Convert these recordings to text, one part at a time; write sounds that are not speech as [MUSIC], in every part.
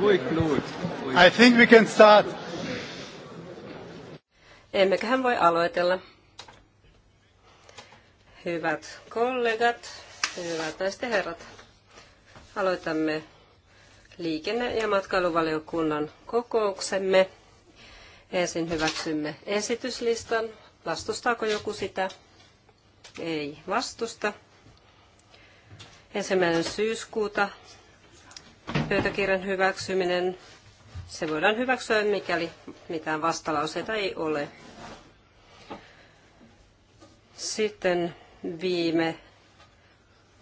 I think we can start. Emmeköhän voi aloitella. Hyvät kollegat, hyvät naiset herrat, aloitamme liikenne- ja matkailuvaliokunnan kokouksemme. Ensin hyväksymme esityslistan. Vastustaako joku sitä? Ei vastusta. Ensimmäinen syyskuuta Pöytäkirjan hyväksyminen. Se voidaan hyväksyä, mikäli mitään vastalauseita ei ole. Sitten viime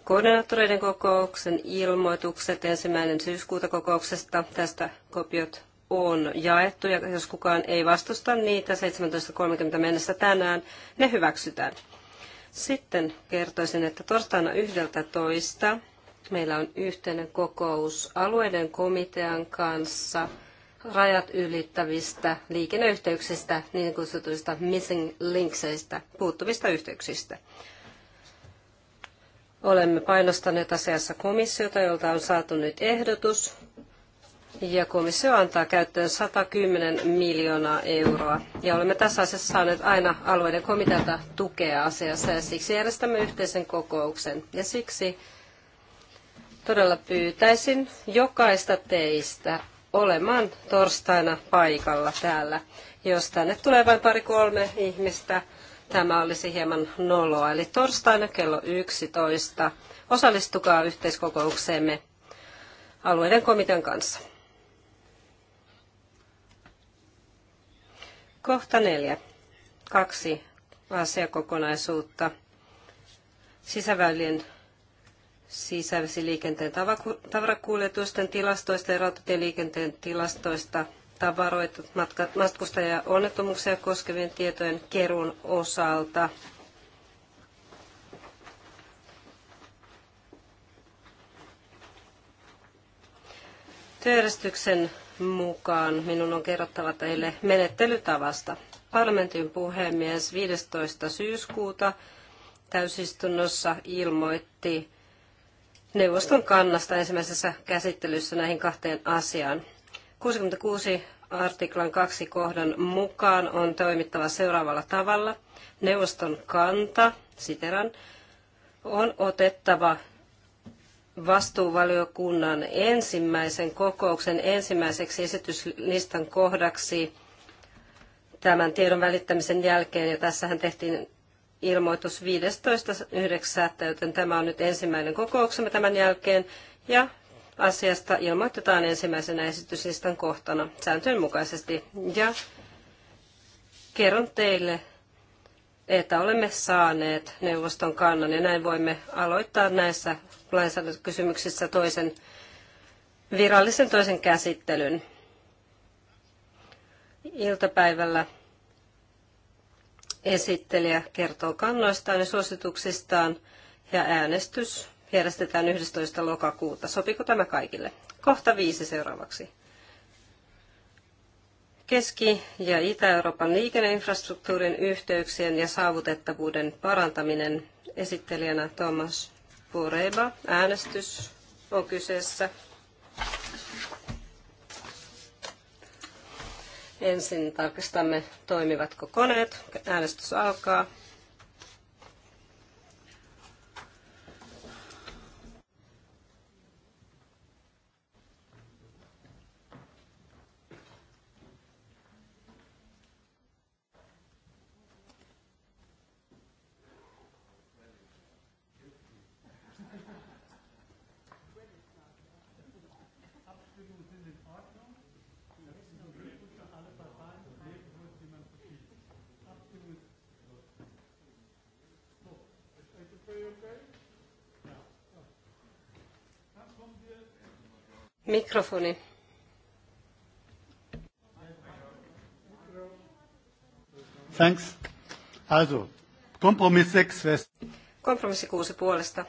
koordinaattoreiden kokouksen ilmoitukset ensimmäinen syyskuuta kokouksesta. Tästä kopiot on jaettu ja jos kukaan ei vastusta niitä 17.30 mennessä tänään, ne hyväksytään. Sitten kertoisin, että torstaina 11 Meillä on yhteinen kokous alueiden komitean kanssa rajat ylittävistä liikenneyhteyksistä, niin kutsutuista missing linkseistä, puuttuvista yhteyksistä. Olemme painostaneet asiassa komissiota, jolta on saatu nyt ehdotus, ja komissio antaa käyttöön 110 miljoonaa euroa. Ja olemme tässä asiassa saaneet aina alueiden komitealta tukea asiassa, ja siksi järjestämme yhteisen kokouksen. Ja siksi Todella pyytäisin jokaista teistä olemaan torstaina paikalla täällä. Jos tänne tulee vain pari kolme ihmistä, tämä olisi hieman noloa. Eli torstaina kello 11 osallistukaa yhteiskokoukseemme alueiden komitean kanssa. Kohta neljä. Kaksi asiakokonaisuutta. Sisäväylien sisävesiliikenteen tavarakuljetusten tilastoista ja rautatieliikenteen tilastoista tavaroita matkustajia onnettomuuksia koskevien tietojen keruun osalta. Työjärjestyksen mukaan minun on kerrottava teille menettelytavasta. Parlamentin puhemies 15. syyskuuta täysistunnossa ilmoitti neuvoston kannasta ensimmäisessä käsittelyssä näihin kahteen asiaan. 66 artiklan 2 kohdan mukaan on toimittava seuraavalla tavalla. Neuvoston kanta, siteran, on otettava vastuuvaliokunnan ensimmäisen kokouksen ensimmäiseksi esityslistan kohdaksi tämän tiedon välittämisen jälkeen, ja tässähän tehtiin ilmoitus 15.9., joten tämä on nyt ensimmäinen kokouksemme tämän jälkeen ja asiasta ilmoitetaan ensimmäisenä esityslistan kohtana sääntöjen mukaisesti. Ja kerron teille, että olemme saaneet neuvoston kannan ja näin voimme aloittaa näissä lainsäädäntökysymyksissä toisen virallisen toisen käsittelyn. Iltapäivällä Esittelijä kertoo kannoistaan ja suosituksistaan ja äänestys järjestetään 11. lokakuuta. Sopiko tämä kaikille? Kohta viisi seuraavaksi. Keski- ja Itä-Euroopan liikenneinfrastruktuurin yhteyksien ja saavutettavuuden parantaminen. Esittelijänä Thomas Poreba. Äänestys on kyseessä. Ensin tarkistamme, toimivatko koneet. Äänestys alkaa. Mikrofoni. Thanks. Also, kompromiss 6 West. Kompromissi 6 puolesta.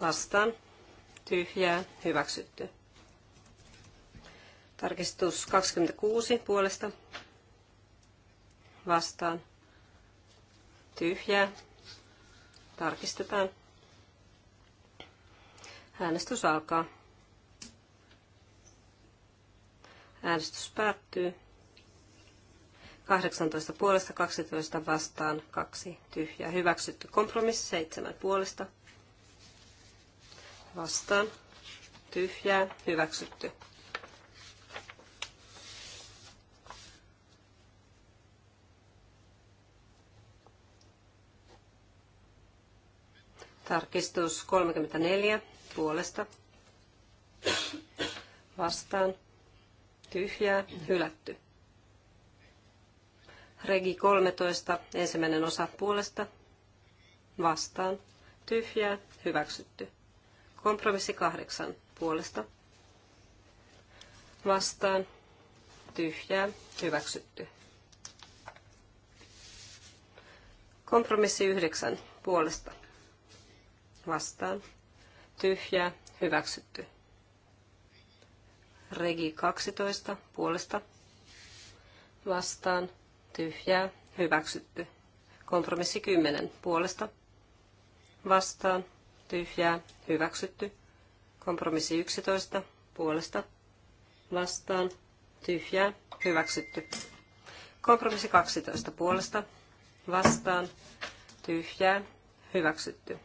Vastaan. Tyhjää. Hyväksytty. Tarkistus 26 puolesta. Vastaan. Tyhjää. Tarkistetaan. Äänestys alkaa. Äänestys päättyy. 18 puolesta, 12 vastaan, 2 tyhjää. Hyväksytty kompromissi 7 puolesta. Vastaan, tyhjää, hyväksytty. Tarkistus 34 puolesta vastaan tyhjää hylätty. Regi 13 ensimmäinen osa puolesta vastaan tyhjää hyväksytty. Kompromissi 8 puolesta vastaan tyhjää hyväksytty. Kompromissi 9 puolesta vastaan tyhjä hyväksytty. Regi 12 puolesta vastaan tyhjää, hyväksytty. Kompromissi 10 puolesta vastaan tyhjää, hyväksytty. Kompromissi 11 puolesta vastaan tyhjää, hyväksytty. Kompromissi 12 puolesta vastaan tyhjää, hyväksytty.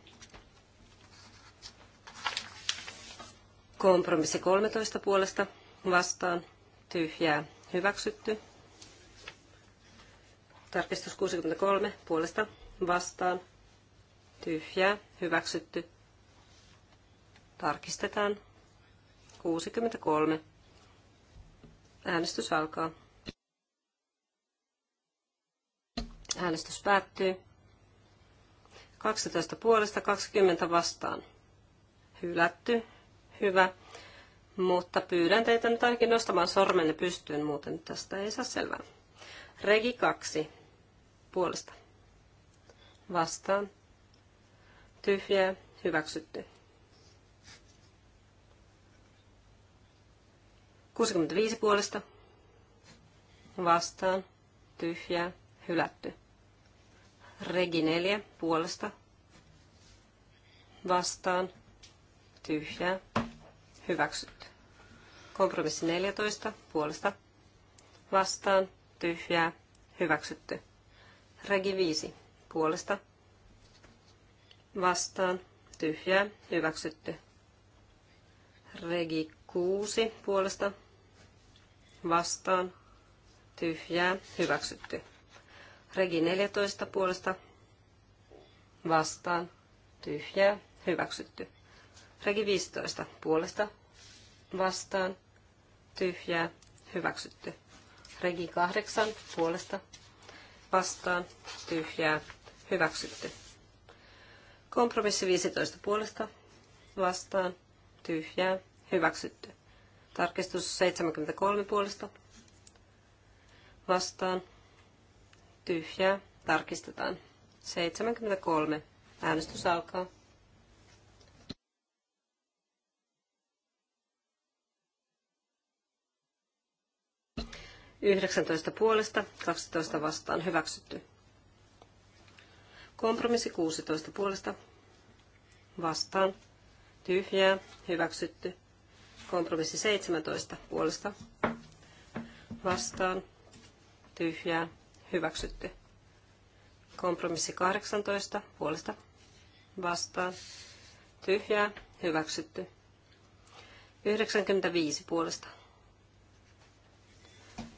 Kompromissi 13 puolesta vastaan tyhjää hyväksytty. Tarkistus 63 puolesta vastaan tyhjää hyväksytty. Tarkistetaan 63. Äänestys alkaa. Äänestys päättyy. 12 puolesta 20 vastaan. Hylätty hyvä, mutta pyydän teitä nyt ainakin nostamaan sormenne pystyyn, muuten tästä ei saa selvää. Regi 2 puolesta. Vastaan. Tyhjää. Hyväksytty. 65 puolesta. Vastaan. Tyhjää. Hylätty. Regi 4 puolesta. Vastaan. Tyhjää hyväksytty. Kompromissi 14 puolesta vastaan tyhjää hyväksytty. Regi 5 puolesta vastaan tyhjää hyväksytty. Regi 6 puolesta vastaan tyhjää hyväksytty. Regi 14 puolesta vastaan tyhjää hyväksytty. Regi 15 puolesta vastaan, tyhjää, hyväksytty. Regi 8 puolesta vastaan, tyhjää, hyväksytty. Kompromissi 15 puolesta vastaan, tyhjää, hyväksytty. Tarkistus 73 puolesta vastaan, tyhjää, tarkistetaan. 73. Äänestys alkaa. 19 puolesta, 12 vastaan hyväksytty. Kompromissi 16 puolesta, vastaan, tyhjää, hyväksytty. Kompromissi 17 puolesta, vastaan, tyhjää, hyväksytty. Kompromissi 18 puolesta, vastaan, tyhjää, hyväksytty. 95 puolesta,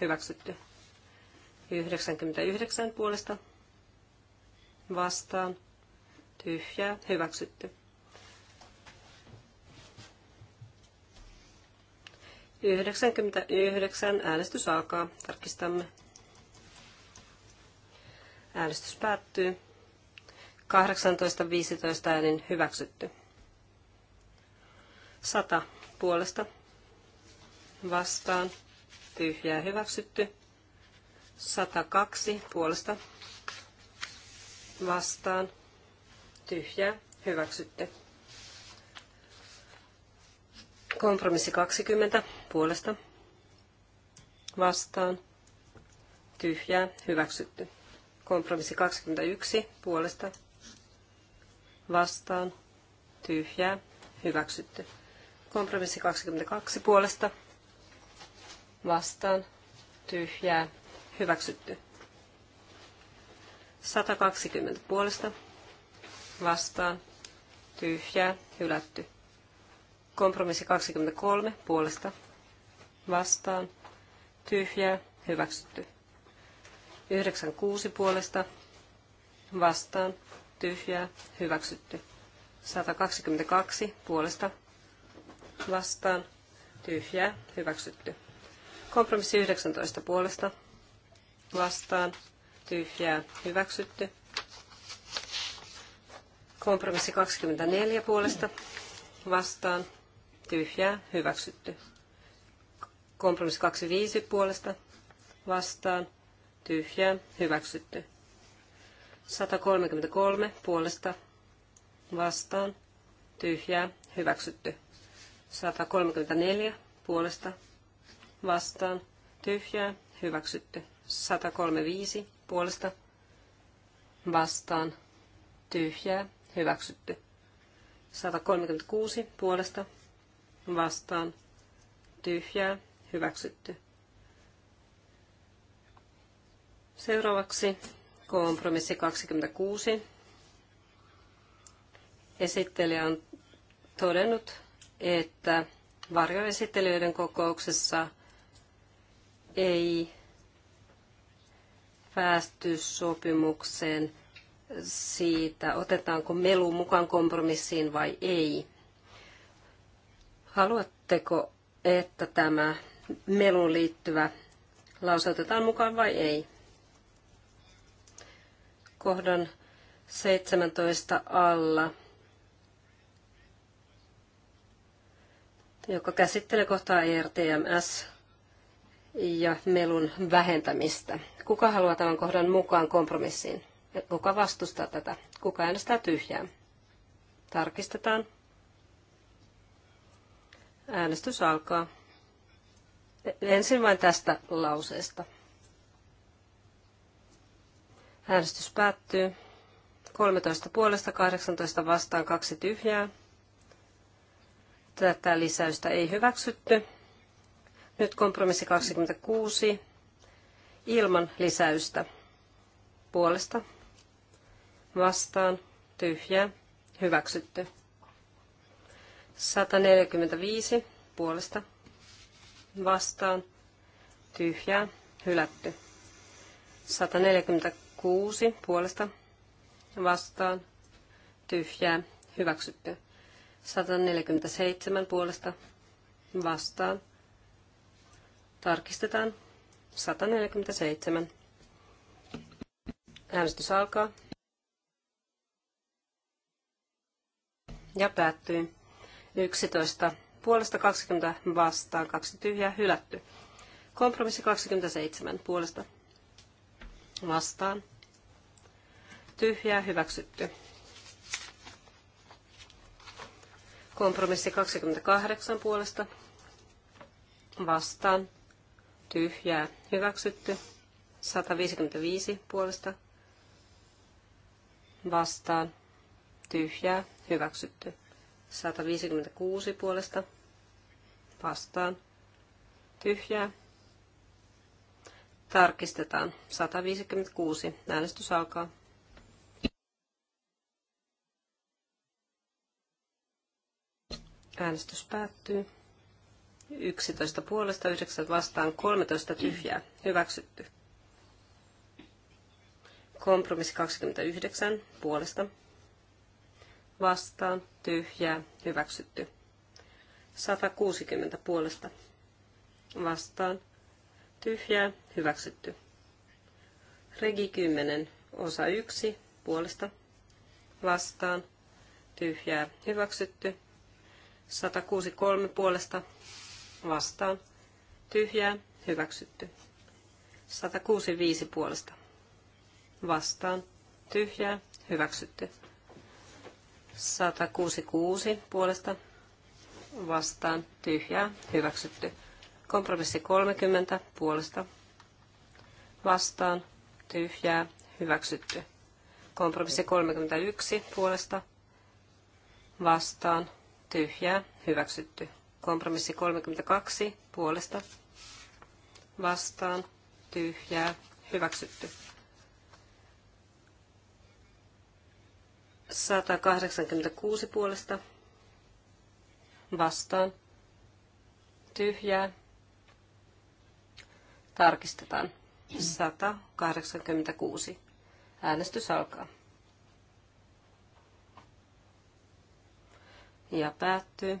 hyväksytty. 99 puolesta vastaan tyhjää hyväksytty. 99 äänestys alkaa. Tarkistamme. Äänestys päättyy. 18.15 äänin hyväksytty. 100 puolesta vastaan tyhjää hyväksytty. 102 puolesta vastaan tyhjää hyväksytty. Kompromissi 20 puolesta vastaan tyhjää hyväksytty. Kompromissi 21 puolesta vastaan tyhjää hyväksytty. Kompromissi 22 puolesta vastaan tyhjää hyväksytty. 120 puolesta vastaan tyhjää hylätty. Kompromissi 23 puolesta vastaan tyhjää hyväksytty. 96 puolesta vastaan tyhjää hyväksytty. 122 puolesta vastaan tyhjää hyväksytty. Kompromissi 19 puolesta vastaan tyhjää hyväksytty. Kompromissi 24 puolesta vastaan tyhjää hyväksytty. Kompromissi 25 puolesta vastaan tyhjää hyväksytty. 133 puolesta vastaan tyhjää hyväksytty. 134 puolesta vastaan, tyhjää, hyväksytty. 135 puolesta vastaan, tyhjää, hyväksytty. 136 puolesta vastaan, tyhjää, hyväksytty. Seuraavaksi kompromissi 26. Esittelijä on todennut, että varjoesittelijöiden kokouksessa – ei päästy sopimukseen siitä, otetaanko melu mukaan kompromissiin vai ei. Haluatteko, että tämä meluun liittyvä lause otetaan mukaan vai ei? Kohdan 17 alla, joka käsittelee kohtaa ERTMS ja melun vähentämistä. Kuka haluaa tämän kohdan mukaan kompromissiin? Kuka vastustaa tätä? Kuka äänestää tyhjää? Tarkistetaan. Äänestys alkaa. Ensin vain tästä lauseesta. Äänestys päättyy. 13 puolesta, 18 vastaan, kaksi tyhjää. Tätä lisäystä ei hyväksytty. Nyt kompromissi 26 ilman lisäystä. Puolesta vastaan tyhjää hyväksytty. 145 puolesta vastaan tyhjää hylätty. 146 puolesta vastaan tyhjää hyväksytty. 147 puolesta vastaan Tarkistetaan. 147. Äänestys alkaa. Ja päättyy. 11. Puolesta 20 vastaan. 2 tyhjää hylätty. Kompromissi 27. Puolesta vastaan. Tyhjää hyväksytty. Kompromissi 28 puolesta vastaan tyhjää hyväksytty. 155 puolesta vastaan tyhjää hyväksytty. 156 puolesta vastaan tyhjää. Tarkistetaan. 156. Äänestys alkaa. Äänestys päättyy. 11 puolesta, 9 vastaan, 13 tyhjää. Hyväksytty. Kompromissi 29 puolesta. Vastaan, tyhjää, hyväksytty. 160 puolesta. Vastaan, tyhjää, hyväksytty. Regi 10, osa 1, puolesta. Vastaan, tyhjää, hyväksytty. 163 puolesta vastaan, tyhjää, hyväksytty. 165 puolesta vastaan, tyhjää, hyväksytty. 166 puolesta vastaan, tyhjää, hyväksytty. Kompromissi 30 puolesta vastaan, tyhjää, hyväksytty. Kompromissi 31 puolesta vastaan, tyhjää, hyväksytty. Kompromissi 32 puolesta vastaan tyhjää hyväksytty. 186 puolesta vastaan tyhjää tarkistetaan. 186. Äänestys alkaa. Ja päättyy.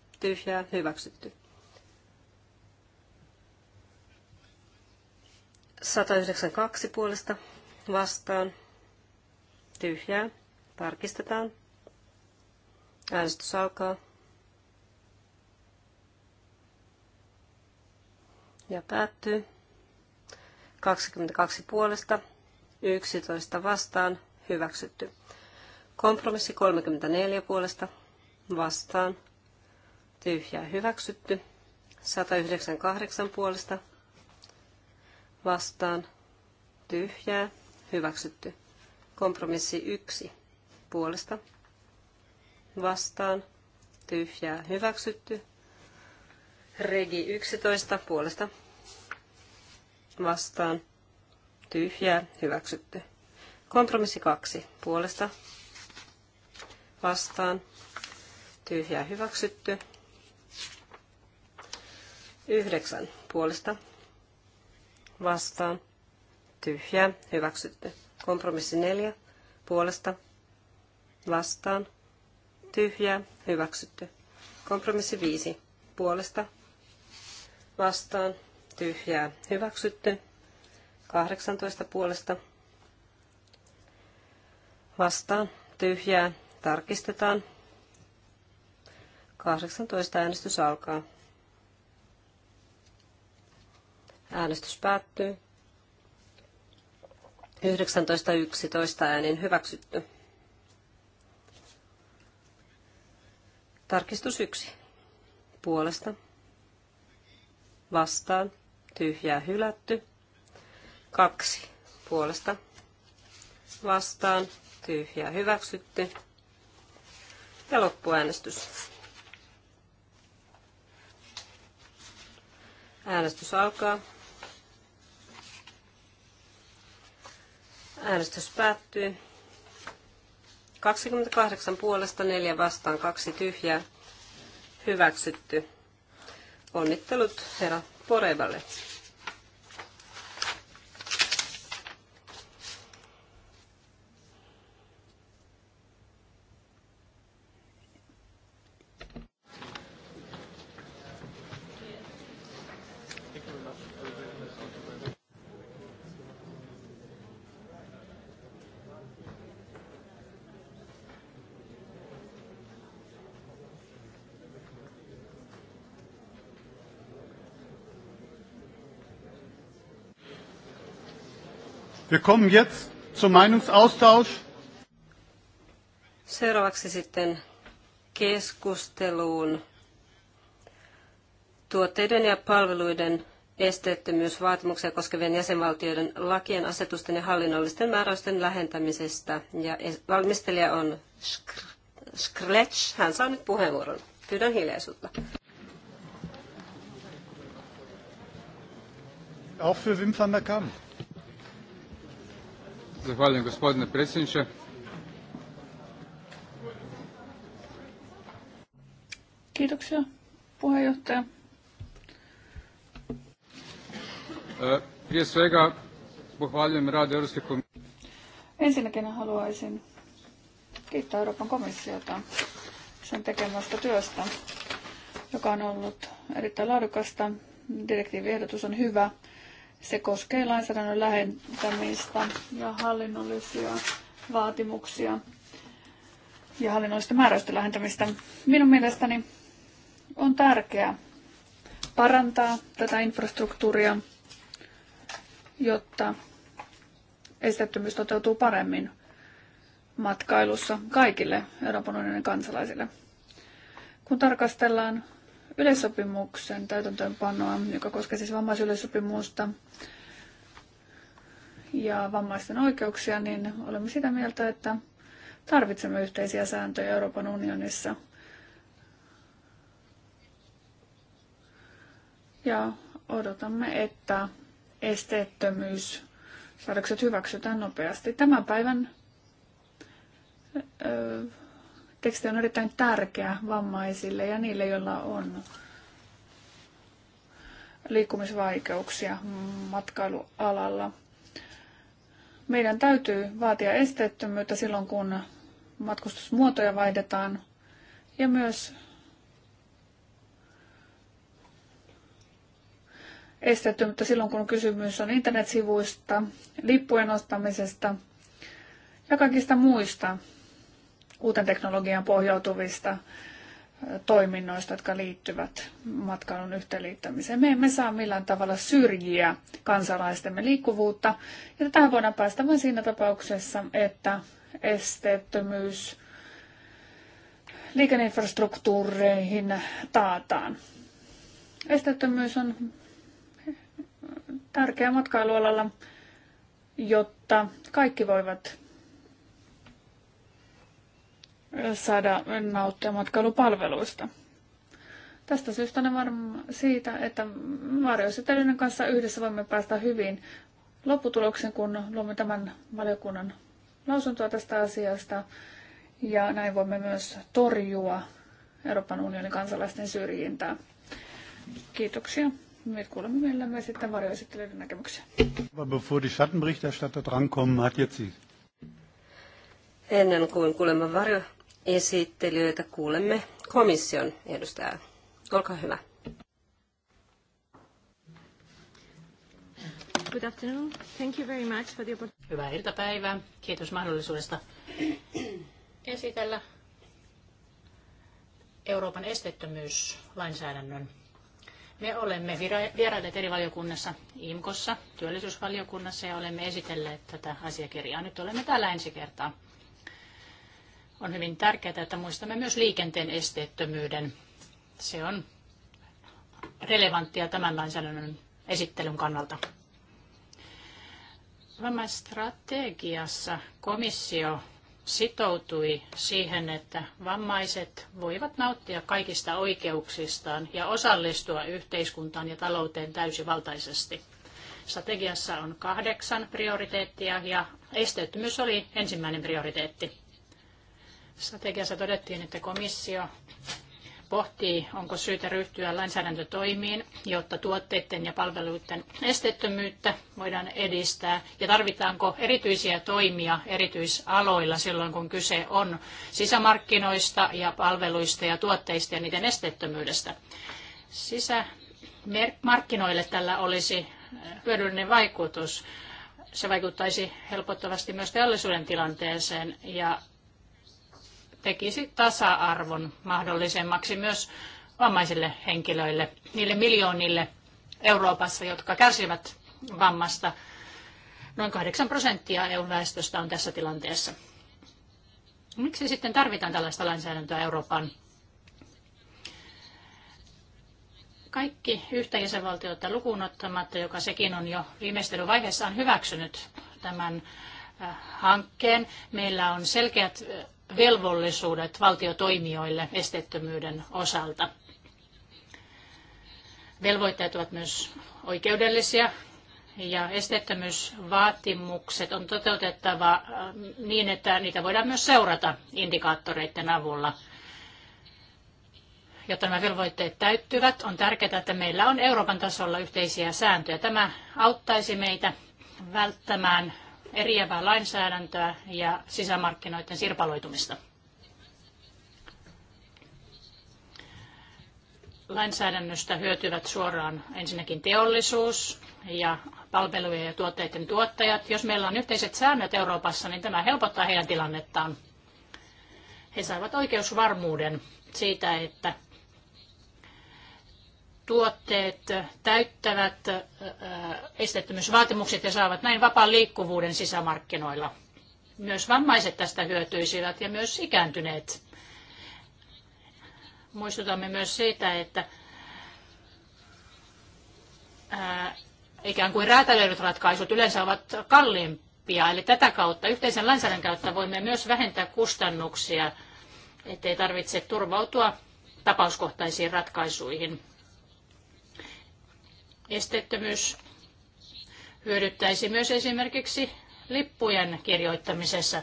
tyhjää, hyväksytty. 192 puolesta vastaan, tyhjää, tarkistetaan. Äänestys alkaa. Ja päättyy. 22 puolesta, 11 vastaan, hyväksytty. Kompromissi 34 puolesta, vastaan, tyhjää hyväksytty. 198 puolesta vastaan tyhjää hyväksytty. Kompromissi 1 puolesta vastaan tyhjää hyväksytty. Regi 11 puolesta vastaan tyhjää hyväksytty. Kompromissi 2 puolesta vastaan tyhjää hyväksytty. Yhdeksän puolesta vastaan tyhjää hyväksytty. Kompromissi neljä puolesta vastaan tyhjää hyväksytty. Kompromissi viisi puolesta vastaan tyhjää hyväksytty. 18 puolesta vastaan tyhjää tarkistetaan. 18 äänestys alkaa. Äänestys päättyy. 19.11 äänin hyväksytty. Tarkistus 1. Puolesta. Vastaan. Tyhjää hylätty. 2. Puolesta. Vastaan. Tyhjää hyväksytty. Ja loppuäänestys. Äänestys alkaa. Äänestys päättyy. 28 puolesta, 4 vastaan, 2 tyhjää. Hyväksytty. Onnittelut herra Porevalle. Wir kommen jetzt zum Meinungsaustausch. Seuraavaksi sitten keskusteluun tuotteiden ja palveluiden esteettömyysvaatimuksia koskevien jäsenvaltioiden lakien, asetusten ja hallinnollisten määräysten lähentämisestä. Ja valmistelija on scratch. Hän saa nyt puheenvuoron. Pyydän hiljaisuutta. Auch für Wim van der Kamp. Zahvaljujem gospodine predsjedniče. Kiitoksia puheenjohtaja. E, prije svega pohvaljujem rad Europske komisije. Ensinnäkin haluaisin kiittää Euroopan komissiota sen tekemästä työstä, joka on ollut erittäin laadukasta. Direktiiviehdotus on hyvä se koskee lainsäädännön lähentämistä ja hallinnollisia vaatimuksia ja hallinnollisten määräysten lähentämistä. Minun mielestäni on tärkeää parantaa tätä infrastruktuuria, jotta esteettömyys toteutuu paremmin matkailussa kaikille Euroopan unionin kansalaisille. Kun tarkastellaan yleissopimuksen täytäntöönpanoa, joka koskee siis vammaisyleissopimusta ja vammaisten oikeuksia, niin olemme sitä mieltä, että tarvitsemme yhteisiä sääntöjä Euroopan unionissa. Ja odotamme, että esteettömyys säädökset hyväksytään nopeasti. Tämän päivän teksti on erittäin tärkeä vammaisille ja niille, joilla on liikkumisvaikeuksia matkailualalla. Meidän täytyy vaatia esteettömyyttä silloin, kun matkustusmuotoja vaihdetaan ja myös esteettömyyttä silloin, kun kysymys on internetsivuista, lippujen ostamisesta ja kaikista muista uuteen teknologiaan pohjautuvista toiminnoista, jotka liittyvät matkailun yhteenliittämiseen. Me emme saa millään tavalla syrjiä kansalaistemme liikkuvuutta, ja tähän voidaan päästä vain siinä tapauksessa, että esteettömyys liikenneinfrastruktuureihin taataan. Esteettömyys on tärkeä matkailualalla, jotta kaikki voivat saada nauttia matkailupalveluista. Tästä syystä ne varmaan siitä, että varjoesittelyiden kanssa yhdessä voimme päästä hyvin lopputuloksen, kun luomme tämän valiokunnan lausuntoa tästä asiasta. Ja näin voimme myös torjua Euroopan unionin kansalaisten syrjintää. Kiitoksia. Nyt kuulemme mielellämme sitten varjoesittelyiden näkemyksiä. Ennen kuin kuulemme varjo esittelijöitä kuulemme komission edustajaa. Olkaa hyvä. Good afternoon. Thank you very much for the Hyvää iltapäivää. Kiitos mahdollisuudesta esitellä Euroopan esteettömyyslainsäädännön. Me olemme vierailleet eri valiokunnassa, IMKossa, työllisyysvaliokunnassa ja olemme esitelleet tätä asiakirjaa. Nyt olemme täällä ensi kertaa. On hyvin tärkeää, että muistamme myös liikenteen esteettömyyden. Se on relevanttia tämän lainsäädännön esittelyn kannalta. Vammaisstrategiassa komissio sitoutui siihen, että vammaiset voivat nauttia kaikista oikeuksistaan ja osallistua yhteiskuntaan ja talouteen täysivaltaisesti. Strategiassa on kahdeksan prioriteettia ja esteettömyys oli ensimmäinen prioriteetti. Strategiassa todettiin, että komissio pohtii, onko syytä ryhtyä lainsäädäntötoimiin, jotta tuotteiden ja palveluiden esteettömyyttä voidaan edistää, ja tarvitaanko erityisiä toimia erityisaloilla silloin, kun kyse on sisämarkkinoista ja palveluista ja tuotteista ja niiden esteettömyydestä. Sisämarkkinoille tällä olisi hyödyllinen vaikutus. Se vaikuttaisi helpottavasti myös teollisuuden tilanteeseen ja tekisi tasa-arvon mahdollisemmaksi myös vammaisille henkilöille, niille miljoonille Euroopassa, jotka kärsivät vammasta. Noin 8 prosenttia EU-väestöstä on tässä tilanteessa. Miksi sitten tarvitaan tällaista lainsäädäntöä Euroopan? Kaikki yhtä jäsenvaltiota lukuun ottamatta, joka sekin on jo viimeistelyvaiheessa, on hyväksynyt tämän äh, hankkeen. Meillä on selkeät äh, velvollisuudet valtiotoimijoille estettömyyden osalta. Velvoitteet ovat myös oikeudellisia ja esteettömyysvaatimukset on toteutettava äh, niin, että niitä voidaan myös seurata indikaattoreiden avulla. Jotta nämä velvoitteet täyttyvät, on tärkeää, että meillä on Euroopan tasolla yhteisiä sääntöjä. Tämä auttaisi meitä välttämään eriävää lainsäädäntöä ja sisämarkkinoiden sirpaloitumista. Lainsäädännöstä hyötyvät suoraan ensinnäkin teollisuus ja palvelujen ja tuotteiden tuottajat. Jos meillä on yhteiset säännöt Euroopassa, niin tämä helpottaa heidän tilannettaan. He saavat oikeusvarmuuden siitä, että tuotteet täyttävät esteettömyysvaatimukset ja saavat näin vapaan liikkuvuuden sisämarkkinoilla. Myös vammaiset tästä hyötyisivät ja myös ikääntyneet. Muistutamme myös siitä, että ikään kuin räätälöidyt ratkaisut yleensä ovat kalliimpia. Eli tätä kautta yhteisen lainsäädännön kautta voimme myös vähentää kustannuksia, ettei tarvitse turvautua tapauskohtaisiin ratkaisuihin. Esteettömyys hyödyttäisi myös esimerkiksi lippujen kirjoittamisessa.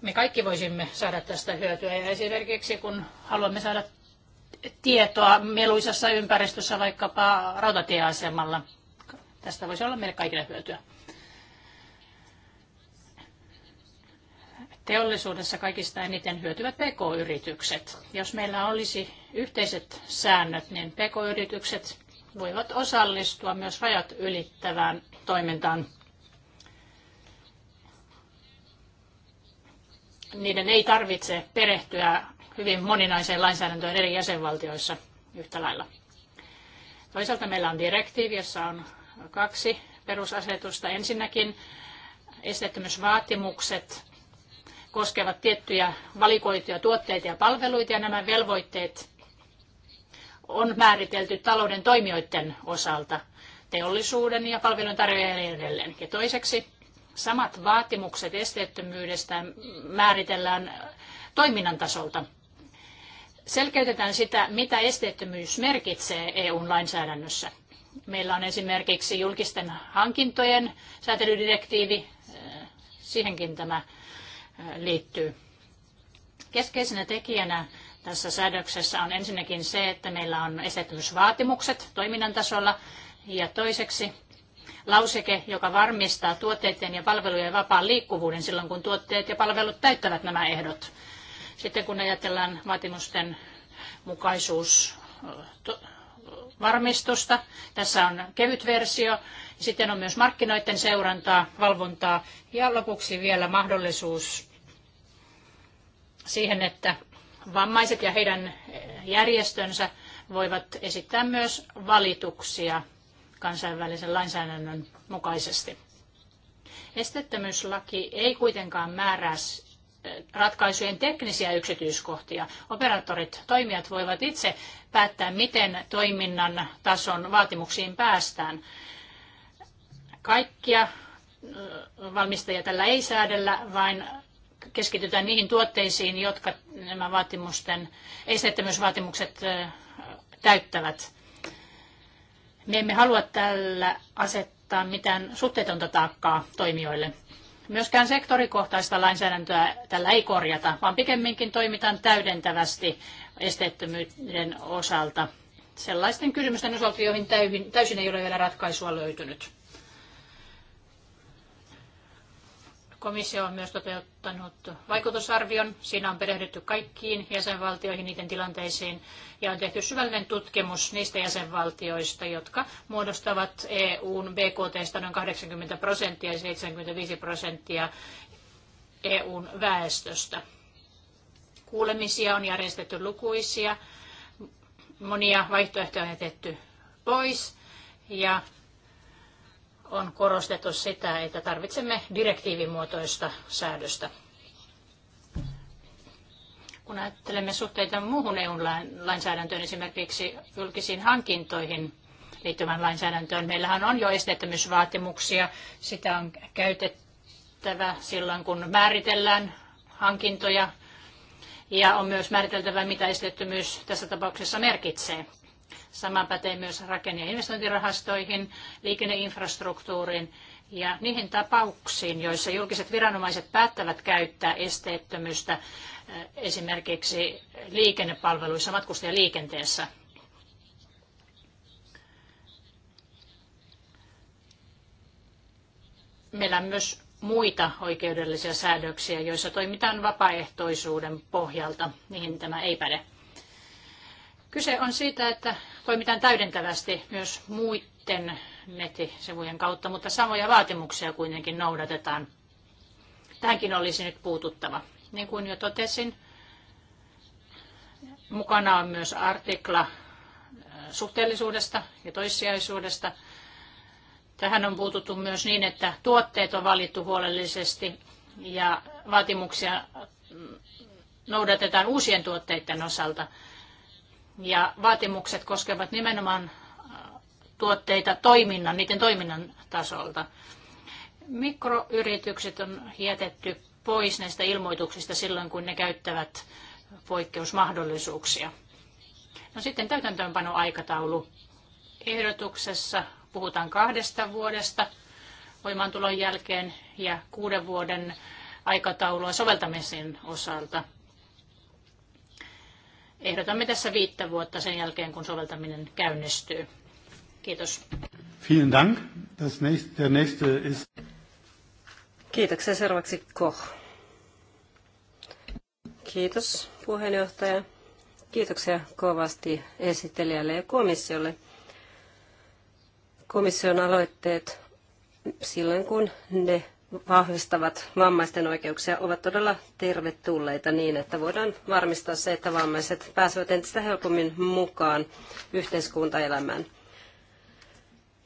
Me kaikki voisimme saada tästä hyötyä ja esimerkiksi kun haluamme saada tietoa meluisassa ympäristössä vaikkapa rautatieasemalla, tästä voisi olla meille kaikille hyötyä. teollisuudessa kaikista eniten hyötyvät pk-yritykset. Jos meillä olisi yhteiset säännöt, niin pk-yritykset voivat osallistua myös rajat ylittävään toimintaan. Niiden ei tarvitse perehtyä hyvin moninaiseen lainsäädäntöön eri jäsenvaltioissa yhtä lailla. Toisaalta meillä on direktiivi, jossa on kaksi perusasetusta. Ensinnäkin esteettömyysvaatimukset koskevat tiettyjä valikoituja tuotteita ja palveluita ja nämä velvoitteet on määritelty talouden toimijoiden osalta, teollisuuden ja palvelun tarjoajien niin edelleen. Ja toiseksi samat vaatimukset esteettömyydestä määritellään toiminnan tasolta. Selkeytetään sitä, mitä esteettömyys merkitsee EU-lainsäädännössä. Meillä on esimerkiksi julkisten hankintojen säätelydirektiivi, eh, siihenkin tämä liittyy. Keskeisenä tekijänä tässä säädöksessä on ensinnäkin se, että meillä on esteettömyysvaatimukset toiminnan tasolla ja toiseksi lauseke, joka varmistaa tuotteiden ja palvelujen vapaan liikkuvuuden silloin, kun tuotteet ja palvelut täyttävät nämä ehdot. Sitten kun ajatellaan vaatimusten mukaisuus varmistusta. Tässä on kevyt versio sitten on myös markkinoiden seurantaa, valvontaa ja lopuksi vielä mahdollisuus siihen, että vammaiset ja heidän järjestönsä voivat esittää myös valituksia kansainvälisen lainsäädännön mukaisesti. Esteettömyyslaki ei kuitenkaan määrää ratkaisujen teknisiä yksityiskohtia. Operaattorit, toimijat voivat itse päättää, miten toiminnan tason vaatimuksiin päästään. Kaikkia valmistajia tällä ei säädellä, vaan keskitytään niihin tuotteisiin, jotka nämä vaatimusten, esteettömyysvaatimukset täyttävät. Me emme halua tällä asettaa mitään suhteetonta taakkaa toimijoille. Myöskään sektorikohtaista lainsäädäntöä tällä ei korjata, vaan pikemminkin toimitaan täydentävästi esteettömyyden osalta sellaisten kysymysten osalta, joihin täysin ei ole vielä ratkaisua löytynyt. Komissio on myös toteuttanut vaikutusarvion. Siinä on perehdytty kaikkiin jäsenvaltioihin, niiden tilanteisiin ja on tehty syvällinen tutkimus niistä jäsenvaltioista, jotka muodostavat EUn BKT noin 80 prosenttia ja 75 prosenttia EUn väestöstä. Kuulemisia on järjestetty lukuisia, monia vaihtoehtoja on jätetty pois ja on korostettu sitä, että tarvitsemme direktiivimuotoista säädöstä. Kun ajattelemme suhteita muuhun EUn lainsäädäntöön, esimerkiksi julkisiin hankintoihin liittyvän lainsäädäntöön, meillähän on jo esteettömyysvaatimuksia. Sitä on käytettävä silloin, kun määritellään hankintoja ja on myös määriteltävä, mitä esteettömyys tässä tapauksessa merkitsee. Sama pätee myös rakenne- ja investointirahastoihin, liikenneinfrastruktuuriin ja niihin tapauksiin, joissa julkiset viranomaiset päättävät käyttää esteettömyystä esimerkiksi liikennepalveluissa, matkustajaliikenteessä. Meillä on myös muita oikeudellisia säädöksiä, joissa toimitaan vapaaehtoisuuden pohjalta. Niihin tämä ei päde. Kyse on siitä, että toimitaan täydentävästi myös muiden nettisivujen kautta, mutta samoja vaatimuksia kuitenkin noudatetaan. Tähänkin olisi nyt puututtava. Niin kuin jo totesin, mukana on myös artikla äh, suhteellisuudesta ja toissijaisuudesta. Tähän on puututtu myös niin, että tuotteet on valittu huolellisesti ja vaatimuksia mm, noudatetaan uusien tuotteiden osalta – ja vaatimukset koskevat nimenomaan äh, tuotteita toiminnan, niiden toiminnan tasolta. Mikroyritykset on jätetty pois näistä ilmoituksista silloin, kun ne käyttävät poikkeusmahdollisuuksia. No sitten täytäntöönpanoaikataulu. Ehdotuksessa puhutaan kahdesta vuodesta voimaantulon jälkeen ja kuuden vuoden aikataulua soveltamisen osalta. Ehdotamme tässä viittä vuotta sen jälkeen, kun soveltaminen käynnistyy. Kiitos. Vielen Dank. Das nächste, der nächste ist... Kiitoksia. Seuraavaksi Koch. Kiitos puheenjohtaja. Kiitoksia kovasti esittelijälle ja komissiolle. Komission aloitteet silloin, kun ne vahvistavat vammaisten oikeuksia ovat todella tervetulleita niin, että voidaan varmistaa se, että vammaiset pääsevät entistä helpommin mukaan yhteiskuntaelämään.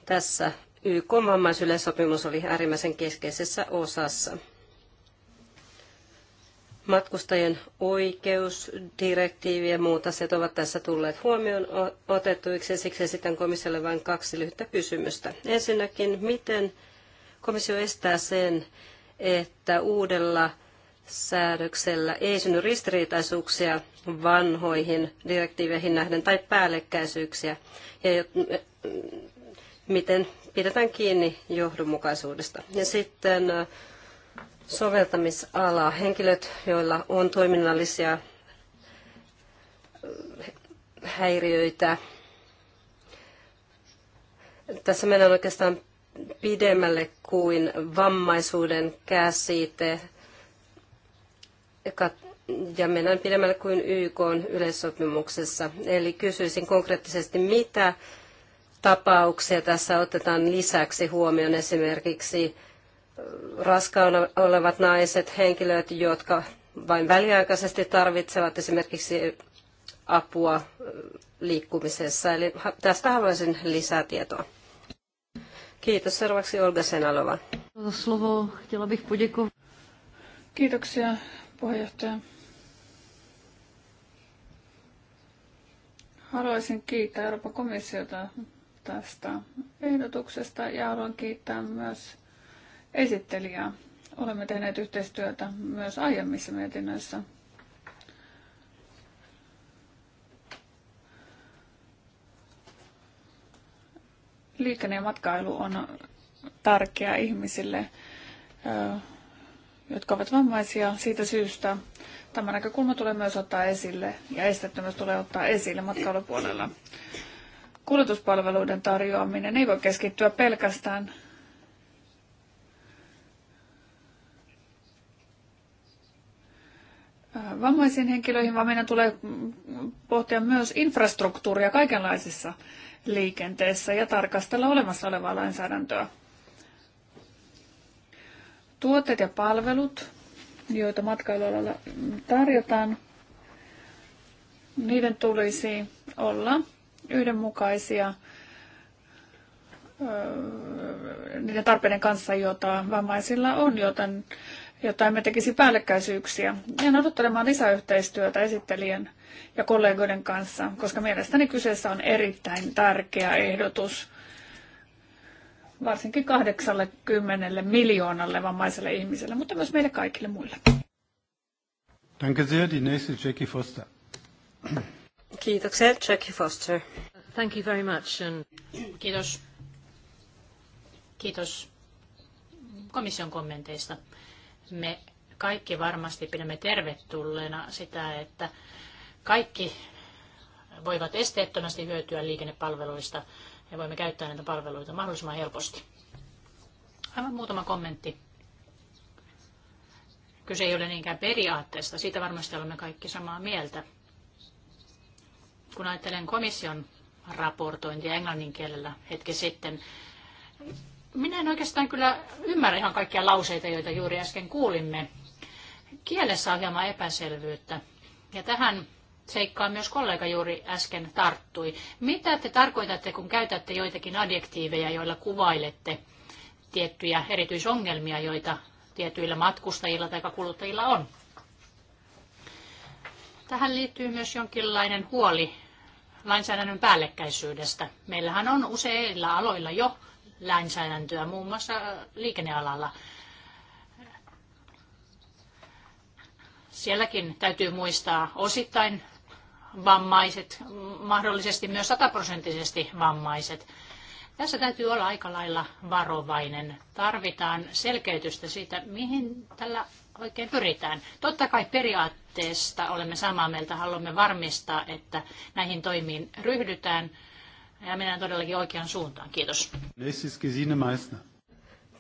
Tässä YK vammaisyleissopimus oli äärimmäisen keskeisessä osassa. Matkustajien oikeusdirektiivi ja muut asiat ovat tässä tulleet huomioon otetuiksi ja siksi esitän komissiolle vain kaksi lyhyttä kysymystä. Ensinnäkin, miten Komissio estää sen, että uudella säädöksellä ei synny ristiriitaisuuksia vanhoihin direktiiveihin nähden tai päällekkäisyyksiä, ja miten pidetään kiinni johdonmukaisuudesta. Ja sitten soveltamisala. Henkilöt, joilla on toiminnallisia häiriöitä. Tässä mennään oikeastaan pidemmälle kuin vammaisuuden käsite ja mennään pidemmälle kuin YK on yleissopimuksessa. Eli kysyisin konkreettisesti, mitä tapauksia tässä otetaan lisäksi huomioon esimerkiksi raskaana olevat naiset, henkilöt, jotka vain väliaikaisesti tarvitsevat esimerkiksi apua liikkumisessa. Eli tästä haluaisin lisää tietoa. Kiitos. Seuraavaksi Olga Senalova. Slovo. Chtěla bych poděkovat. Kiitoksia puheenjohtaja. Haluaisin kiittää Euroopan komissiota tästä ehdotuksesta ja haluan kiittää myös esittelijää. Olemme tehneet yhteistyötä myös aiemmissa mietinnöissä Liikenne ja matkailu on tärkeää ihmisille, jotka ovat vammaisia siitä syystä. Tämä näkökulma tulee myös ottaa esille ja esteettömyys tulee ottaa esille matkailupuolella. Kuljetuspalveluiden tarjoaminen ei voi keskittyä pelkästään vammaisiin henkilöihin, vaan meidän tulee pohtia myös infrastruktuuria kaikenlaisissa liikenteessä ja tarkastella olemassa olevaa lainsäädäntöä. Tuotteet ja palvelut, joita matkailualalla tarjotaan, niiden tulisi olla yhdenmukaisia öö, niiden tarpeiden kanssa, joita vammaisilla on, joten jotta emme tekisi päällekkäisyyksiä. Ja odottelemaan lisäyhteistyötä esittelijän ja kollegoiden kanssa, koska mielestäni kyseessä on erittäin tärkeä ehdotus varsinkin 80 miljoonalle vammaiselle ihmiselle, mutta myös meille kaikille muille. Danke sehr, die nächste Jackie Foster. Kiitoksia, Jackie Foster. Thank you very much. And... Kiitos. Kiitos komission kommenteista. Me kaikki varmasti pidämme tervetulleena sitä, että kaikki voivat esteettömästi hyötyä liikennepalveluista ja voimme käyttää näitä palveluita mahdollisimman helposti. Aivan muutama kommentti. Kyse ei ole niinkään periaatteesta, siitä varmasti olemme kaikki samaa mieltä. Kun ajattelen komission raportointia englannin kielellä hetki sitten, minä en oikeastaan kyllä ymmärrä ihan kaikkia lauseita, joita juuri äsken kuulimme. Kielessä on hieman epäselvyyttä. Ja tähän seikkaan myös kollega juuri äsken tarttui. Mitä te tarkoitatte, kun käytätte joitakin adjektiiveja, joilla kuvailette tiettyjä erityisongelmia, joita tietyillä matkustajilla tai kuluttajilla on? Tähän liittyy myös jonkinlainen huoli lainsäädännön päällekkäisyydestä. Meillähän on useilla aloilla jo lainsäädäntöä, muun muassa äh, liikennealalla. Sielläkin täytyy muistaa osittain vammaiset, mahdollisesti myös sataprosenttisesti vammaiset. Tässä täytyy olla aika lailla varovainen. Tarvitaan selkeytystä siitä, mihin tällä oikein pyritään. Totta kai periaatteesta olemme samaa mieltä, haluamme varmistaa, että näihin toimiin ryhdytään ja mennään todellakin oikeaan suuntaan. Kiitos.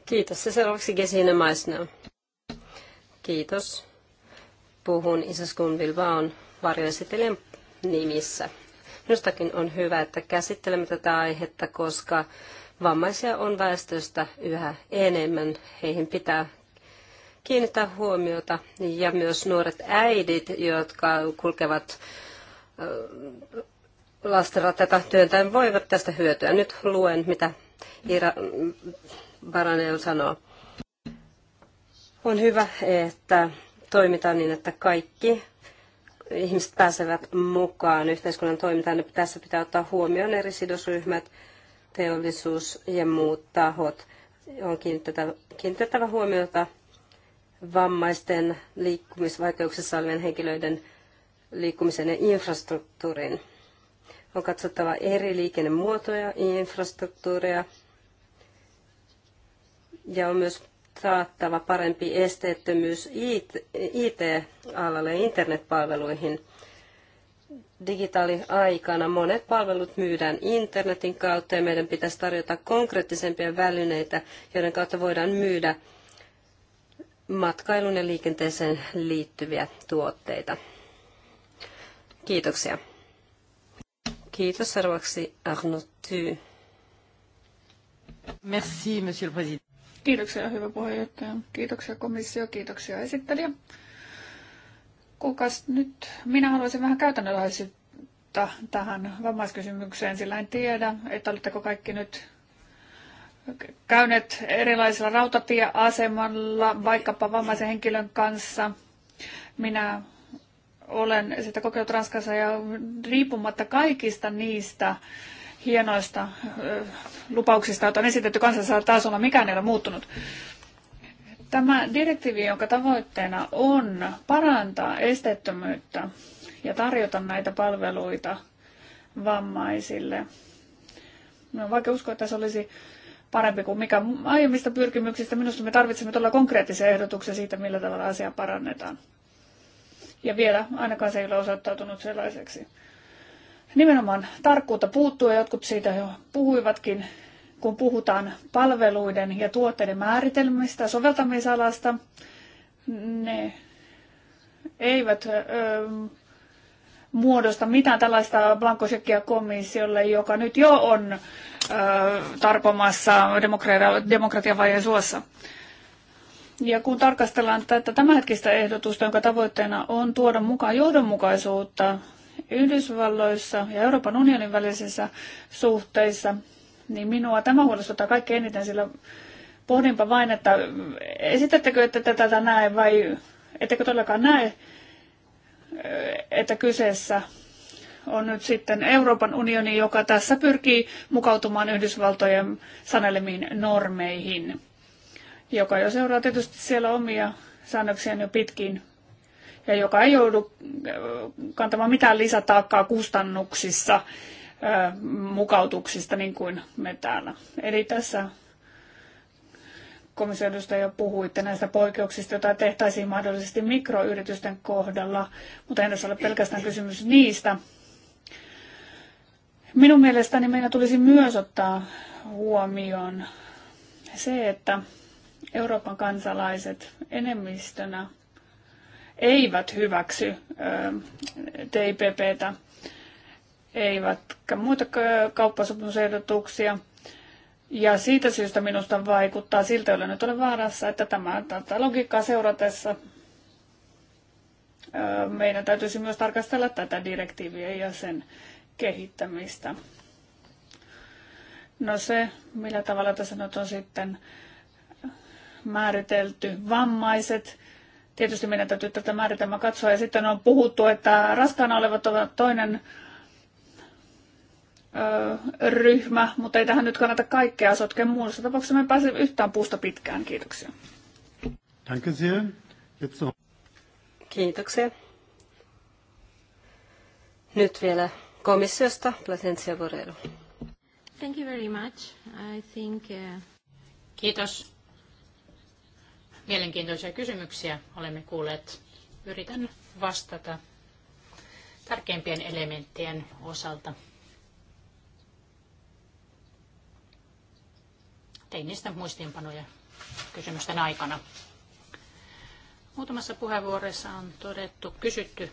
Kiitos. Se seuraavaksi Gesine Maisner. Kiitos. Puhun Isaskun Vilvaon varjoesittelijän nimissä. Minustakin on hyvä, että käsittelemme tätä aihetta, koska vammaisia on väestöstä yhä enemmän. Heihin pitää kiinnittää huomiota ja myös nuoret äidit, jotka kulkevat lastella tätä työntäen, voivat tästä hyötyä. Nyt luen, mitä Ira Baranel sanoo. On hyvä, että toimitaan niin, että kaikki ihmiset pääsevät mukaan yhteiskunnan toimintaan. Niin tässä pitää ottaa huomioon eri sidosryhmät, teollisuus ja muut tahot. On kiinnitettävä, kiinnitettävä huomiota vammaisten liikkumisvaikeuksissa olevien henkilöiden liikkumisen ja infrastruktuurin. On katsottava eri liikennemuotoja ja infrastruktuuria ja on myös taattava parempi esteettömyys IT-alalle ja internetpalveluihin. Digitaaliaikana monet palvelut myydään internetin kautta ja meidän pitäisi tarjota konkreettisempia välineitä, joiden kautta voidaan myydä matkailun ja liikenteeseen liittyviä tuotteita. Kiitoksia. Kiitos seuraavaksi Arno Tyy. Merci, monsieur le président. Kiitoksia hyvä puheenjohtaja. Kiitoksia komissio, kiitoksia esittelijä. Kukas nyt, minä haluaisin vähän käytännönläheisyyttä tähän vammaiskysymykseen, sillä en tiedä, että oletteko kaikki nyt käyneet erilaisilla rautatieasemalla, vaikkapa vammaisen henkilön kanssa. Minä olen sitä kokeillut Ranskassa ja riippumatta kaikista niistä hienoista lupauksista, joita on esitetty kansallisella tasolla, mikään ei ole muuttunut. Tämä direktiivi, jonka tavoitteena on parantaa esteettömyyttä ja tarjota näitä palveluita vammaisille. Minun on vaikea uskoa, että se olisi parempi kuin mikä aiemmista pyrkimyksistä. Minusta me tarvitsemme todella konkreettisia ehdotuksia siitä, millä tavalla asiaa parannetaan. Ja vielä ainakaan se ei ole osoittautunut sellaiseksi. Nimenomaan tarkkuutta puuttuu ja jotkut siitä jo puhuivatkin, kun puhutaan palveluiden ja tuotteiden määritelmistä ja soveltamisalasta. Ne eivät ö, muodosta mitään tällaista blankosekkiä komissiolle, joka nyt jo on ö, tarpomassa demokratia, demokratiavajeen suossa. Ja kun tarkastellaan tätä tämänhetkistä ehdotusta, jonka tavoitteena on tuoda mukaan johdonmukaisuutta Yhdysvalloissa ja Euroopan unionin välisissä suhteissa, niin minua tämä huolestuttaa kaikkein eniten, sillä pohdinpa vain, että esitettekö, että tätä näe vai ettekö todellakaan näe, että kyseessä on nyt sitten Euroopan unioni, joka tässä pyrkii mukautumaan Yhdysvaltojen sanelemiin normeihin, joka jo seuraa tietysti siellä omia säännöksiään jo pitkin ja joka ei joudu äh, kantamaan mitään lisätaakkaa kustannuksissa, äh, mukautuksista, niin kuin me täällä. Eli tässä komission edustaja puhuitte näistä poikkeuksista, joita tehtäisiin mahdollisesti mikroyritysten kohdalla, mutta ei ole pelkästään kysymys niistä. Minun mielestäni meidän tulisi myös ottaa huomioon se, että Euroopan kansalaiset enemmistönä eivät hyväksy TPPtä, eivätkä muita kauppasopimusehdotuksia. Ja siitä syystä minusta vaikuttaa siltä, jolle nyt olen vaarassa, että tämä, tätä logiikkaa seuratessa meidän täytyisi myös tarkastella tätä direktiiviä ja sen kehittämistä. No se, millä tavalla tässä nyt on sitten määritelty vammaiset, Tietysti meidän täytyy tätä määritelmää katsoa. Ja sitten on puhuttu, että raskaana olevat ovat toinen ö, ryhmä, mutta ei tähän nyt kannata kaikkea sotkea. Muussa tapauksessa me pääse yhtään puusta pitkään. Kiitoksia. Danke Kiitoksia. Nyt vielä komissiosta Placencia Borrero. Thank you very much. I think, uh... Kiitos. Mielenkiintoisia kysymyksiä olemme kuulleet. Yritän vastata tärkeimpien elementtien osalta. Tein niistä muistiinpanoja kysymysten aikana. Muutamassa puheenvuorossa on todettu, kysytty,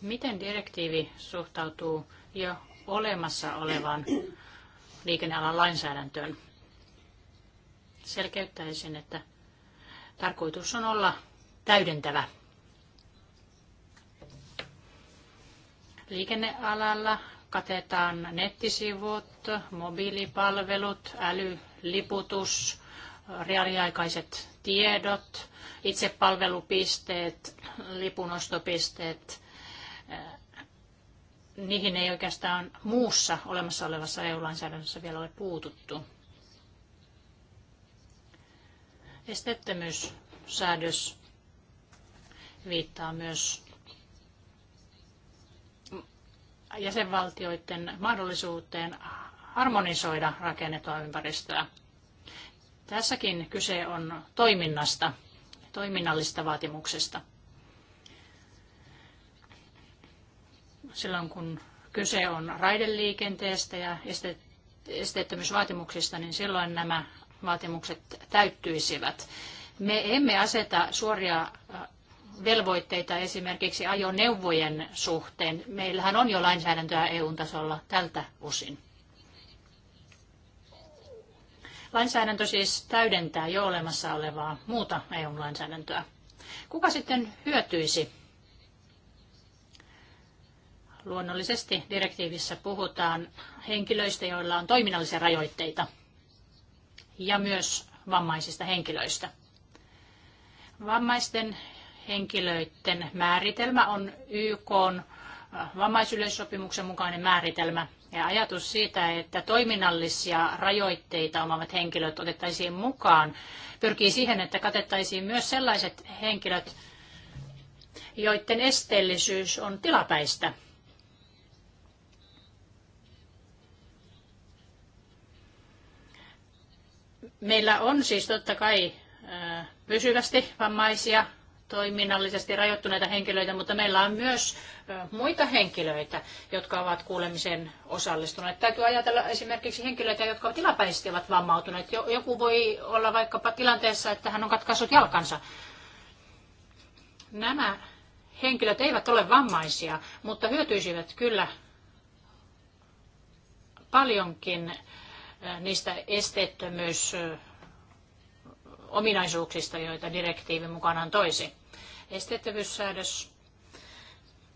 miten direktiivi suhtautuu jo olemassa olevaan liikennealan lainsäädäntöön selkeyttäisin, että tarkoitus on olla täydentävä. Liikennealalla katetaan nettisivut, mobiilipalvelut, älyliputus, reaaliaikaiset tiedot, itsepalvelupisteet, lipunostopisteet. Niihin ei oikeastaan muussa olemassa olevassa EU-lainsäädännössä vielä ole puututtu. Esteettömyyssäädös viittaa myös jäsenvaltioiden mahdollisuuteen harmonisoida rakennettua ympäristöä. Tässäkin kyse on toiminnasta, toiminnallista vaatimuksesta. Silloin kun kyse on raideliikenteestä ja esteettömyysvaatimuksista, niin silloin nämä vaatimukset täyttyisivät. Me emme aseta suoria velvoitteita esimerkiksi ajoneuvojen suhteen. Meillähän on jo lainsäädäntöä EU-tasolla tältä osin. Lainsäädäntö siis täydentää jo olemassa olevaa muuta EU-lainsäädäntöä. Kuka sitten hyötyisi? Luonnollisesti direktiivissä puhutaan henkilöistä, joilla on toiminnallisia rajoitteita – ja myös vammaisista henkilöistä. Vammaisten henkilöiden määritelmä on YK äh, vammaisyleissopimuksen mukainen määritelmä ja ajatus siitä, että toiminnallisia rajoitteita omavat henkilöt otettaisiin mukaan, pyrkii siihen, että katettaisiin myös sellaiset henkilöt, joiden esteellisyys on tilapäistä Meillä on siis totta kai pysyvästi vammaisia, toiminnallisesti rajoittuneita henkilöitä, mutta meillä on myös muita henkilöitä, jotka ovat kuulemiseen osallistuneet. Täytyy ajatella esimerkiksi henkilöitä, jotka tilapäisesti ovat vammautuneet. Joku voi olla vaikkapa tilanteessa, että hän on katkaissut jalkansa. Nämä henkilöt eivät ole vammaisia, mutta hyötyisivät kyllä paljonkin niistä esteettömyys ominaisuuksista, joita direktiivi mukanaan toisi. Esteettömyyssäädös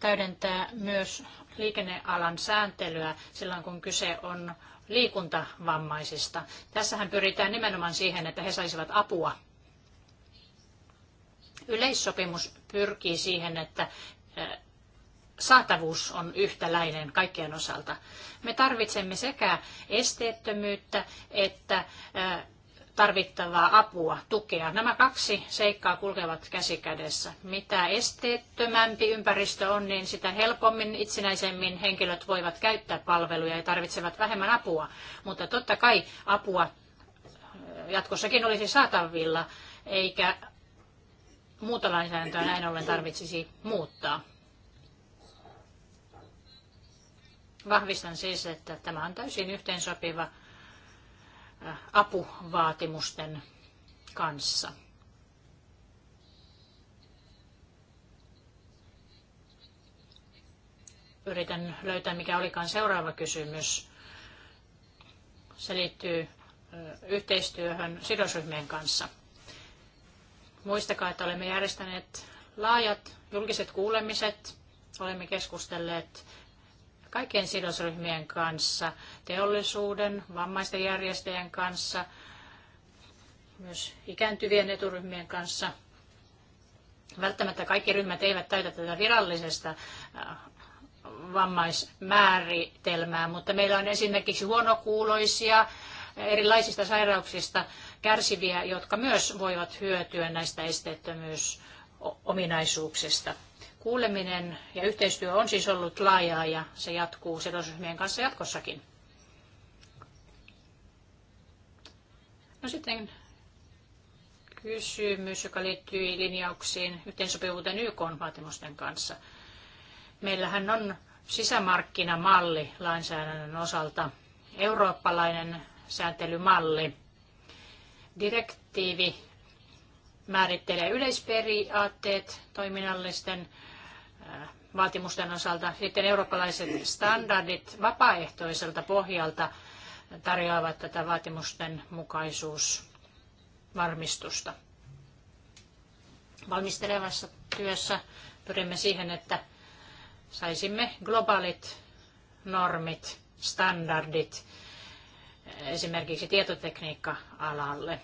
täydentää myös liikennealan sääntelyä silloin, kun kyse on liikuntavammaisista. Tässähän pyritään nimenomaan siihen, että he saisivat apua. Yleissopimus pyrkii siihen, että saatavuus on yhtäläinen kaikkien osalta. Me tarvitsemme sekä esteettömyyttä että tarvittavaa apua, tukea. Nämä kaksi seikkaa kulkevat käsi kädessä. Mitä esteettömämpi ympäristö on, niin sitä helpommin, itsenäisemmin henkilöt voivat käyttää palveluja ja tarvitsevat vähemmän apua. Mutta totta kai apua jatkossakin olisi saatavilla, eikä muuta lainsäädäntöä näin ollen tarvitsisi muuttaa. Vahvistan siis, että tämä on täysin yhteensopiva apuvaatimusten kanssa. Yritän löytää, mikä olikaan seuraava kysymys. Se liittyy yhteistyöhön sidosryhmien kanssa. Muistakaa, että olemme järjestäneet laajat julkiset kuulemiset, olemme keskustelleet kaikkien sidosryhmien kanssa, teollisuuden, vammaisten järjestäjien kanssa, myös ikääntyvien eturyhmien kanssa. Välttämättä kaikki ryhmät eivät täytä tätä virallisesta äh, vammaismääritelmää, mutta meillä on esimerkiksi huonokuuloisia, äh, erilaisista sairauksista kärsiviä, jotka myös voivat hyötyä näistä esteettömyysominaisuuksista. Kuuleminen ja yhteistyö on siis ollut laajaa ja se jatkuu sidosryhmien kanssa jatkossakin. No sitten kysymys, joka liittyy linjauksiin yhteensopivuuteen YK vaatimusten kanssa. Meillähän on sisämarkkinamalli lainsäädännön osalta, eurooppalainen sääntelymalli. Direktiivi määrittelee yleisperiaatteet toiminnallisten Äh, vaatimusten osalta. Sitten eurooppalaiset standardit vapaaehtoiselta pohjalta tarjoavat tätä vaatimusten mukaisuusvarmistusta. Valmistelevassa työssä pyrimme siihen, että saisimme globaalit normit, standardit esimerkiksi tietotekniikka-alalle.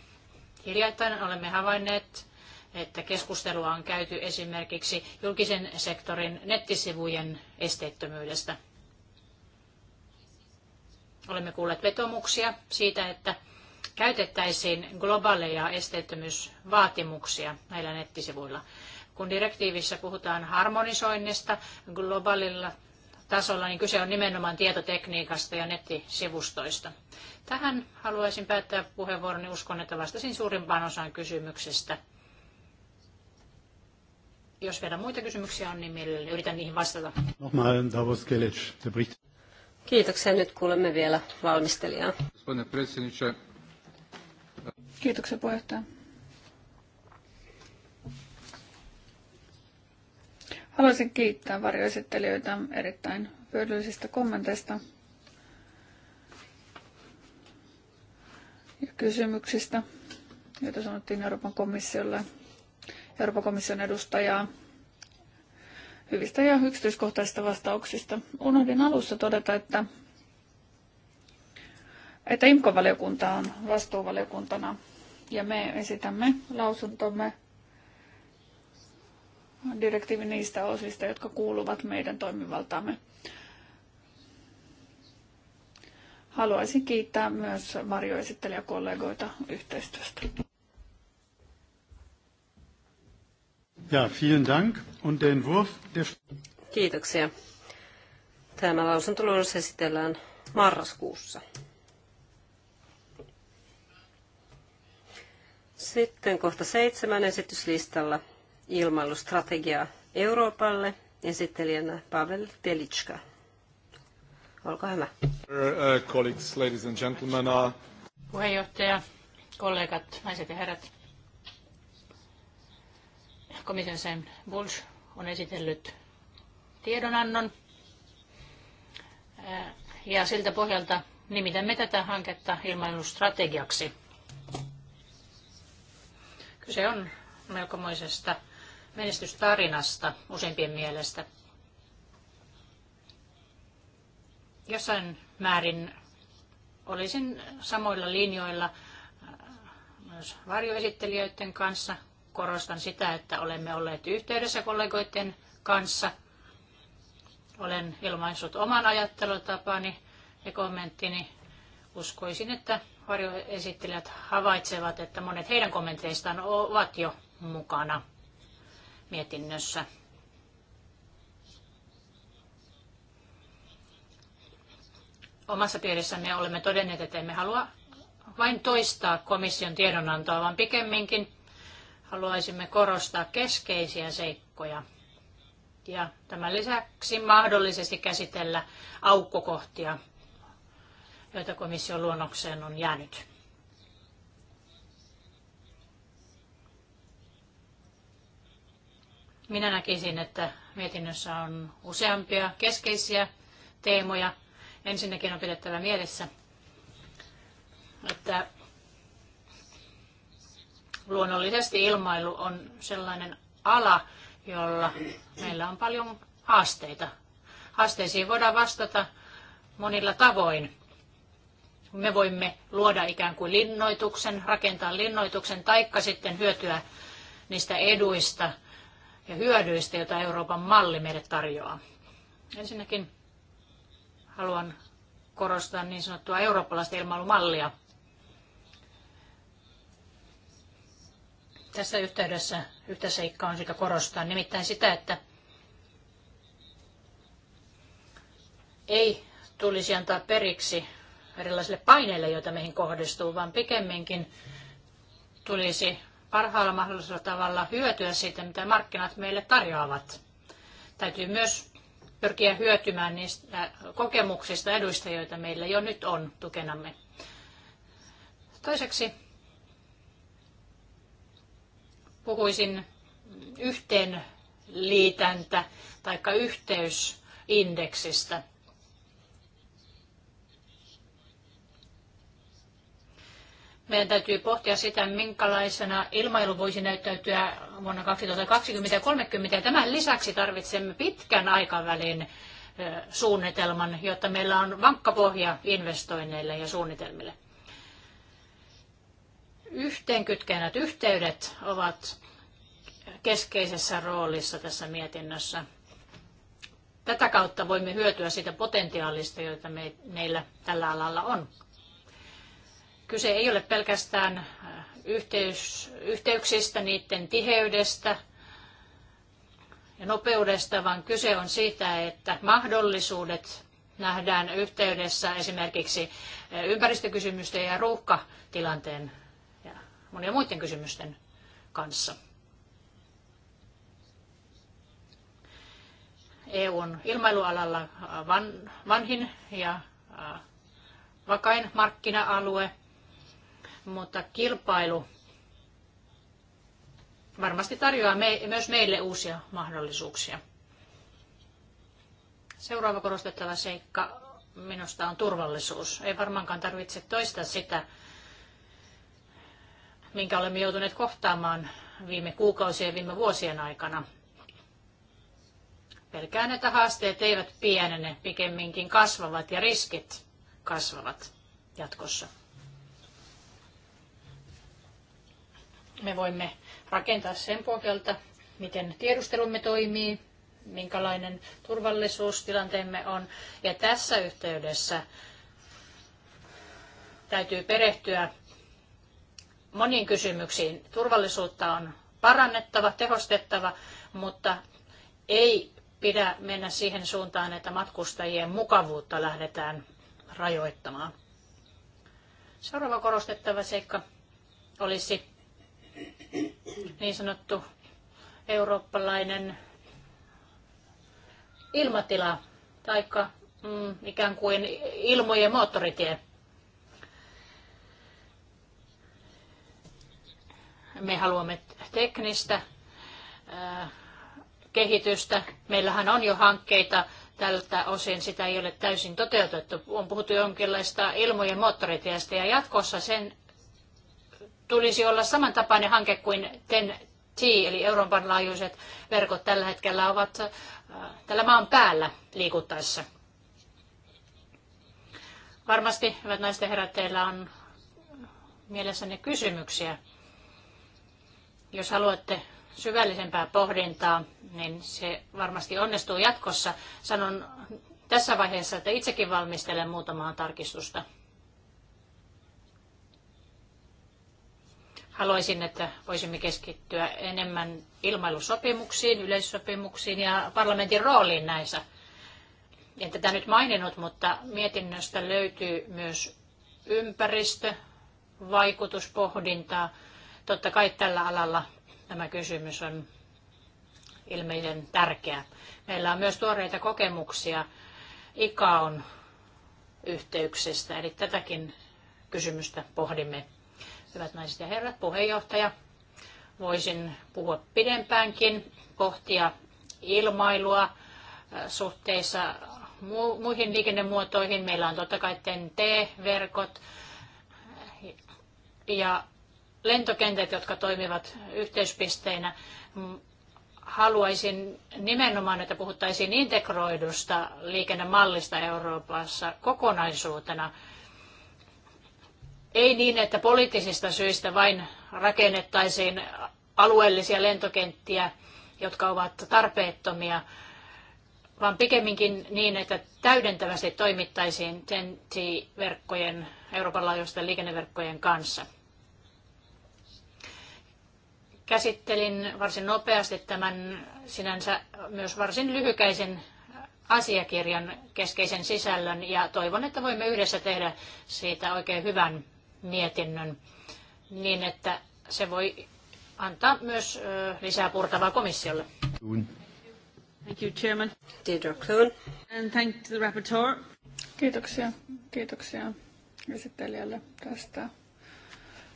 Hiljattain olemme havainneet että keskustelua on käyty esimerkiksi julkisen sektorin nettisivujen esteettömyydestä. Olemme kuulleet vetomuksia siitä, että käytettäisiin globaaleja esteettömyysvaatimuksia näillä nettisivuilla. Kun direktiivissä puhutaan harmonisoinnista globaalilla tasolla, niin kyse on nimenomaan tietotekniikasta ja nettisivustoista. Tähän haluaisin päättää puheenvuoroni. Uskon, että vastasin suurimpaan osaan kysymyksestä. Jos vielä muita kysymyksiä on, niin mielelläni yritän niihin vastata. Kiitoksia. Nyt kuulemme vielä valmistelijaa. Kiitoksia puheenjohtaja. Haluaisin kiittää varjoesittelijöitä erittäin hyödyllisistä kommenteista ja kysymyksistä, joita sanottiin Euroopan komissiolle Euroopan komission edustajaa hyvistä ja yksityiskohtaisista vastauksista. Unohdin alussa todeta, että, että IMKO-valiokunta on vastuuvaliokuntana ja me esitämme lausuntomme direktiivin niistä osista, jotka kuuluvat meidän toimivaltaamme. Haluaisin kiittää myös varjoesittelijäkollegoita yhteistyöstä. Ja, vielen Dank. Und der Entwurf der... Kiitoksia. Tämä lausuntoluonnos esitellään marraskuussa. Sitten kohta seitsemän esityslistalla ilmailustrategia Euroopalle. Esittelijänä Pavel Telitska. Olkaa hyvä. Uh, colleagues, ladies and gentlemen. Uh, Puheenjohtaja, kollegat, naiset ja herrat komission sen Bulls on esitellyt tiedonannon. Ja siltä pohjalta nimitämme tätä hanketta ilmailustrategiaksi. Kyse on melkomoisesta menestystarinasta useimpien mielestä. Jossain määrin olisin samoilla linjoilla myös varjoesittelijöiden kanssa, korostan sitä, että olemme olleet yhteydessä kollegoiden kanssa. Olen ilmaissut oman ajattelutapani ja kommenttini. Uskoisin, että varjoesittelijät havaitsevat, että monet heidän kommenteistaan ovat jo mukana mietinnössä. Omassa piirissämme olemme todenneet, että emme halua vain toistaa komission tiedonantoa, vaan pikemminkin haluaisimme korostaa keskeisiä seikkoja ja tämän lisäksi mahdollisesti käsitellä aukkokohtia, joita komission luonnokseen on jäänyt. Minä näkisin, että mietinnössä on useampia keskeisiä teemoja. Ensinnäkin on pidettävä mielessä, että Luonnollisesti ilmailu on sellainen ala, jolla meillä on paljon haasteita. Haasteisiin voidaan vastata monilla tavoin. Me voimme luoda ikään kuin linnoituksen, rakentaa linnoituksen, taikka sitten hyötyä niistä eduista ja hyödyistä, joita Euroopan malli meille tarjoaa. Ensinnäkin haluan korostaa niin sanottua eurooppalaista ilmailumallia. Tässä yhteydessä yhtä seikkaa on syytä korostaa, nimittäin sitä, että ei tulisi antaa periksi erilaisille paineille, joita meihin kohdistuu, vaan pikemminkin tulisi parhaalla mahdollisella tavalla hyötyä siitä, mitä markkinat meille tarjoavat. Täytyy myös pyrkiä hyötymään niistä kokemuksista, eduista, joita meillä jo nyt on tukenamme. Toiseksi puhuisin yhteenliitäntä tai yhteysindeksistä. Meidän täytyy pohtia sitä, minkälaisena ilmailu voisi näyttäytyä vuonna 2020 ja 2030. Tämän lisäksi tarvitsemme pitkän aikavälin suunnitelman, jotta meillä on vankka pohja investoinneille ja suunnitelmille yhteenkytkennät yhteydet ovat keskeisessä roolissa tässä mietinnössä. Tätä kautta voimme hyötyä siitä potentiaalista, jota me, meillä tällä alalla on. Kyse ei ole pelkästään äh, yhteys, yhteyksistä, niiden tiheydestä ja nopeudesta, vaan kyse on siitä, että mahdollisuudet nähdään yhteydessä esimerkiksi äh, ympäristökysymysten ja ruuhkatilanteen monia muiden kysymysten kanssa. E on ilmailualalla van, vanhin ja vakain markkina-alue, mutta kilpailu varmasti tarjoaa me, myös meille uusia mahdollisuuksia. Seuraava korostettava seikka minusta on turvallisuus. Ei varmaankaan tarvitse toistaa sitä, minkä olemme joutuneet kohtaamaan viime kuukausien, viime vuosien aikana. Pelkään, että haasteet eivät pienene, pikemminkin kasvavat ja riskit kasvavat jatkossa. Me voimme rakentaa sen pohjalta, miten tiedustelumme toimii, minkälainen turvallisuustilanteemme on. Ja tässä yhteydessä täytyy perehtyä moniin kysymyksiin. Turvallisuutta on parannettava, tehostettava, mutta ei pidä mennä siihen suuntaan, että matkustajien mukavuutta lähdetään rajoittamaan. Seuraava korostettava seikka olisi niin sanottu eurooppalainen ilmatila, taikka mm, ikään kuin ilmojen moottoritie. Me haluamme teknistä kehitystä. Meillähän on jo hankkeita tältä osin, sitä ei ole täysin toteutettu. On puhuttu jonkinlaista ilmojen moottoritiestä ja jatkossa sen tulisi olla samantapainen hanke kuin ten eli Euroopan laajuiset verkot tällä hetkellä ovat tällä maan päällä liikuttaessa. Varmasti, hyvät naisten herrat, teillä on mielessänne kysymyksiä. Jos haluatte syvällisempää pohdintaa, niin se varmasti onnistuu jatkossa. Sanon tässä vaiheessa, että itsekin valmistelen muutamaa tarkistusta. Haluaisin, että voisimme keskittyä enemmän ilmailusopimuksiin, yleissopimuksiin ja parlamentin rooliin näissä. En tätä nyt maininnut, mutta mietinnöstä löytyy myös ympäristö, vaikutuspohdintaa Totta kai tällä alalla tämä kysymys on ilmeisen tärkeä. Meillä on myös tuoreita kokemuksia ICAON yhteyksestä, eli tätäkin kysymystä pohdimme. Hyvät naiset ja herrat, puheenjohtaja, voisin puhua pidempäänkin, pohtia ilmailua äh, suhteessa muihin liikennemuotoihin. Meillä on totta kai t verkot ja lentokentät, jotka toimivat yhteyspisteinä. Haluaisin nimenomaan, että puhuttaisiin integroidusta liikennemallista Euroopassa kokonaisuutena. Ei niin, että poliittisista syistä vain rakennettaisiin alueellisia lentokenttiä, jotka ovat tarpeettomia, vaan pikemminkin niin, että täydentävästi toimittaisiin TEN-T-verkkojen, Euroopan laajuisten liikenneverkkojen kanssa. Käsittelin varsin nopeasti tämän sinänsä myös varsin lyhykäisen asiakirjan keskeisen sisällön ja toivon, että voimme yhdessä tehdä siitä oikein hyvän mietinnön niin, että se voi antaa myös lisää purtavaa komissiolle. Thank you, Chairman. And thank the rapporteur. Kiitoksia. Kiitoksia esittelijälle tästä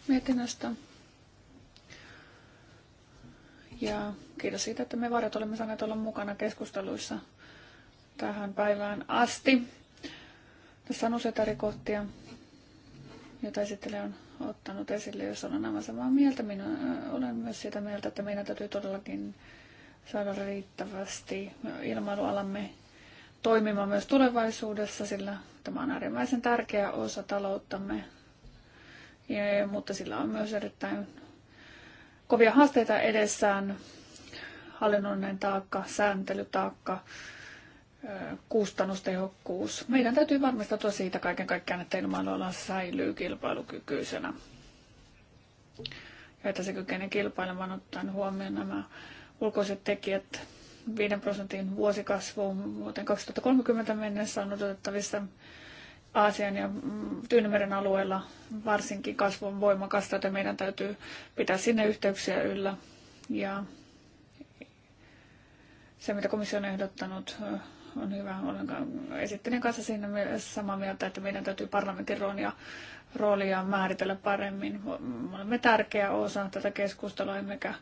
mietinnöstä. Ja kiitos siitä, että me varjot olemme saaneet olla mukana keskusteluissa tähän päivään asti. Tässä on useita eri kohtia, joita esittelijä on ottanut esille, jos olen aivan samaa mieltä. Minä äh, olen myös sitä mieltä, että meidän täytyy todellakin saada riittävästi ilmailualamme toimimaan myös tulevaisuudessa, sillä tämä on äärimmäisen tärkeä osa talouttamme, ja, mutta sillä on myös erittäin kovia haasteita edessään. Hallinnollinen taakka, sääntelytaakka, kustannustehokkuus. Meidän täytyy varmistautua siitä kaiken kaikkiaan, että ilmailuala säilyy kilpailukykyisenä. Ja että se kykenee kilpailemaan ottaen huomioon nämä ulkoiset tekijät. 5 prosentin vuosikasvu vuoteen 2030 mennessä on odotettavissa Aasian ja mm, Tyynemeren alueella varsinkin kasvu on voimakasta, joten meidän täytyy pitää sinne yhteyksiä yllä. Ja se, mitä komissio on ehdottanut, on hyvä. Olen esittelijän kanssa siinä samaa mieltä, että meidän täytyy parlamentin roolia, roolia määritellä paremmin. Me olemme tärkeä osa tätä keskustelua, emmekä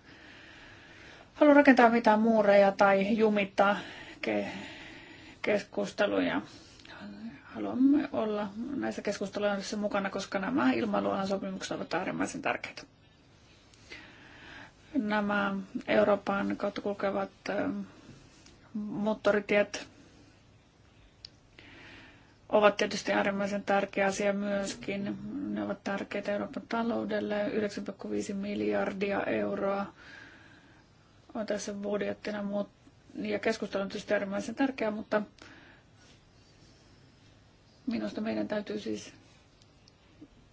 halua rakentaa mitään muureja tai jumittaa ke- keskusteluja haluamme olla näissä keskusteluissa mukana, koska nämä ilmailualan sopimukset ovat äärimmäisen tärkeitä. Nämä Euroopan kautta kulkevat moottoritiet ovat tietysti äärimmäisen tärkeä asia myöskin. Ne ovat tärkeitä Euroopan taloudelle. 9,5 miljardia euroa on tässä budjettina. Ja keskustelu on tietysti äärimmäisen tärkeää, mutta Minusta meidän täytyy siis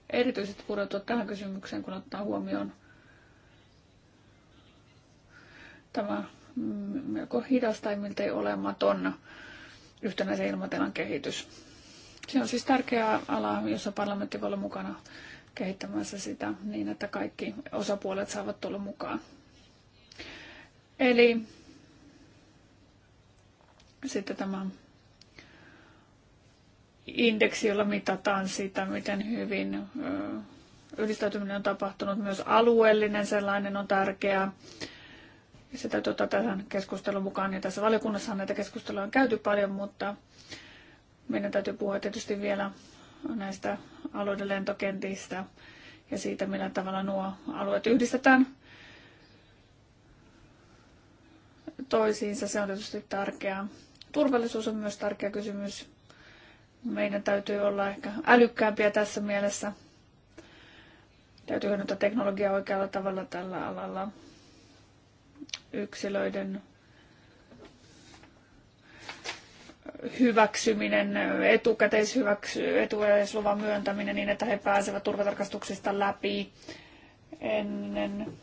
erityisesti pureutua tähän kysymykseen, kun ottaa huomioon tämä mm, melko hidas tai miltei olematon yhtenäisen ilmatilan kehitys. Se on siis tärkeä ala, jossa parlamentti voi olla mukana kehittämässä sitä niin, että kaikki osapuolet saavat tulla mukaan. Eli sitten tämä indeksi, jolla mitataan sitä, miten hyvin ylistäytyminen on tapahtunut. Myös alueellinen sellainen on tärkeää. Se tuota, tähän keskustelun mukaan. Ja tässä valiokunnassa näitä keskusteluja on käyty paljon, mutta meidän täytyy puhua tietysti vielä näistä alueiden lentokentistä ja siitä, millä tavalla nuo alueet yhdistetään toisiinsa. Se on tietysti tärkeää. Turvallisuus on myös tärkeä kysymys. Meidän täytyy olla ehkä älykkäämpiä tässä mielessä. Täytyy hyödyntää teknologiaa oikealla tavalla tällä alalla. Yksilöiden hyväksyminen, etukäteishyväksy, etukäteisluvan myöntäminen niin, että he pääsevät turvatarkastuksista läpi ennen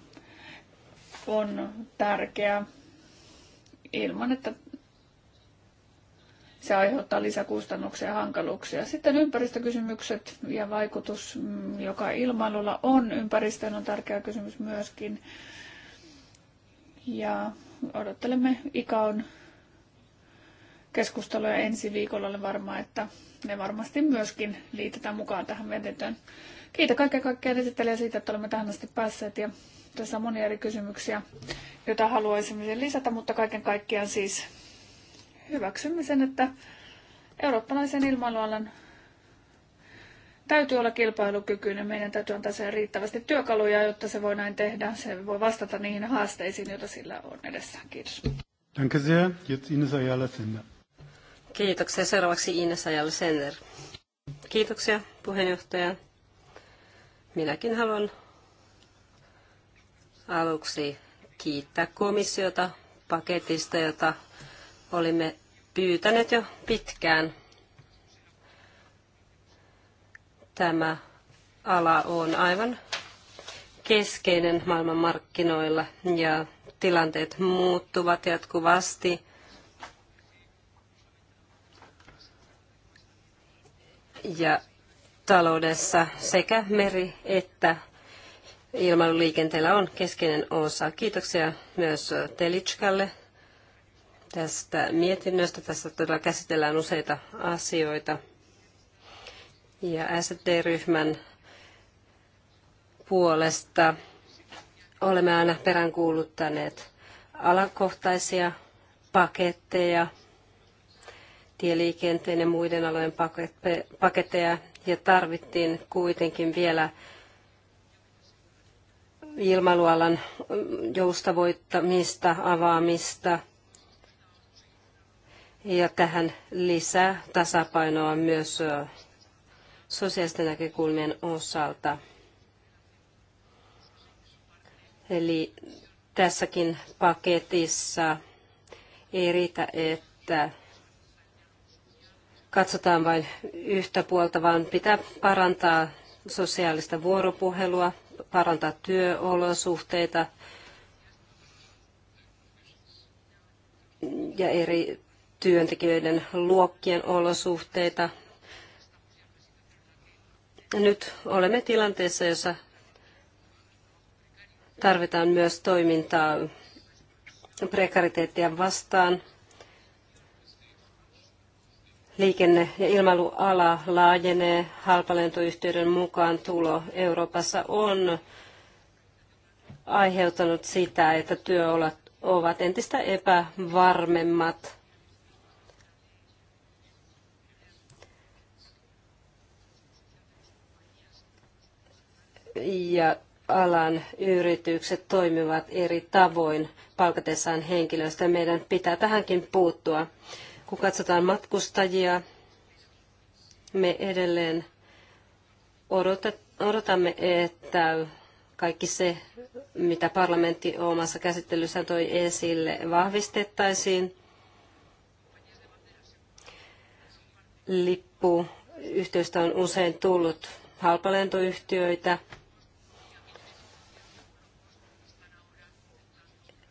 on tärkeää ilman, että se aiheuttaa lisäkustannuksia ja hankaluuksia. Sitten ympäristökysymykset ja vaikutus, mm, joka ilmailulla on ympäristöön, on tärkeä kysymys myöskin. Ja odottelemme ikaon keskusteluja ensi viikolla. Olen varma, että ne varmasti myöskin liitetään mukaan tähän mietintöön. Kiitä kaiken kaikkiaan esittelijä siitä, että olemme tähän asti päässeet ja tässä on monia eri kysymyksiä, joita haluaisimme lisätä, mutta kaiken kaikkiaan siis hyväksymme sen, että eurooppalaisen ilmailualan täytyy olla kilpailukykyinen. Meidän täytyy antaa sen riittävästi työkaluja, jotta se voi näin tehdä. Se voi vastata niihin haasteisiin, joita sillä on edessään. Kiitos. Danke sehr. Jetzt Ines Ayala Sender. Kiitoksia. Seuraavaksi Ines Ayala Sender. Kiitoksia puheenjohtaja. Minäkin haluan aluksi kiittää komissiota paketista, jota olimme pyytäneet jo pitkään. Tämä ala on aivan keskeinen maailmanmarkkinoilla ja tilanteet muuttuvat jatkuvasti. Ja taloudessa sekä meri että ilmailuliikenteellä on keskeinen osa. Kiitoksia myös Telitskalle tästä mietinnöstä. Tässä todella käsitellään useita asioita. Ja SD-ryhmän puolesta olemme aina peräänkuuluttaneet alakohtaisia paketteja, tieliikenteen ja muiden alojen paketteja, ja tarvittiin kuitenkin vielä ilmailualan joustavoittamista, avaamista – ja tähän lisää tasapainoa myös sosiaalisten näkökulmien osalta. Eli tässäkin paketissa ei riitä, että katsotaan vain yhtä puolta, vaan pitää parantaa sosiaalista vuoropuhelua, parantaa työolosuhteita ja eri työntekijöiden luokkien olosuhteita. Nyt olemme tilanteessa, jossa tarvitaan myös toimintaa prekariteettia vastaan. Liikenne- ja ilmailuala laajenee halpalentoyhtiöiden mukaan tulo Euroopassa on aiheuttanut sitä, että työolot ovat entistä epävarmemmat. ja alan yritykset toimivat eri tavoin palkatessaan henkilöstä. Meidän pitää tähänkin puuttua. Kun katsotaan matkustajia, me edelleen odotamme, että kaikki se, mitä parlamentti omassa käsittelyssään toi esille, vahvistettaisiin. Lippu on usein tullut halpalentoyhtiöitä,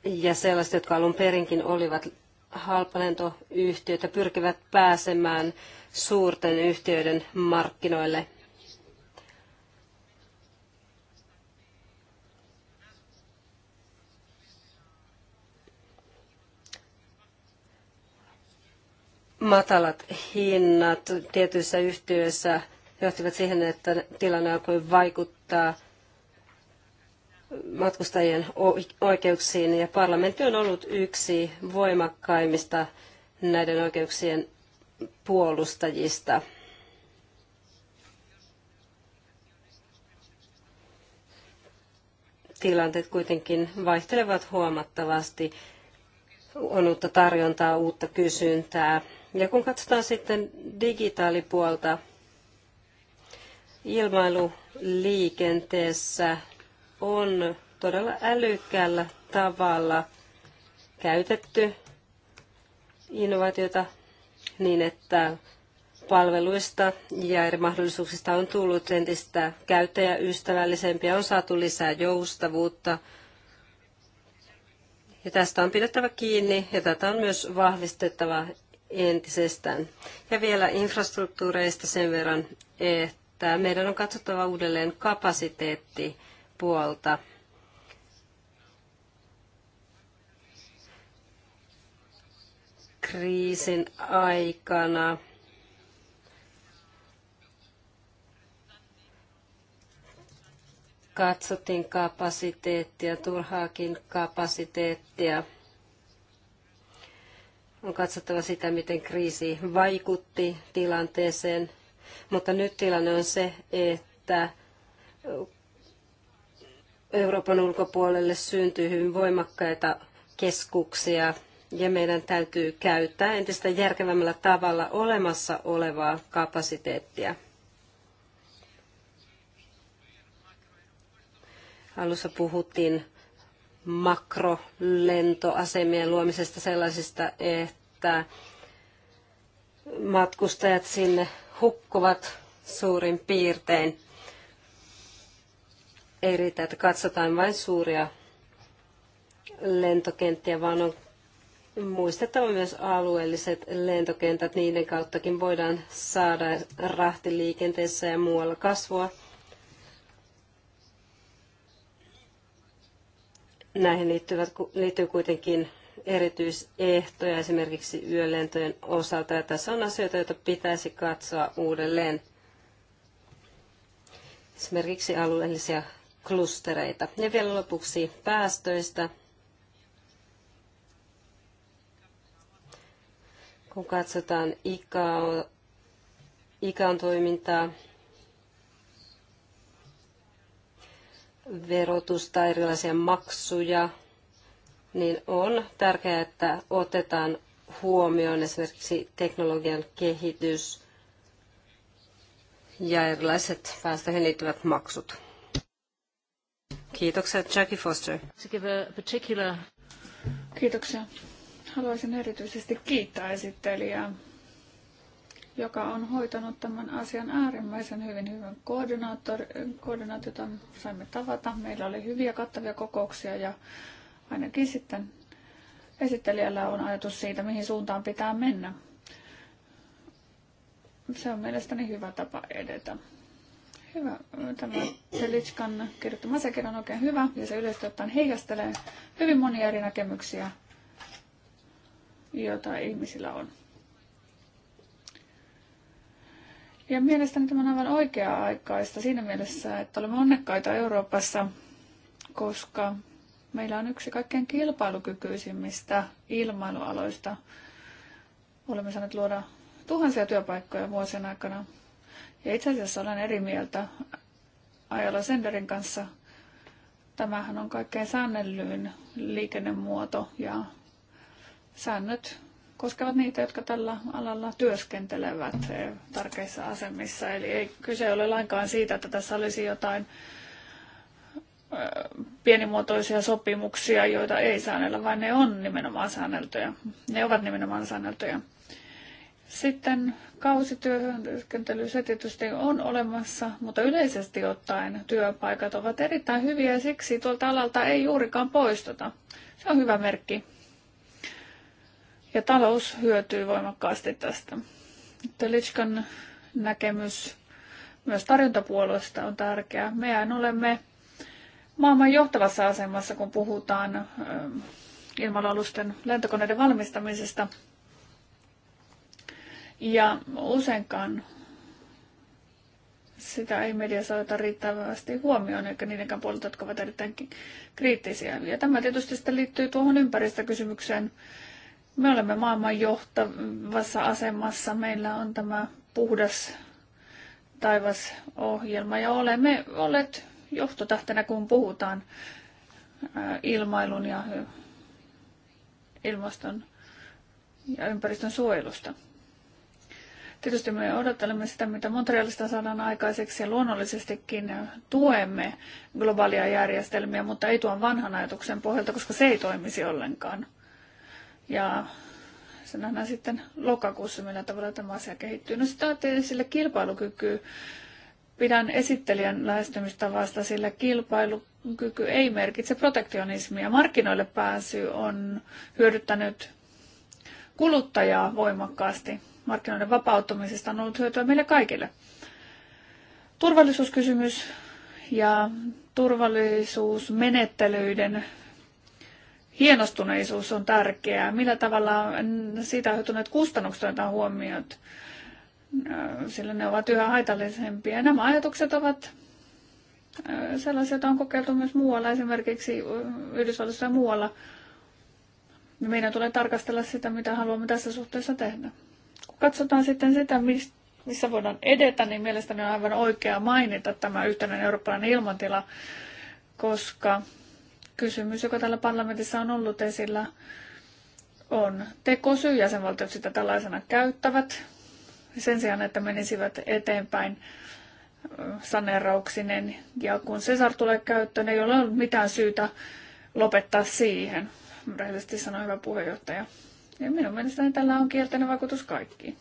ja sellaiset, jotka alun perinkin olivat halpalentoyhtiöitä, pyrkivät pääsemään suurten yhtiöiden markkinoille. Matalat hinnat tietyissä yhtiöissä johtivat siihen, että tilanne alkoi vaikuttaa – matkustajien oikeuksiin ja parlamentti on ollut yksi voimakkaimmista näiden oikeuksien puolustajista. Tilanteet kuitenkin vaihtelevat huomattavasti. On uutta tarjontaa, uutta kysyntää. Ja kun katsotaan sitten digitaalipuolta, ilmailuliikenteessä on todella älykkäällä tavalla käytetty innovaatiota niin, että palveluista ja eri mahdollisuuksista on tullut entistä käyttäjäystävällisempiä, on saatu lisää joustavuutta. Ja tästä on pidettävä kiinni ja tätä on myös vahvistettava entisestään. Ja vielä infrastruktuureista sen verran, että meidän on katsottava uudelleen kapasiteetti puolta. Kriisin aikana katsottiin kapasiteettia, turhaakin kapasiteettia. On katsottava sitä, miten kriisi vaikutti tilanteeseen, mutta nyt tilanne on se, että Euroopan ulkopuolelle syntyy hyvin voimakkaita keskuksia ja meidän täytyy käyttää entistä järkevämmällä tavalla olemassa olevaa kapasiteettia. Alussa puhuttiin makrolentoasemien luomisesta sellaisista, että matkustajat sinne hukkuvat suurin piirtein. Ei riitä, että katsotaan vain suuria lentokenttiä, vaan on muistettava myös alueelliset lentokentät. Niiden kauttakin voidaan saada rahtiliikenteessä ja muualla kasvua. Näihin liittyvät, liittyy kuitenkin erityisehtoja esimerkiksi yölentojen osalta. Ja tässä on asioita, joita pitäisi katsoa uudelleen. Esimerkiksi alueellisia klustereita. Ja vielä lopuksi päästöistä. Kun katsotaan ICAO, ICAOn toimintaa, verotusta, erilaisia maksuja, niin on tärkeää, että otetaan huomioon esimerkiksi teknologian kehitys ja erilaiset päästöihin liittyvät maksut. Kiitokset, Jackie Foster. Kiitoksia. Haluaisin erityisesti kiittää esittelijää, joka on hoitanut tämän asian äärimmäisen hyvin hyvän koordinaatiota. Saimme tavata. Meillä oli hyviä kattavia kokouksia ja ainakin sitten esittelijällä on ajatus siitä, mihin suuntaan pitää mennä. Se on mielestäni hyvä tapa edetä. Hyvä. Tämä Pelitskan kirjoittama asiakirja on oikein hyvä ja se yleisesti ottaen heijastelee hyvin monia eri näkemyksiä, joita ihmisillä on. Ja mielestäni tämä on aivan oikea-aikaista siinä mielessä, että olemme onnekkaita Euroopassa, koska meillä on yksi kaikkein kilpailukykyisimmistä ilmailualoista. Olemme saaneet luoda tuhansia työpaikkoja vuosien aikana ja itse asiassa olen eri mieltä ajalla Senderin kanssa. Tämähän on kaikkein säännellyin liikennemuoto ja säännöt koskevat niitä, jotka tällä alalla työskentelevät eh, tärkeissä asemissa. Eli ei kyse ole lainkaan siitä, että tässä olisi jotain eh, pienimuotoisia sopimuksia, joita ei säännellä, vaan ne on nimenomaan säänneltyjä. Ne ovat nimenomaan säänneltyjä. Sitten kausityöskentely, se tietysti on olemassa, mutta yleisesti ottaen työpaikat ovat erittäin hyviä ja siksi tuolta alalta ei juurikaan poistuta. Se on hyvä merkki. Ja talous hyötyy voimakkaasti tästä. Telitskan näkemys myös tarjontapuolesta on tärkeä. Mehän olemme maailman johtavassa asemassa, kun puhutaan ilmanalusten lentokoneiden valmistamisesta – ja useinkaan sitä ei mediassa oteta riittävästi huomioon, eikä niidenkään puolelta, jotka ovat erittäin kriittisiä. Ja tämä tietysti sitten liittyy tuohon ympäristökysymykseen. Me olemme maailman johtavassa asemassa. Meillä on tämä puhdas taivasohjelma ja olemme olleet johtotähtenä, kun puhutaan ilmailun ja ilmaston ja ympäristön suojelusta. Tietysti me odottelemme sitä, mitä Montrealista saadaan aikaiseksi ja luonnollisestikin tuemme globaalia järjestelmiä, mutta ei tuon vanhan ajatuksen pohjalta, koska se ei toimisi ollenkaan. Ja se nähdään sitten lokakuussa, millä tavalla tämä asia kehittyy. No sitä sille kilpailukyky. Pidän esittelijän lähestymistavasta, sillä kilpailukyky ei merkitse protektionismia. Markkinoille pääsy on hyödyttänyt kuluttajaa voimakkaasti markkinoiden vapauttamisesta on ollut hyötyä meille kaikille. Turvallisuuskysymys ja turvallisuusmenettelyiden hienostuneisuus on tärkeää. Millä tavalla siitä hyötyneet kustannukset otetaan huomioon, sillä ne ovat yhä haitallisempia. Nämä ajatukset ovat äh, sellaisia, joita on kokeiltu myös muualla, esimerkiksi äh, Yhdysvalloissa ja muualla. Meidän tulee tarkastella sitä, mitä haluamme tässä suhteessa tehdä. Kun katsotaan sitten sitä, missä voidaan edetä, niin mielestäni on aivan oikea mainita tämä yhtenäinen eurooppalainen ilmatila, koska kysymys, joka täällä parlamentissa on ollut esillä, on tekosyy. Jäsenvaltiot sitä tällaisena käyttävät sen sijaan, että menisivät eteenpäin saneerauksinen. Ja kun Cesar tulee käyttöön, ei ole ollut mitään syytä lopettaa siihen, rehellisesti sanoi hyvä puheenjohtaja. Ja minun mielestäni tällä on kielteinen vaikutus kaikkiin.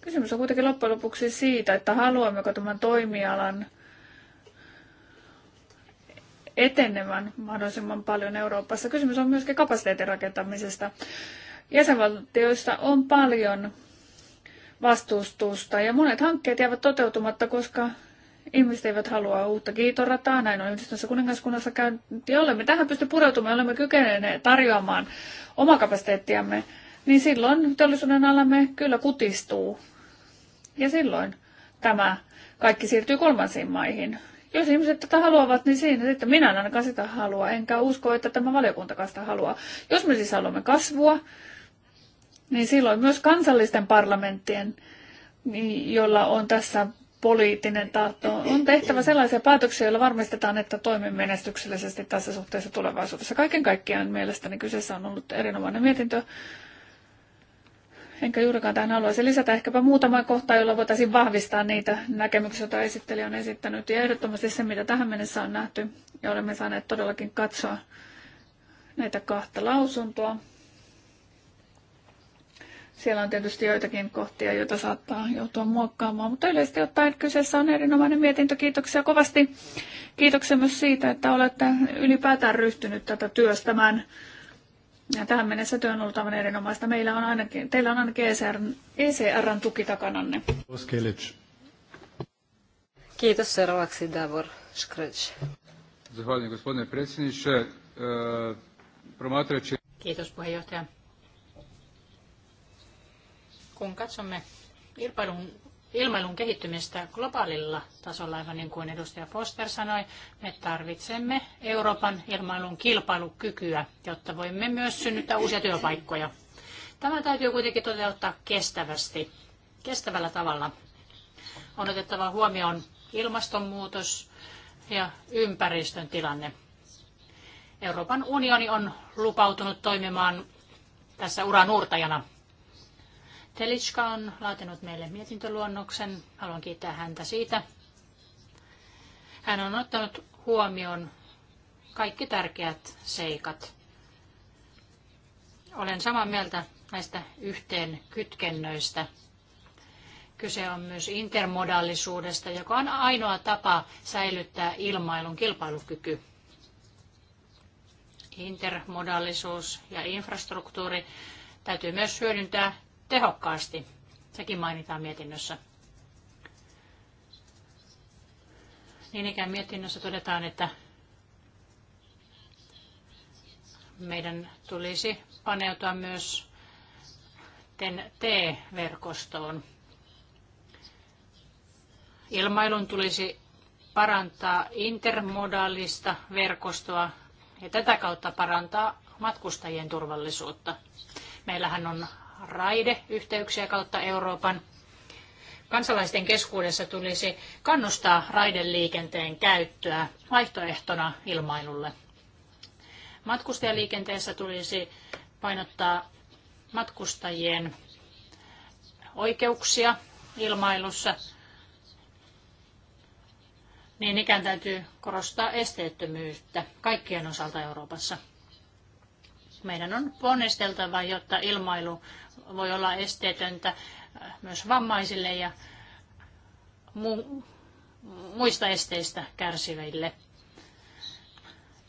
Kysymys on kuitenkin loppujen lopuksi siitä, että haluammeko tämän toimialan etenemään mahdollisimman paljon Euroopassa. Kysymys on myöskin kapasiteetin rakentamisesta. Jäsenvaltioista on paljon vastustusta ja monet hankkeet jäävät toteutumatta, koska Ihmiset eivät halua uutta kiitorataa, näin on yhdistyneessä kuningaskunnassa ja Olemme tähän pysty pureutumaan, olemme kykeneet tarjoamaan kapasiteettiamme, niin silloin teollisuuden alamme kyllä kutistuu. Ja silloin tämä kaikki siirtyy kolmansiin maihin. Jos ihmiset tätä haluavat, niin siinä sitten minä en ainakaan sitä halua, enkä usko, että tämä valiokuntakaan sitä haluaa. Jos me siis haluamme kasvua, niin silloin myös kansallisten parlamenttien, niin joilla on tässä poliittinen tahto. On tehtävä sellaisia päätöksiä, joilla varmistetaan, että toimii menestyksellisesti tässä suhteessa tulevaisuudessa. Kaiken kaikkiaan mielestäni kyseessä on ollut erinomainen mietintö. Enkä juurikaan tähän haluaisi lisätä ehkäpä muutama kohta, jolla voitaisiin vahvistaa niitä näkemyksiä, joita esittelijä on esittänyt. Ja ehdottomasti se, mitä tähän mennessä on nähty, ja olemme saaneet todellakin katsoa näitä kahta lausuntoa. Siellä on tietysti joitakin kohtia, joita saattaa joutua muokkaamaan, mutta yleisesti ottaen kyseessä on erinomainen mietintö. Kiitoksia kovasti. Kiitoksia myös siitä, että olette ylipäätään ryhtynyt tätä työstämään. Ja tähän mennessä työ on ollut aivan erinomaista. Meillä on ainakin, teillä on ainakin ECR, ECRn tuki takananne. Kiitos seuraavaksi Davor Škreć. E, Kiitos puheenjohtaja kun katsomme ilmailun, ilmailun kehittymistä globaalilla tasolla, aivan niin kuin edustaja Foster sanoi, me tarvitsemme Euroopan ilmailun kilpailukykyä, jotta voimme myös synnyttää uusia työpaikkoja. Tämä täytyy kuitenkin toteuttaa kestävästi, kestävällä tavalla. On otettava huomioon ilmastonmuutos ja ympäristön tilanne. Euroopan unioni on lupautunut toimimaan tässä uran uurtajana Telitska on laatinut meille mietintöluonnoksen. Haluan kiittää häntä siitä. Hän on ottanut huomioon kaikki tärkeät seikat. Olen samaa mieltä näistä yhteen kytkennöistä. Kyse on myös intermodaalisuudesta, joka on ainoa tapa säilyttää ilmailun kilpailukyky. Intermodaalisuus ja infrastruktuuri täytyy myös hyödyntää tehokkaasti. Sekin mainitaan mietinnössä. Niin ikään mietinnössä todetaan, että meidän tulisi paneutua myös TEN-T-verkostoon. Ilmailun tulisi parantaa intermodaalista verkostoa ja tätä kautta parantaa matkustajien turvallisuutta. Meillähän on raideyhteyksiä kautta Euroopan. Kansalaisten keskuudessa tulisi kannustaa raideliikenteen käyttöä vaihtoehtona ilmailulle. Matkustajaliikenteessä tulisi painottaa matkustajien oikeuksia ilmailussa. Niin ikään täytyy korostaa esteettömyyttä kaikkien osalta Euroopassa. Meidän on ponnisteltava, jotta ilmailu voi olla esteetöntä äh, myös vammaisille ja mu- muista esteistä kärsiville.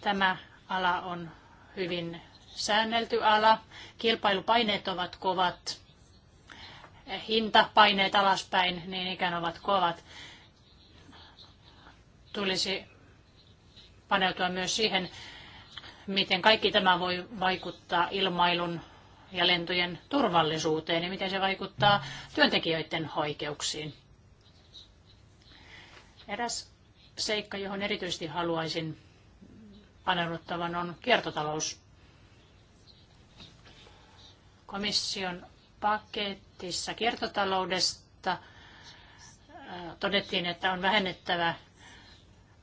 Tämä ala on hyvin säännelty ala. Kilpailupaineet ovat kovat. Hintapaineet alaspäin niin ikään ovat kovat. Tulisi paneutua myös siihen, miten kaikki tämä voi vaikuttaa ilmailun ja lentojen turvallisuuteen ja miten se vaikuttaa työntekijöiden oikeuksiin. Eräs seikka, johon erityisesti haluaisin paneuduttavan, on kiertotalous. Komission paketissa kiertotaloudesta todettiin, että on vähennettävä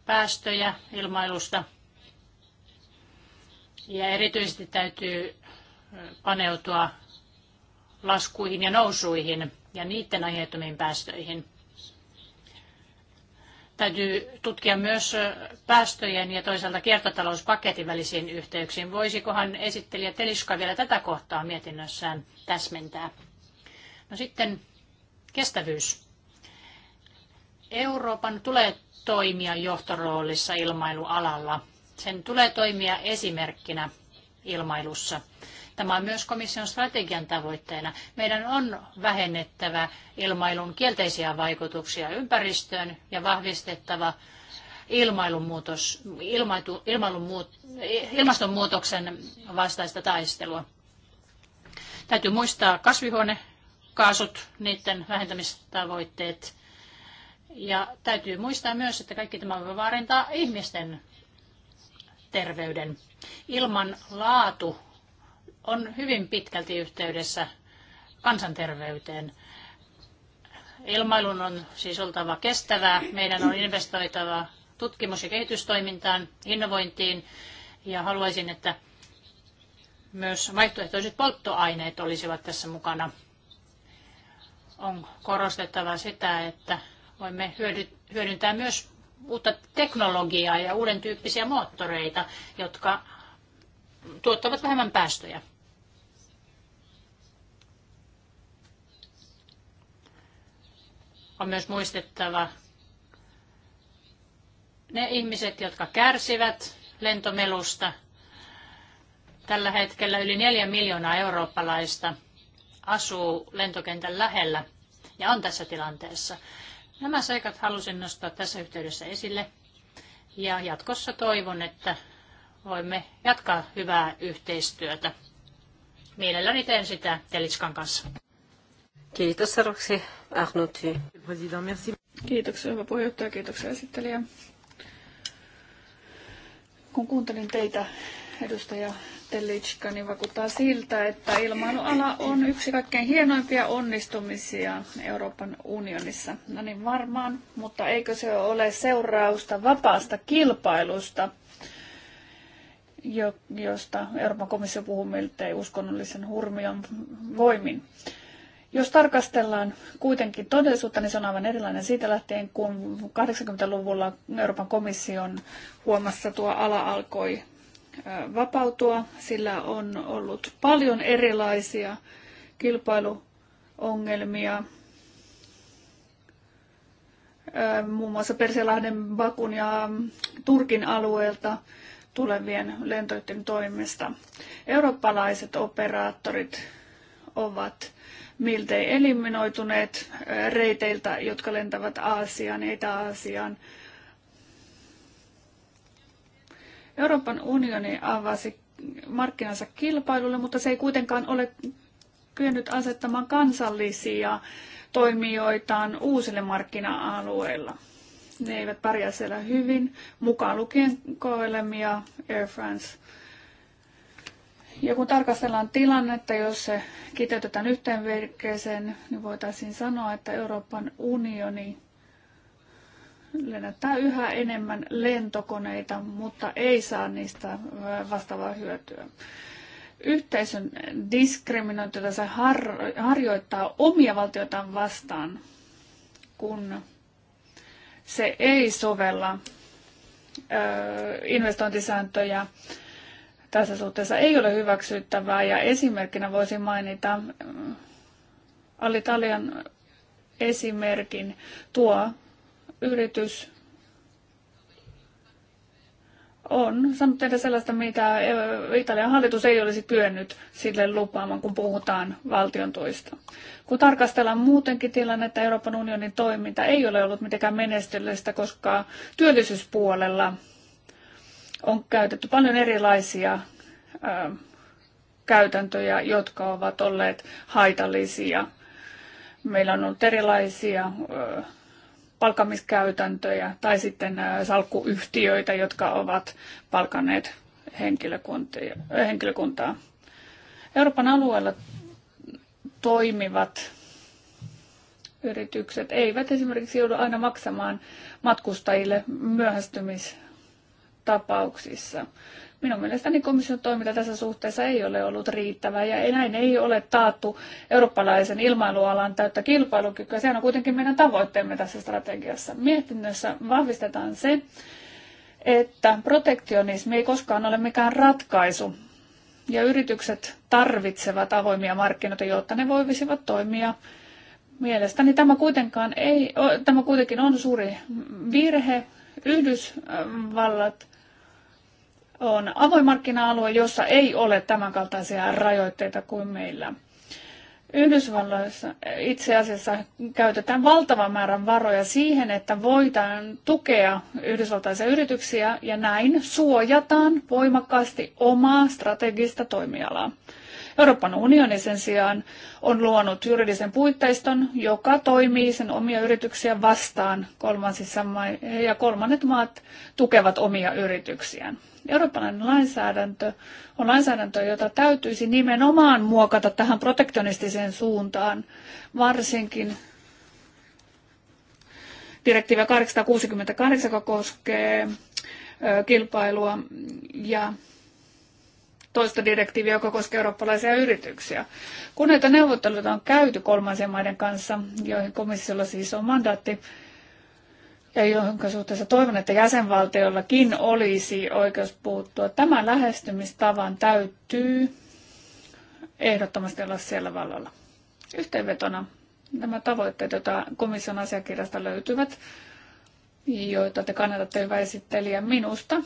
päästöjä ilmailusta ja erityisesti täytyy paneutua laskuihin ja nousuihin ja niiden aiheuttamiin päästöihin. Täytyy tutkia myös päästöjen ja toisaalta kiertotalouspaketin välisiin yhteyksiin. Voisikohan esittelijä Teliska vielä tätä kohtaa mietinnössään täsmentää? No sitten kestävyys. Euroopan tulee toimia johtoroolissa ilmailualalla. Sen tulee toimia esimerkkinä ilmailussa. Tämä on myös komission strategian tavoitteena. Meidän on vähennettävä ilmailun kielteisiä vaikutuksia ympäristöön ja vahvistettava ilmailunmuutos, ilmaitu, ilmailunmuut, ilmastonmuutoksen vastaista taistelua. Täytyy muistaa kasvihuonekaasut, niiden vähentämistavoitteet. Ja täytyy muistaa myös, että kaikki tämä voi vaarantaa ihmisten terveyden. Ilman laatu on hyvin pitkälti yhteydessä kansanterveyteen. Ilmailun on siis oltava kestävää. Meidän on investoitava tutkimus- ja kehitystoimintaan, innovointiin ja haluaisin, että myös vaihtoehtoiset polttoaineet olisivat tässä mukana. On korostettava sitä, että voimme hyödyntää myös uutta teknologiaa ja uuden tyyppisiä moottoreita, jotka tuottavat vähemmän päästöjä. on myös muistettava ne ihmiset, jotka kärsivät lentomelusta. Tällä hetkellä yli neljä miljoonaa eurooppalaista asuu lentokentän lähellä ja on tässä tilanteessa. Nämä seikat halusin nostaa tässä yhteydessä esille ja jatkossa toivon, että voimme jatkaa hyvää yhteistyötä. Mielelläni teen sitä Teliskan kanssa. Kiitos seuraavaksi Ahnuty. Kiitoksia hyvä puheenjohtaja, kiitoksia esittelijä. Kun kuuntelin teitä, edustaja Telitschka, niin vakuuttaa siltä, että ilmailuala on yksi kaikkein hienoimpia onnistumisia Euroopan unionissa. No niin varmaan, mutta eikö se ole seurausta vapaasta kilpailusta, josta Euroopan komissio puhuu miltei uskonnollisen hurmion voimin. Jos tarkastellaan kuitenkin todellisuutta, niin se on aivan erilainen siitä lähtien, kun 80-luvulla Euroopan komission huomassa tuo ala alkoi vapautua. Sillä on ollut paljon erilaisia kilpailuongelmia. Muun muassa Persialahden, Bakun ja Turkin alueelta tulevien lentoyhtiön toimesta. Eurooppalaiset operaattorit ovat miltei eliminoituneet reiteiltä, jotka lentävät Aasiaan ja Itä-Aasiaan. Euroopan unioni avasi markkinansa kilpailulle, mutta se ei kuitenkaan ole kyennyt asettamaan kansallisia toimijoitaan uusille markkina-alueilla. Ne eivät pärjää siellä hyvin, mukaan lukien KLM ja Air France – ja kun tarkastellaan tilannetta, jos se kiteytetään yhteenverkkeeseen, niin voitaisiin sanoa, että Euroopan unioni lennättää yhä enemmän lentokoneita, mutta ei saa niistä vastaavaa hyötyä. Yhteisön diskriminointi, jota se har- harjoittaa omia valtioitaan vastaan, kun se ei sovella ö, investointisääntöjä tässä suhteessa ei ole hyväksyttävää. Ja esimerkkinä voisin mainita mm, Alitalian esimerkin. Tuo yritys on saanut tehdä sellaista, mitä e, Italian hallitus ei olisi kyennyt sille lupaamaan, kun puhutaan valtion tuista. Kun tarkastellaan muutenkin tilannetta, Euroopan unionin toiminta ei ole ollut mitenkään menestyllistä, koska työllisyyspuolella on käytetty paljon erilaisia ö, käytäntöjä, jotka ovat olleet haitallisia. Meillä on ollut erilaisia ö, palkamiskäytäntöjä tai sitten ö, salkkuyhtiöitä, jotka ovat palkanneet henkilökuntaa. Euroopan alueella toimivat yritykset eivät esimerkiksi joudu aina maksamaan matkustajille myöhästymis- tapauksissa. Minun mielestäni komission toiminta tässä suhteessa ei ole ollut riittävää ja näin ei ole taattu eurooppalaisen ilmailualan täyttä kilpailukykyä. Sehän on kuitenkin meidän tavoitteemme tässä strategiassa. Mietinnössä vahvistetaan se, että protektionismi ei koskaan ole mikään ratkaisu ja yritykset tarvitsevat avoimia markkinoita, jotta ne voisivat toimia. Mielestäni tämä, kuitenkaan ei, tämä kuitenkin on suuri virhe. Yhdysvallat on avoin markkina-alue, jossa ei ole tämänkaltaisia rajoitteita kuin meillä. Yhdysvalloissa itse asiassa käytetään valtavan määrän varoja siihen, että voidaan tukea yhdysvaltaisia yrityksiä ja näin suojataan voimakkaasti omaa strategista toimialaa. Euroopan unioni sen sijaan on luonut juridisen puitteiston, joka toimii sen omia yrityksiä vastaan kolmansissa ma- ja kolmannet maat tukevat omia yrityksiään. Eurooppalainen lainsäädäntö on lainsäädäntö, jota täytyisi nimenomaan muokata tähän protektionistiseen suuntaan, varsinkin direktiivi 868, joka koskee kilpailua ja toista direktiiviä, joka koskee eurooppalaisia yrityksiä. Kun näitä neuvotteluita on käyty kolmansien maiden kanssa, joihin komissiolla siis on mandaatti, ja jonka suhteessa toivon, että jäsenvaltiollakin olisi oikeus puuttua. Tämän lähestymistavan täytyy ehdottomasti olla siellä vallalla. Yhteenvetona nämä tavoitteet, joita komission asiakirjasta löytyvät, joita te kannatatte hyvä esittelijä minusta,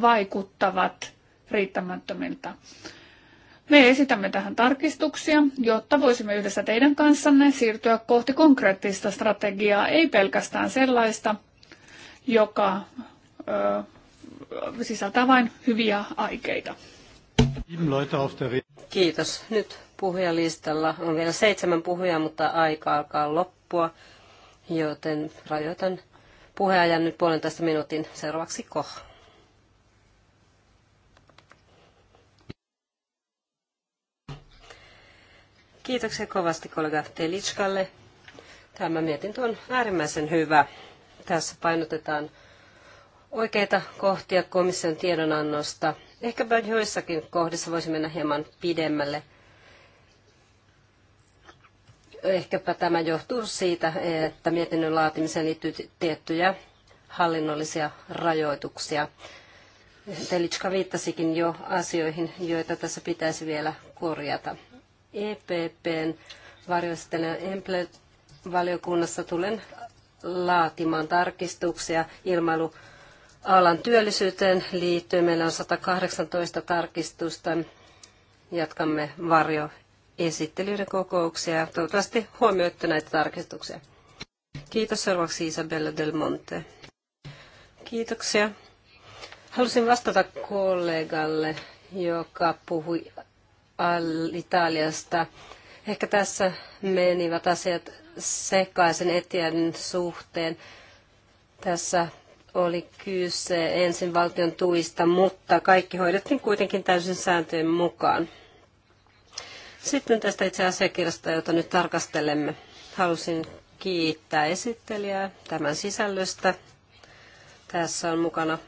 vaikuttavat riittämättömiltä. Me esitämme tähän tarkistuksia, jotta voisimme yhdessä teidän kanssanne siirtyä kohti konkreettista strategiaa, ei pelkästään sellaista, joka ö, sisältää vain hyviä aikeita. Kiitos. Nyt puhujalistalla on vielä seitsemän puhujaa, mutta aika alkaa loppua, joten rajoitan puheajan nyt puolentoista minuutin seuraavaksi kohdalla. Kiitoksia kovasti kollega Telitskalle. Tämä mietintö on äärimmäisen hyvä. Tässä painotetaan oikeita kohtia komission tiedonannosta. Ehkäpä joissakin kohdissa voisi mennä hieman pidemmälle. Ehkäpä tämä johtuu siitä, että mietinnön laatimiseen liittyy tiettyjä hallinnollisia rajoituksia. Telitska viittasikin jo asioihin, joita tässä pitäisi vielä korjata. EPPn varjoistelijan Emple-valiokunnassa tulen laatimaan tarkistuksia ilmailualan työllisyyteen liittyen. Meillä on 118 tarkistusta. Jatkamme varjoesittelyiden kokouksia. Toivottavasti huomioitte näitä tarkistuksia. Kiitos seuraavaksi Isabella Del Monte. Kiitoksia. Halusin vastata kollegalle, joka puhui Italiasta. Ehkä tässä menivät asiat sekaisin Etian suhteen. Tässä oli kyse ensin valtion tuista, mutta kaikki hoidettiin kuitenkin täysin sääntöjen mukaan. Sitten tästä itse asiakirjasta, jota nyt tarkastelemme. Halusin kiittää esittelijää tämän sisällöstä. Tässä on mukana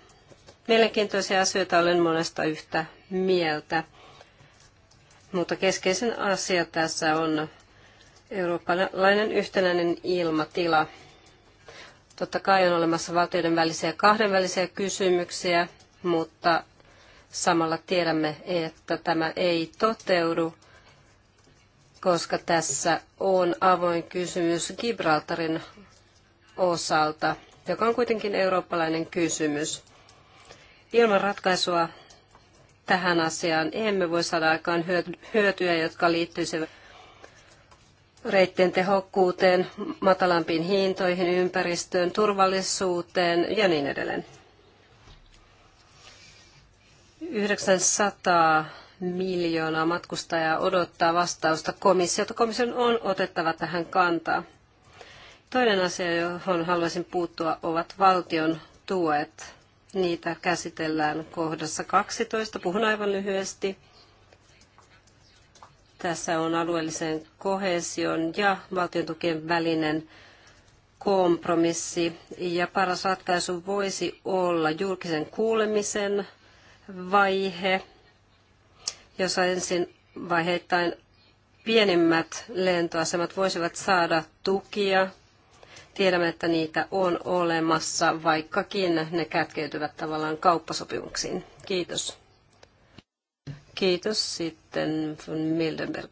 mielenkiintoisia asioita, olen monesta yhtä mieltä. Mutta keskeisin asia tässä on eurooppalainen yhtenäinen ilmatila. Totta kai on olemassa valtioiden välisiä kahdenvälisiä kysymyksiä, mutta samalla tiedämme, että tämä ei toteudu, koska tässä on avoin kysymys Gibraltarin osalta, joka on kuitenkin eurooppalainen kysymys. Ilman ratkaisua tähän asiaan emme voi saada aikaan hyötyjä, jotka liittyisivät reittien tehokkuuteen, matalampiin hintoihin, ympäristöön, turvallisuuteen ja niin edelleen. 900 miljoonaa matkustajaa odottaa vastausta komissiota. Komission on otettava tähän kantaa. Toinen asia, johon haluaisin puuttua, ovat valtion tuet. Niitä käsitellään kohdassa 12. Puhun aivan lyhyesti. Tässä on alueellisen kohesion ja valtiontukien välinen kompromissi. Ja paras ratkaisu voisi olla julkisen kuulemisen vaihe, jossa ensin vaiheittain pienimmät lentoasemat voisivat saada tukia Tiedämme, että niitä on olemassa, vaikkakin ne kätkeytyvät tavallaan kauppasopimuksiin. Kiitos. Kiitos sitten von Mildenberg.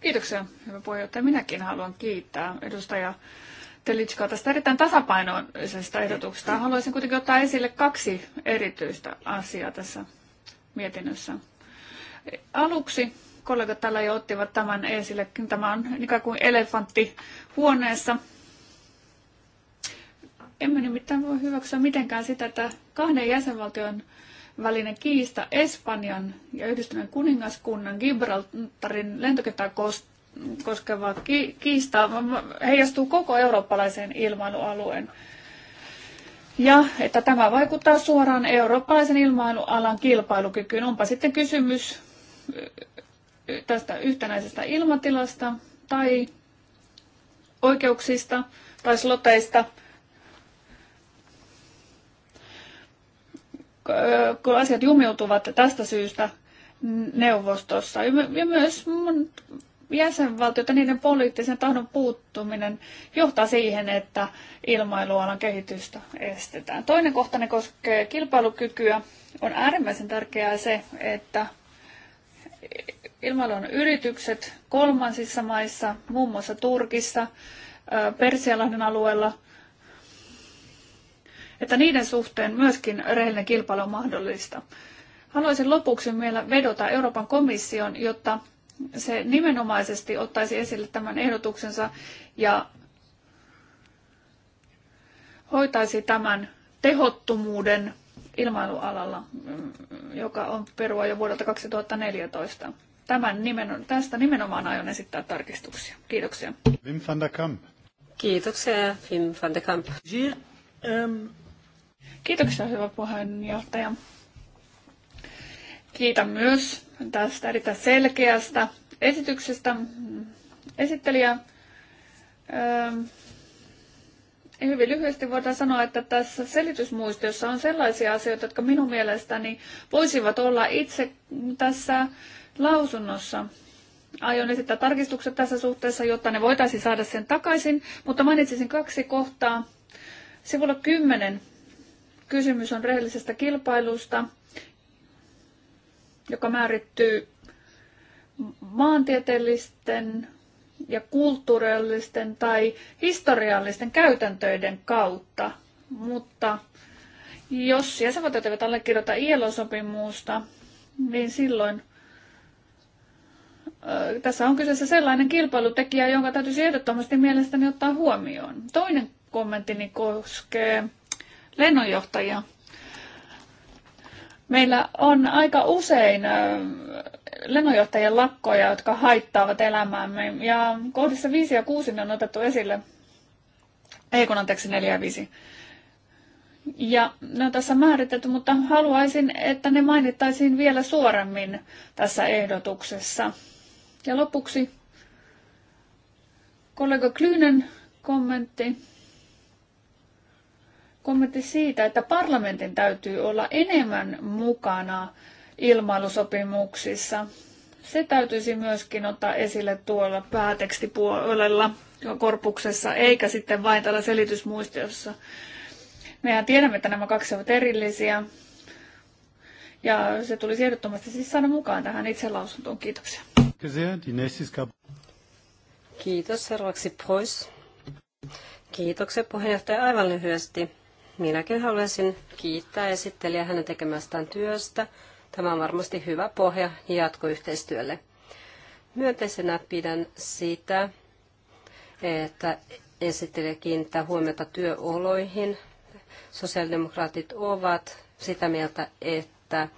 Kiitoksia, hyvä puheenjohtaja. Minäkin haluan kiittää edustaja Telitschkaa tästä erittäin tasapainoisesta ehdotuksesta. Haluaisin kuitenkin ottaa esille kaksi erityistä asiaa tässä mietinnössä. Aluksi kollegat täällä jo ottivat tämän esille. Tämä on ikään kuin elefantti huoneessa. Emme nimittäin voi hyväksyä mitenkään sitä, että kahden jäsenvaltion välinen kiista Espanjan ja Yhdistyneen kuningaskunnan Gibraltarin lentokentää koskeva kiista heijastuu koko eurooppalaiseen ilmailualueen. Ja että tämä vaikuttaa suoraan eurooppalaisen ilmailualan kilpailukykyyn. Onpa sitten kysymys tästä yhtenäisestä ilmatilasta tai oikeuksista tai sloteista. Kun asiat jumiutuvat tästä syystä neuvostossa ja myös jäsenvaltiot ja niiden poliittisen tahdon puuttuminen johtaa siihen, että ilmailualan kehitystä estetään. Toinen kohta ne koskee kilpailukykyä. On äärimmäisen tärkeää se, että Ilmailun yritykset kolmansissa maissa, muun muassa Turkissa, Persialahden alueella, että niiden suhteen myöskin rehellinen kilpailu on mahdollista. Haluaisin lopuksi vielä vedota Euroopan komission, jotta se nimenomaisesti ottaisi esille tämän ehdotuksensa ja hoitaisi tämän tehottomuuden ilmailualalla, mm, joka on perua jo vuodelta 2014. Tämän nimen, tästä nimenomaan aion esittää tarkistuksia. Kiitoksia. Wim van der Kamp. Kiitoksia, Wim van der Kamp. Ähm, Kiitoksia, hyvä puheenjohtaja. Kiitän myös tästä erittäin selkeästä esityksestä. Esittelijä, ähm, hyvin lyhyesti voidaan sanoa, että tässä selitysmuistiossa on sellaisia asioita, jotka minun mielestäni voisivat olla itse tässä lausunnossa aion esittää tarkistukset tässä suhteessa, jotta ne voitaisiin saada sen takaisin, mutta mainitsisin kaksi kohtaa. Sivulla 10 kysymys on rehellisestä kilpailusta, joka määrittyy maantieteellisten ja kulttuurillisten tai historiallisten käytäntöiden kautta, mutta jos jäsenvaltiot eivät allekirjoita ILO-sopimusta, niin silloin – tässä on kyseessä sellainen kilpailutekijä, jonka täytyisi ehdottomasti mielestäni ottaa huomioon. Toinen kommenttini koskee lennonjohtajia. Meillä on aika usein lennonjohtajien lakkoja, jotka haittaavat elämäämme. Ja kohdissa 5 ja 6 ne on otettu esille. Ei kun anteeksi, 4 ja 5. Ja ne on tässä määritetty, mutta haluaisin, että ne mainittaisiin vielä suoremmin tässä ehdotuksessa. Ja lopuksi kollega Klynen kommentti. Kommentti siitä, että parlamentin täytyy olla enemmän mukana ilmailusopimuksissa. Se täytyisi myöskin ottaa esille tuolla päätekstipuolella korpuksessa, eikä sitten vain tällä selitysmuistiossa. Mehän tiedämme, että nämä kaksi ovat erillisiä. Ja se tulisi ehdottomasti siis saada mukaan tähän itse lausuntoon. Kiitoksia. Kiitos. Seuraavaksi pois. Kiitoksia puheenjohtaja aivan lyhyesti. Minäkin haluaisin kiittää esittelijä hänen tekemästään työstä. Tämä on varmasti hyvä pohja jatkoyhteistyölle. Myönteisenä pidän sitä, että esittelijä kiinnittää huomiota työoloihin. Sosiaalidemokraatit ovat sitä mieltä, että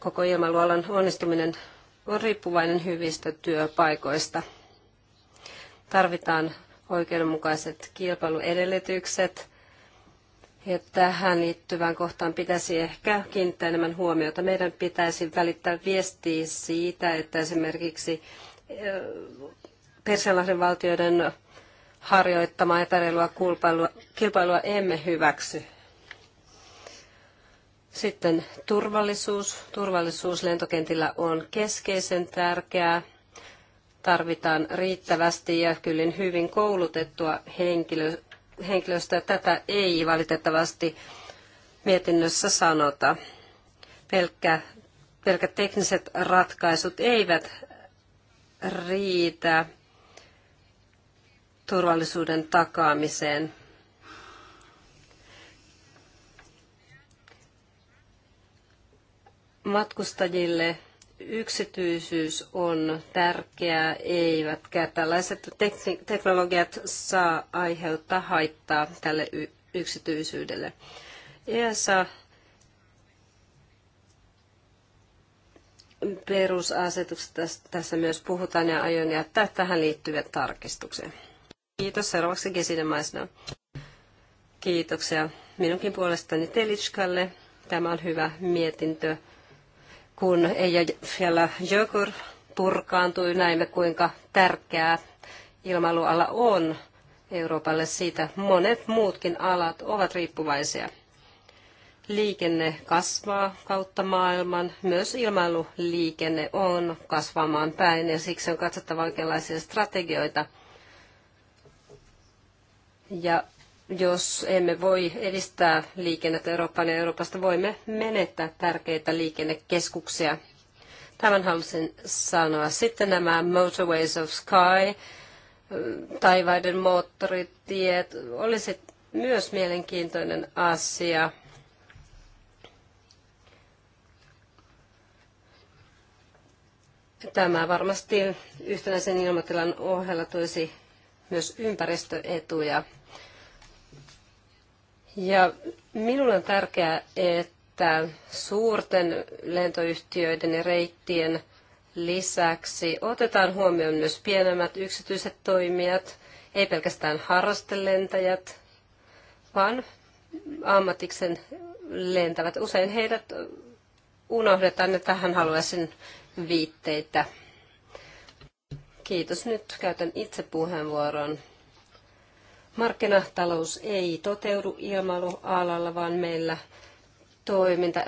koko ilmailualan onnistuminen on riippuvainen hyvistä työpaikoista. Tarvitaan oikeudenmukaiset kilpailuedellytykset. Ja tähän liittyvään kohtaan pitäisi ehkä kiinnittää enemmän huomiota. Meidän pitäisi välittää viestiä siitä, että esimerkiksi eh, Persianlahden valtioiden harjoittamaa epäreilua kilpailua emme hyväksy sitten turvallisuus. Turvallisuus lentokentillä on keskeisen tärkeää. Tarvitaan riittävästi ja kyllin hyvin koulutettua henkilö, henkilöstöä. Tätä ei valitettavasti mietinnössä sanota. Pelkkä, pelkät tekniset ratkaisut eivät riitä turvallisuuden takaamiseen. matkustajille yksityisyys on tärkeää, eivätkä tällaiset teknologiat saa aiheuttaa haittaa tälle yksityisyydelle. ESA perusasetukset tässä myös puhutaan ja aion jättää tähän liittyvät tarkistukset. Kiitos. Seuraavaksi Gesine Maisna. Kiitoksia minunkin puolestani Telitskalle. Tämä on hyvä mietintö kun ei siellä Jökur purkaantui, näimme kuinka tärkeää ilmailuala on Euroopalle siitä. Monet muutkin alat ovat riippuvaisia. Liikenne kasvaa kautta maailman. Myös ilmailuliikenne on kasvamaan päin ja siksi on katsottava oikeanlaisia strategioita. Ja jos emme voi edistää liikennettä Eurooppaan ja Euroopasta, voimme menettää tärkeitä liikennekeskuksia. Tämän halusin sanoa. Sitten nämä Motorways of Sky, taivaiden moottoritiet, olisi myös mielenkiintoinen asia. Tämä varmasti yhtenäisen ilmatilan ohella toisi myös ympäristöetuja. Ja minulle on tärkeää, että suurten lentoyhtiöiden ja reittien lisäksi otetaan huomioon myös pienemmät yksityiset toimijat, ei pelkästään harrastelentäjät, vaan ammatiksen lentävät. Usein heidät unohdetaan ja tähän haluaisin viitteitä. Kiitos. Nyt käytän itse puheenvuoron. Markkinatalous ei toteudu ilmailualalla, vaan meillä toiminta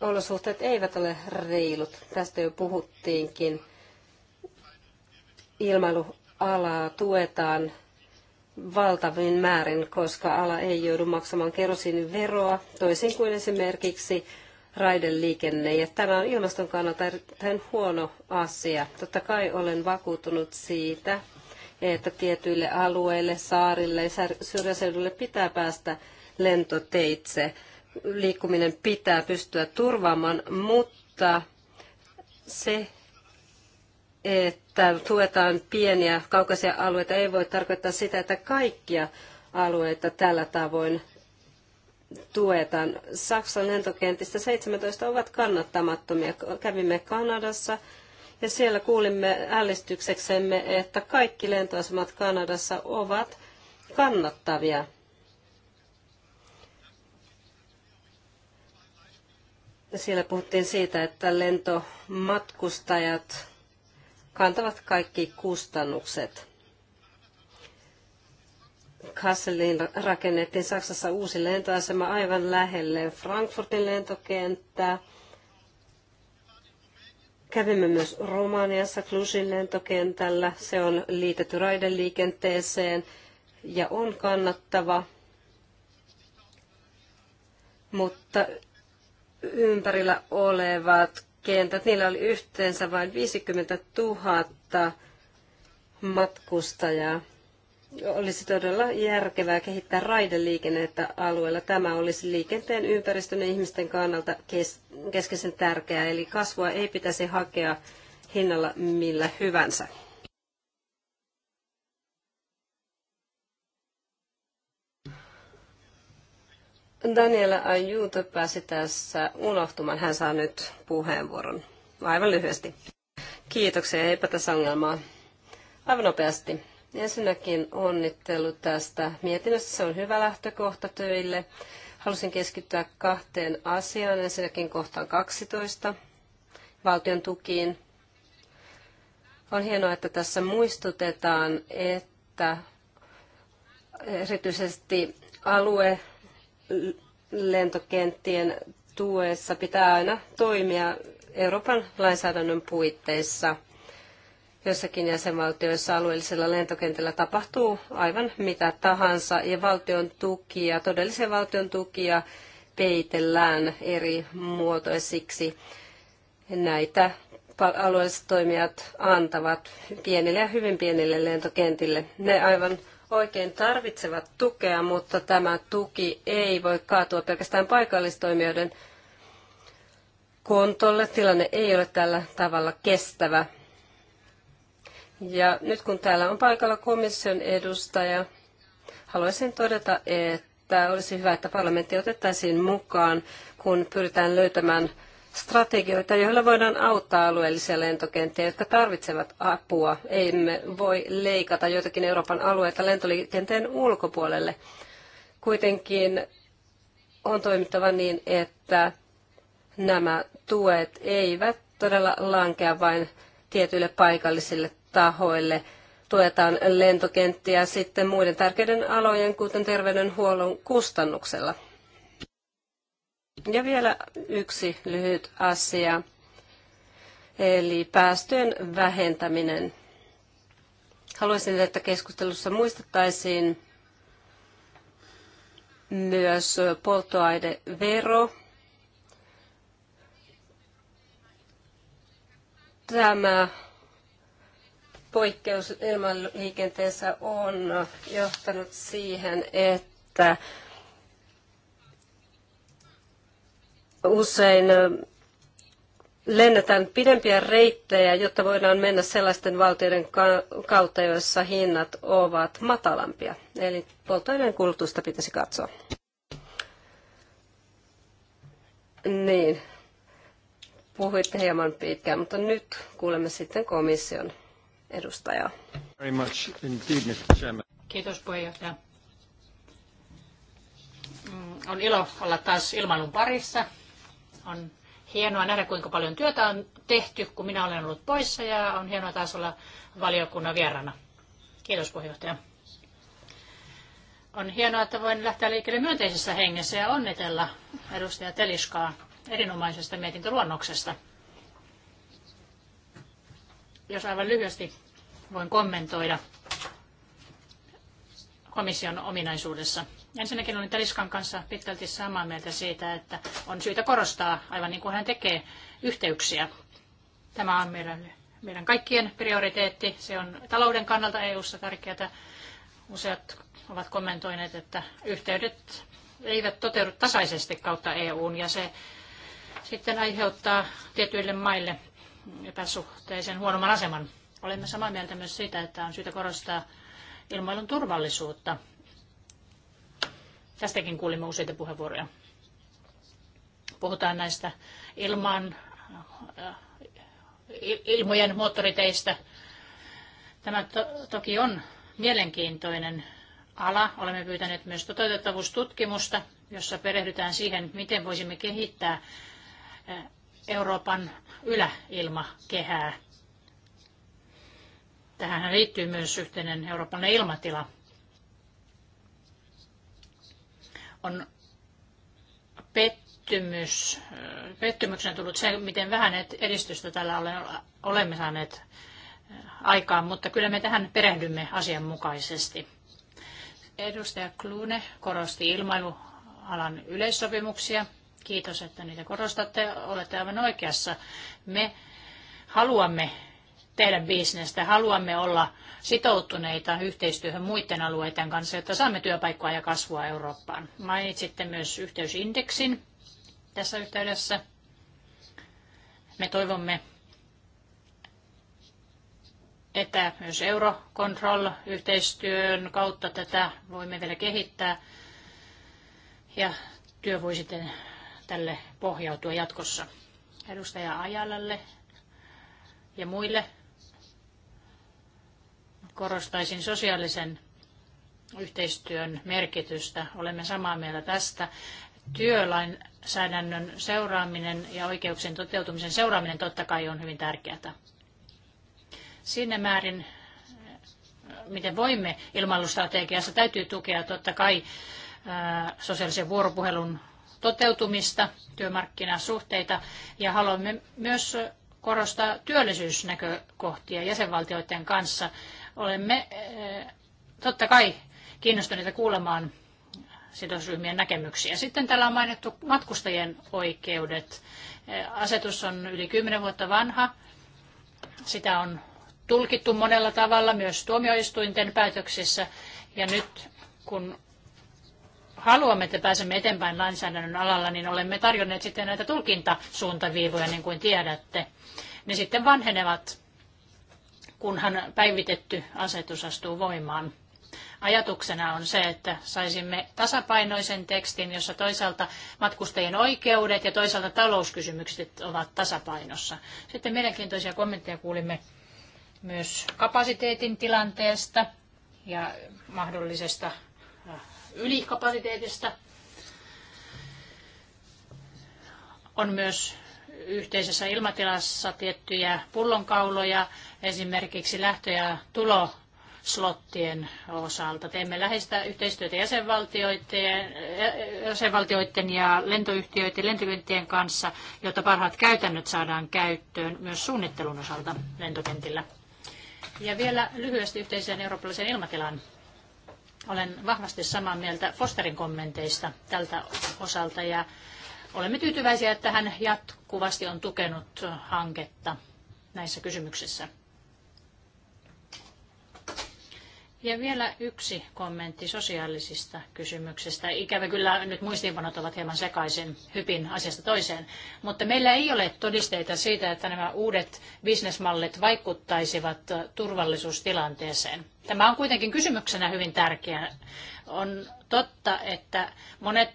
olosuhteet eivät ole reilut. Tästä jo puhuttiinkin. Ilmailualaa tuetaan valtavin määrin, koska ala ei joudu maksamaan kerosin veroa toisin kuin esimerkiksi raideliikenne. Ja tämä on ilmaston kannalta erittäin huono asia. Totta kai olen vakuuttunut siitä, että tietyille alueille, saarille ja syrjäseudulle pitää päästä lentoteitse. Liikkuminen pitää pystyä turvaamaan, mutta se, että tuetaan pieniä kaukaisia alueita, ei voi tarkoittaa sitä, että kaikkia alueita tällä tavoin tuetaan. Saksan lentokentistä 17 ovat kannattamattomia. Kävimme Kanadassa, ja siellä kuulimme ällistykseksemme, että kaikki lentoasemat Kanadassa ovat kannattavia. Siellä puhuttiin siitä, että lentomatkustajat kantavat kaikki kustannukset. Kasseliin rakennettiin Saksassa uusi lentoasema aivan lähelle Frankfurtin lentokenttää. Kävimme myös Romaniassa Klusin lentokentällä. Se on liitetty raideliikenteeseen ja on kannattava, mutta ympärillä olevat kentät, niillä oli yhteensä vain 50 000 matkustajaa olisi todella järkevää kehittää raideliikennettä alueella. Tämä olisi liikenteen, ympäristön ja ihmisten kannalta kes- keskeisen tärkeää, eli kasvua ei pitäisi hakea hinnalla millä hyvänsä. Daniela Ajuto pääsi tässä unohtumaan. Hän saa nyt puheenvuoron. Aivan lyhyesti. Kiitoksia, eipä tässä ongelmaa. Aivan nopeasti Ensinnäkin onnittelu tästä mietinnöstä. Se on hyvä lähtökohta töille. Halusin keskittyä kahteen asiaan. Ensinnäkin kohtaan 12, valtion tukiin. On hienoa, että tässä muistutetaan, että erityisesti alue lentokenttien tuessa pitää aina toimia Euroopan lainsäädännön puitteissa – Jossakin jäsenvaltioissa alueellisella lentokentällä tapahtuu aivan mitä tahansa ja valtion tukia, todellisia valtion tukia peitellään eri muotoisiksi. Näitä alueelliset toimijat antavat pienille ja hyvin pienille lentokentille. Ne aivan oikein tarvitsevat tukea, mutta tämä tuki ei voi kaatua pelkästään paikallistoimijoiden kontolle. Tilanne ei ole tällä tavalla kestävä. Ja nyt kun täällä on paikalla komission edustaja, haluaisin todeta, että olisi hyvä, että parlamentti otettaisiin mukaan, kun pyritään löytämään strategioita, joilla voidaan auttaa alueellisia lentokenttiä, jotka tarvitsevat apua. Emme voi leikata joitakin Euroopan alueita lentoliikenteen ulkopuolelle. Kuitenkin on toimittava niin, että nämä tuet eivät todella lankea vain tietyille paikallisille tahoille. Tuetaan lentokenttiä sitten muiden tärkeiden alojen, kuten terveydenhuollon kustannuksella. Ja vielä yksi lyhyt asia, eli päästöjen vähentäminen. Haluaisin, että keskustelussa muistettaisiin myös polttoainevero. Tämä poikkeus ilmaliikenteessä on johtanut siihen, että usein lennetään pidempiä reittejä, jotta voidaan mennä sellaisten valtioiden kautta, joissa hinnat ovat matalampia. Eli polttoaineen kulutusta pitäisi katsoa. Niin, puhuitte hieman pitkään, mutta nyt kuulemme sitten komission edustajaa. Very much indeed, Mr. Chairman. Kiitos puheenjohtaja. Mm, on ilo olla taas ilmailun parissa. On hienoa nähdä, kuinka paljon työtä on tehty, kun minä olen ollut poissa ja on hienoa taas olla valiokunnan vierana. Kiitos puheenjohtaja. On hienoa, että voin lähteä liikkeelle myönteisessä hengessä ja onnitella edustaja Teliskaa erinomaisesta mietintöluonnoksesta. Jos aivan lyhyesti voin kommentoida komission ominaisuudessa. Ensinnäkin olen Teliskan kanssa pitkälti samaa mieltä siitä, että on syytä korostaa, aivan niin kuin hän tekee, yhteyksiä. Tämä on meidän, meidän kaikkien prioriteetti. Se on talouden kannalta EU-ssa tärkeää. Useat ovat kommentoineet, että yhteydet eivät toteudu tasaisesti kautta EUn ja se sitten aiheuttaa tietyille maille epäsuhteisen huonomman aseman. Olemme samaa mieltä myös siitä, että on syytä korostaa ilmailun turvallisuutta. Tästäkin kuulimme useita puheenvuoroja. Puhutaan näistä ilman, äh, ilmojen moottoriteistä. Tämä to- toki on mielenkiintoinen ala. Olemme pyytäneet myös toteutettavuustutkimusta, jossa perehdytään siihen, miten voisimme kehittää äh, Euroopan yläilmakehää. Tähän liittyy myös yhteinen Euroopan ilmatila. On pettymys, pettymyksenä tullut se, miten vähän edistystä tällä olemme saaneet eh, aikaan, mutta kyllä me tähän perehdymme asianmukaisesti. Edustaja Klune korosti ilmailualan yleissopimuksia. Kiitos, että niitä korostatte. Olette aivan oikeassa. Me haluamme tehdä bisnestä. Haluamme olla sitoutuneita yhteistyöhön muiden alueiden kanssa, jotta saamme työpaikkoja ja kasvua Eurooppaan. Mainitsitte myös yhteysindeksin tässä yhteydessä. Me toivomme, että myös Eurocontrol-yhteistyön kautta tätä voimme vielä kehittää ja työ voi sitten tälle pohjautua jatkossa. Edustaja Ajalalle ja muille korostaisin sosiaalisen yhteistyön merkitystä. Olemme samaa mieltä tästä. Työlainsäädännön seuraaminen ja oikeuksien toteutumisen seuraaminen totta kai on hyvin tärkeää. Siinä määrin, miten voimme ilmailustrategiassa, täytyy tukea totta kai sosiaalisen vuoropuhelun toteutumista, työmarkkinasuhteita ja haluamme myös korostaa työllisyysnäkökohtia jäsenvaltioiden kanssa Olemme eh, totta kai kiinnostuneita kuulemaan sidosryhmien näkemyksiä. Sitten täällä on mainittu matkustajien oikeudet. Eh, asetus on yli 10 vuotta vanha. Sitä on tulkittu monella tavalla myös tuomioistuinten päätöksissä. Ja nyt kun haluamme, että pääsemme eteenpäin lainsäädännön alalla, niin olemme tarjonneet sitten näitä tulkintasuuntaviivoja, niin kuin tiedätte. Ne sitten vanhenevat kunhan päivitetty asetus astuu voimaan. Ajatuksena on se, että saisimme tasapainoisen tekstin, jossa toisaalta matkustajien oikeudet ja toisaalta talouskysymykset ovat tasapainossa. Sitten mielenkiintoisia kommentteja kuulimme myös kapasiteetin tilanteesta ja mahdollisesta äh, ylikapasiteetista. On myös yhteisessä ilmatilassa tiettyjä pullonkauloja, esimerkiksi lähtö- ja tulo slottien osalta. Teemme läheistä yhteistyötä jäsenvaltioiden, jäsenvaltioiden ja lentoyhtiöiden lentokenttien kanssa, jotta parhaat käytännöt saadaan käyttöön myös suunnittelun osalta lentokentillä. Ja vielä lyhyesti yhteiseen eurooppalaisen ilmatilan. Olen vahvasti samaa mieltä Fosterin kommenteista tältä osalta ja Olemme tyytyväisiä, että hän jatkuvasti on tukenut hanketta näissä kysymyksissä. Ja vielä yksi kommentti sosiaalisista kysymyksistä. Ikävä kyllä nyt muistiinpanot ovat hieman sekaisin hypin asiasta toiseen, mutta meillä ei ole todisteita siitä, että nämä uudet bisnesmallit vaikuttaisivat turvallisuustilanteeseen. Tämä on kuitenkin kysymyksenä hyvin tärkeä. On totta, että monet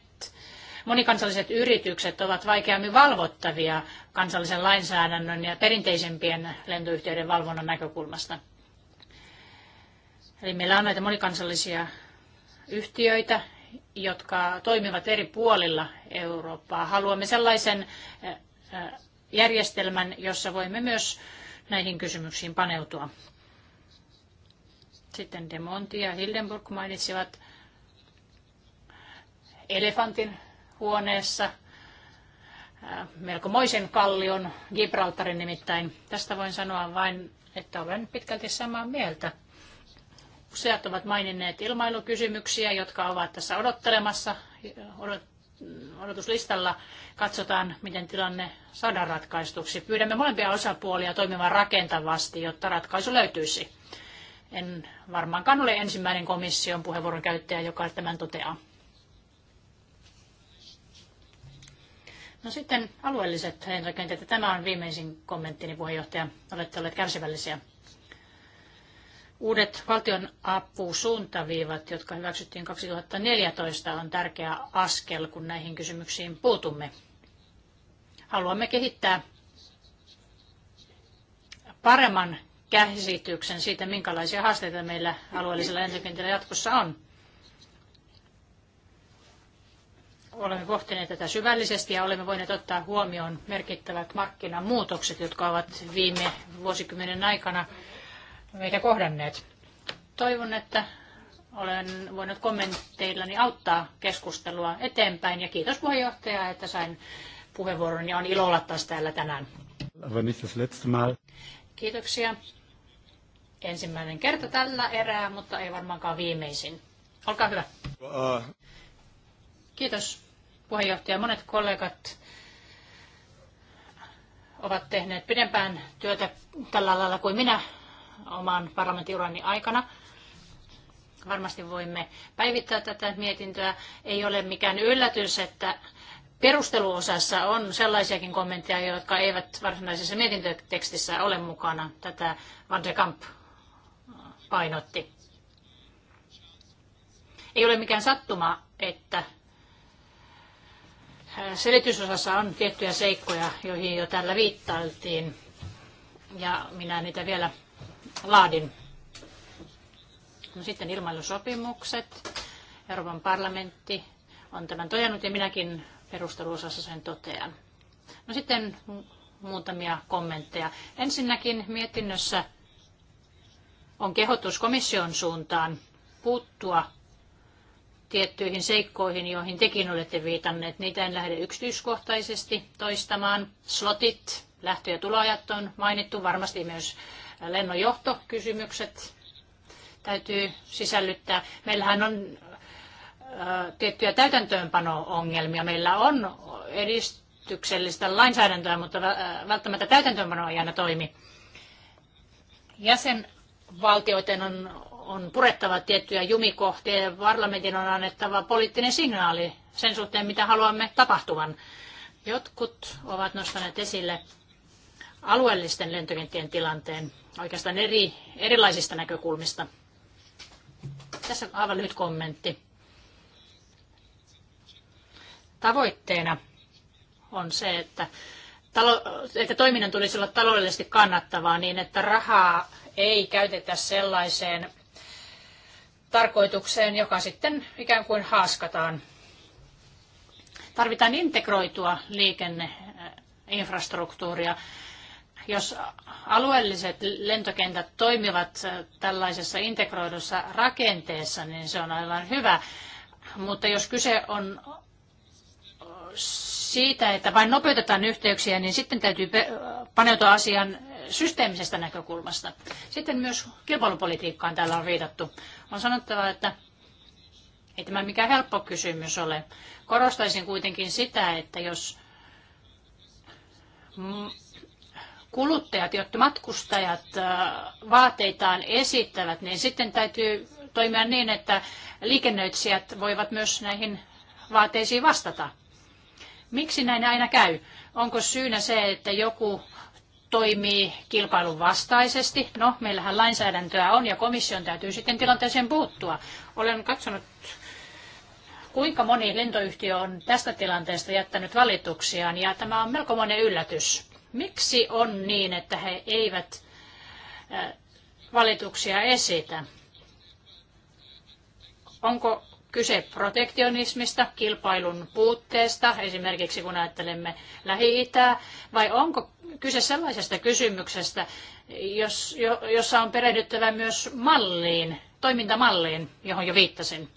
Monikansalliset yritykset ovat vaikeammin valvottavia kansallisen lainsäädännön ja perinteisempien lentoyhtiöiden valvonnan näkökulmasta. Eli meillä on näitä monikansallisia yhtiöitä, jotka toimivat eri puolilla Eurooppaa. Haluamme sellaisen eh, eh, järjestelmän, jossa voimme myös näihin kysymyksiin paneutua. Sitten Demonti ja Hildenburg mainitsivat elefantin huoneessa äh, melkomoisen kallion, Gibraltarin nimittäin. Tästä voin sanoa vain, että olen pitkälti samaa mieltä. Useat ovat maininneet ilmailukysymyksiä, jotka ovat tässä odottelemassa. Odotuslistalla katsotaan, miten tilanne saadaan ratkaistuksi. Pyydämme molempia osapuolia toimimaan rakentavasti, jotta ratkaisu löytyisi. En varmaankaan ole ensimmäinen komission puheenvuoron käyttäjä, joka tämän toteaa. No sitten alueelliset rakenteet. Tämä on viimeisin kommenttini puheenjohtaja. Olette olleet kärsivällisiä. Uudet valtion apusuuntaviivat, jotka hyväksyttiin 2014, on tärkeä askel, kun näihin kysymyksiin puutumme. Haluamme kehittää paremman käsityksen siitä, minkälaisia haasteita meillä alueellisella lentokentällä jatkossa on. olemme pohtineet tätä syvällisesti ja olemme voineet ottaa huomioon merkittävät markkinamuutokset, jotka ovat viime vuosikymmenen aikana meitä kohdanneet. Toivon, että olen voinut kommenteillani auttaa keskustelua eteenpäin ja kiitos puheenjohtaja, että sain puheenvuoron ja on ilo olla taas täällä tänään. Kiitoksia. Ensimmäinen kerta tällä erää, mutta ei varmaankaan viimeisin. Olkaa hyvä. Äh. Kiitos puheenjohtaja. Monet kollegat ovat tehneet pidempään työtä tällä alalla kuin minä oman parlamenttiurani aikana. Varmasti voimme päivittää tätä mietintöä. Ei ole mikään yllätys, että perusteluosassa on sellaisiakin kommentteja, jotka eivät varsinaisessa mietintötekstissä ole mukana. Tätä Van de Kamp painotti. Ei ole mikään sattuma, että selitysosassa on tiettyjä seikkoja, joihin jo tällä viittailtiin, ja minä niitä vielä laadin. No sitten ilmailusopimukset. Euroopan parlamentti on tämän tojannut ja minäkin perusteluosassa sen totean. No sitten muutamia kommentteja. Ensinnäkin mietinnössä on kehotus komission suuntaan puuttua tiettyihin seikkoihin, joihin tekin olette viitanneet. Niitä en lähde yksityiskohtaisesti toistamaan. Slotit, lähtö- ja tuloajat on mainittu, varmasti myös lennonjohtokysymykset täytyy sisällyttää. Meillähän on tiettyjä täytäntöönpano-ongelmia. Meillä on edistyksellistä lainsäädäntöä, mutta välttämättä täytäntöönpano ei aina toimi. Jäsenvaltioiden on on purettava tiettyjä jumikohtia ja parlamentin on annettava poliittinen signaali sen suhteen, mitä haluamme tapahtuvan. Jotkut ovat nostaneet esille alueellisten lentokenttien tilanteen oikeastaan eri, erilaisista näkökulmista. Tässä aivan lyhyt kommentti. Tavoitteena on se, että, talo, että toiminnan tulisi olla taloudellisesti kannattavaa niin, että rahaa ei käytetä sellaiseen tarkoitukseen, joka sitten ikään kuin haaskataan. Tarvitaan integroitua liikenneinfrastruktuuria. Jos alueelliset lentokentät toimivat tällaisessa integroidussa rakenteessa, niin se on aivan hyvä. Mutta jos kyse on siitä, että vain nopeutetaan yhteyksiä, niin sitten täytyy paneutua asian systeemisestä näkökulmasta. Sitten myös kilpailupolitiikkaan täällä on viitattu. On sanottava, että ei tämä mikään helppo kysymys ole. Korostaisin kuitenkin sitä, että jos kuluttajat, jotta matkustajat äh, vaateitaan esittävät, niin sitten täytyy toimia niin, että liikennöitsijät voivat myös näihin vaateisiin vastata. Miksi näin aina käy? Onko syynä se, että joku toimii kilpailun vastaisesti. No, meillähän lainsäädäntöä on ja komission täytyy sitten tilanteeseen puuttua. Olen katsonut, kuinka moni lentoyhtiö on tästä tilanteesta jättänyt valituksiaan ja tämä on melkomoinen yllätys. Miksi on niin, että he eivät äh, valituksia esitä? Onko kyse protektionismista, kilpailun puutteesta, esimerkiksi kun ajattelemme Lähi-Itää, vai onko kyse sellaisesta kysymyksestä, jos, jossa on perehdyttävä myös malliin, toimintamalliin, johon jo viittasin?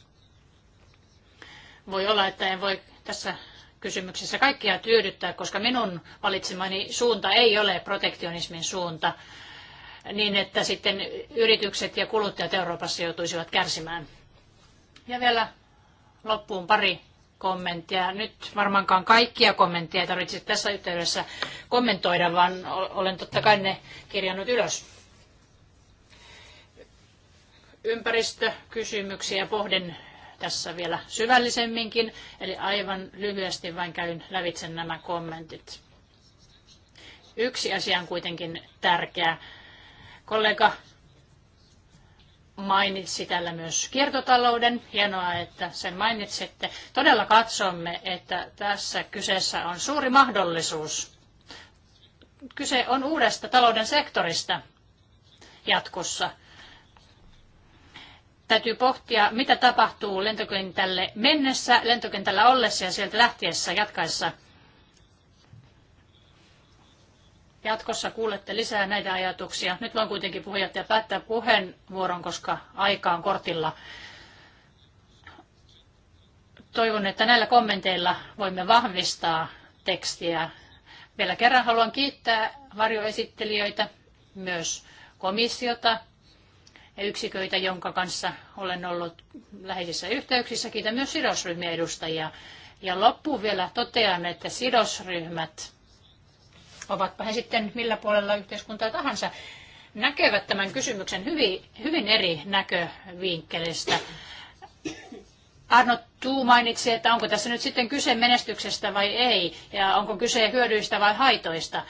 Voi olla, että en voi tässä kysymyksessä kaikkia tyydyttää, koska minun valitsemani suunta ei ole protektionismin suunta, niin että sitten yritykset ja kuluttajat Euroopassa joutuisivat kärsimään. Ja vielä loppuun pari kommenttia. Nyt varmaankaan kaikkia kommentteja tarvitse tässä yhteydessä kommentoida, vaan olen totta kai ne kirjannut ylös. Ympäristökysymyksiä pohdin tässä vielä syvällisemminkin, eli aivan lyhyesti vain käyn lävitse nämä kommentit. Yksi asia on kuitenkin tärkeä. Kollega mainitsi tällä myös kiertotalouden. Hienoa, että sen mainitsitte. Todella katsomme, että tässä kyseessä on suuri mahdollisuus. Kyse on uudesta talouden sektorista jatkossa. Täytyy pohtia, mitä tapahtuu lentokentälle mennessä, lentokentällä ollessa ja sieltä lähtiessä jatkaessa. Jatkossa kuulette lisää näitä ajatuksia. Nyt voin kuitenkin puheenjohtaja päättää puheenvuoron, koska aika on kortilla. Toivon, että näillä kommenteilla voimme vahvistaa tekstiä. Vielä kerran haluan kiittää varjoesittelijöitä, myös komissiota ja yksiköitä, jonka kanssa olen ollut läheisissä yhteyksissä. Kiitän myös sidosryhmien edustajia. Ja loppuun vielä totean, että sidosryhmät ovatpa he sitten millä puolella yhteiskuntaa tahansa, näkevät tämän kysymyksen hyvin, hyvin eri näkövinkkelistä. Arno Tuu mainitsi, että onko tässä nyt sitten kyse menestyksestä vai ei, ja onko kyse hyödyistä vai haitoista.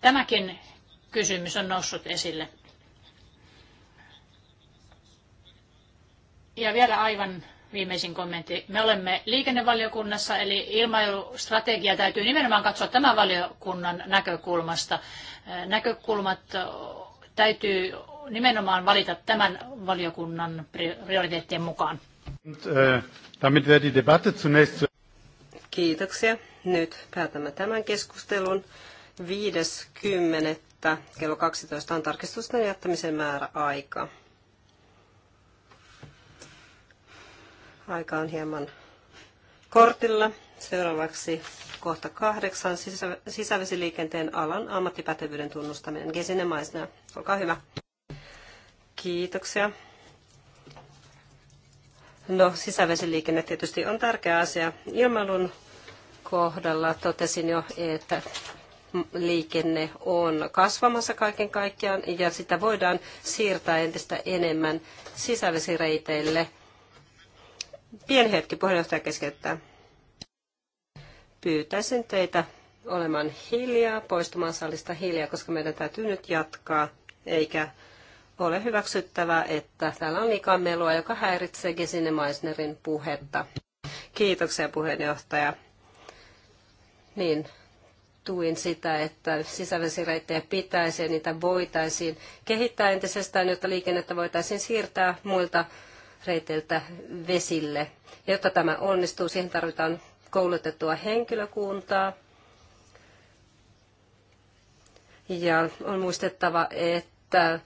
Tämäkin kysymys on noussut esille. Ja vielä aivan viimeisin kommentti. Me olemme liikennevaliokunnassa, eli ilmailustrategia täytyy nimenomaan katsoa tämän valiokunnan näkökulmasta. Äh, näkökulmat täytyy nimenomaan valita tämän valiokunnan prioriteettien mukaan. Äh, Kiitoksia. Nyt päätämme tämän keskustelun. 50. kello 12 on tarkistusten jättämisen määräaika. Aika on hieman kortilla. Seuraavaksi kohta kahdeksan sisä, sisävesiliikenteen alan ammattipätevyyden tunnustaminen. Gesine Maisner, olkaa hyvä. Kiitoksia. No, sisävesiliikenne tietysti on tärkeä asia. Ilmailun kohdalla totesin jo, että liikenne on kasvamassa kaiken kaikkiaan ja sitä voidaan siirtää entistä enemmän sisävesireiteille – Pieni hetki puheenjohtaja keskeyttää. Pyytäisin teitä olemaan hiljaa, poistumaan salista hiljaa, koska meidän täytyy nyt jatkaa, eikä ole hyväksyttävää, että täällä on liikaa melua, joka häiritsee Gesine Meissnerin puhetta. Kiitoksia puheenjohtaja. Niin, tuin sitä, että sisävesireittejä pitäisi ja niitä voitaisiin kehittää entisestään, jotta liikennettä voitaisiin siirtää muilta reiteiltä vesille. Jotta tämä onnistuu, siihen tarvitaan koulutettua henkilökuntaa. Ja on muistettava, että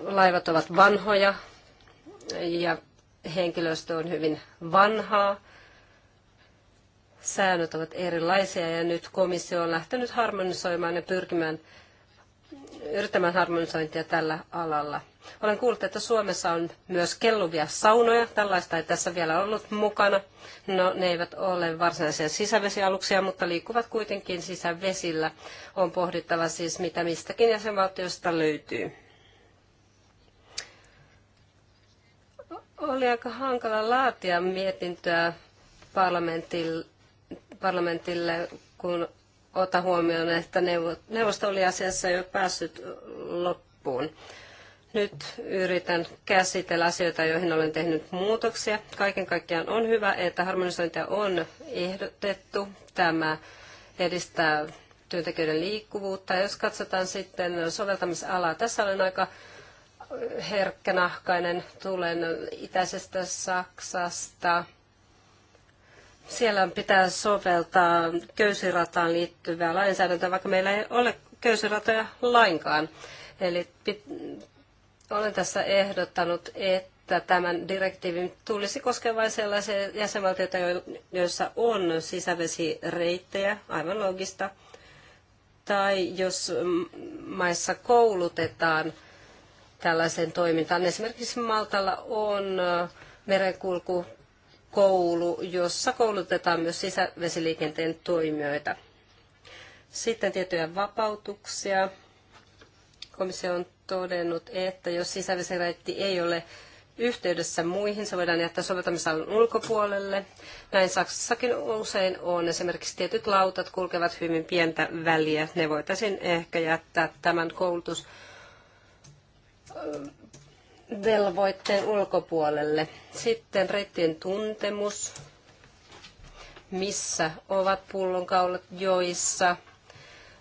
laivat ovat vanhoja ja henkilöstö on hyvin vanhaa. Säännöt ovat erilaisia ja nyt komissio on lähtenyt harmonisoimaan ja pyrkimään yrittämään harmonisointia tällä alalla. Olen kuullut, että Suomessa on myös kelluvia saunoja. Tällaista ei tässä vielä ollut mukana. No, ne eivät ole varsinaisia sisävesialuksia, mutta liikkuvat kuitenkin sisävesillä. On pohdittava siis, mitä mistäkin jäsenvaltiosta löytyy. Oli aika hankala laatia mietintöä parlamentille, kun ota huomioon, että neuvosto oli asiassa jo päässyt loppuun. Nyt yritän käsitellä asioita, joihin olen tehnyt muutoksia. Kaiken kaikkiaan on hyvä, että harmonisointia on ehdotettu. Tämä edistää työntekijöiden liikkuvuutta. Jos katsotaan sitten soveltamisalaa, tässä olen aika herkkänahkainen, tulen itäisestä Saksasta, siellä pitää soveltaa köysirataan liittyvää lainsäädäntöä, vaikka meillä ei ole köysiratoja lainkaan. Eli pit- olen tässä ehdottanut, että tämän direktiivin tulisi koskea vain sellaisia jäsenvaltioita, joissa on sisävesireittejä, aivan logista. Tai jos maissa koulutetaan tällaisen toimintaan. Esimerkiksi Maltalla on merenkulku koulu, jossa koulutetaan myös sisävesiliikenteen toimijoita. Sitten tiettyjä vapautuksia. Komissio on todennut, että jos sisävesireitti ei ole yhteydessä muihin, se voidaan jättää soveltamisalan ulkopuolelle. Näin Saksassakin usein on. Esimerkiksi tietyt lautat kulkevat hyvin pientä väliä. Ne voitaisiin ehkä jättää tämän koulutus velvoitteen ulkopuolelle. Sitten reittien tuntemus, missä ovat pullonkaulat joissa.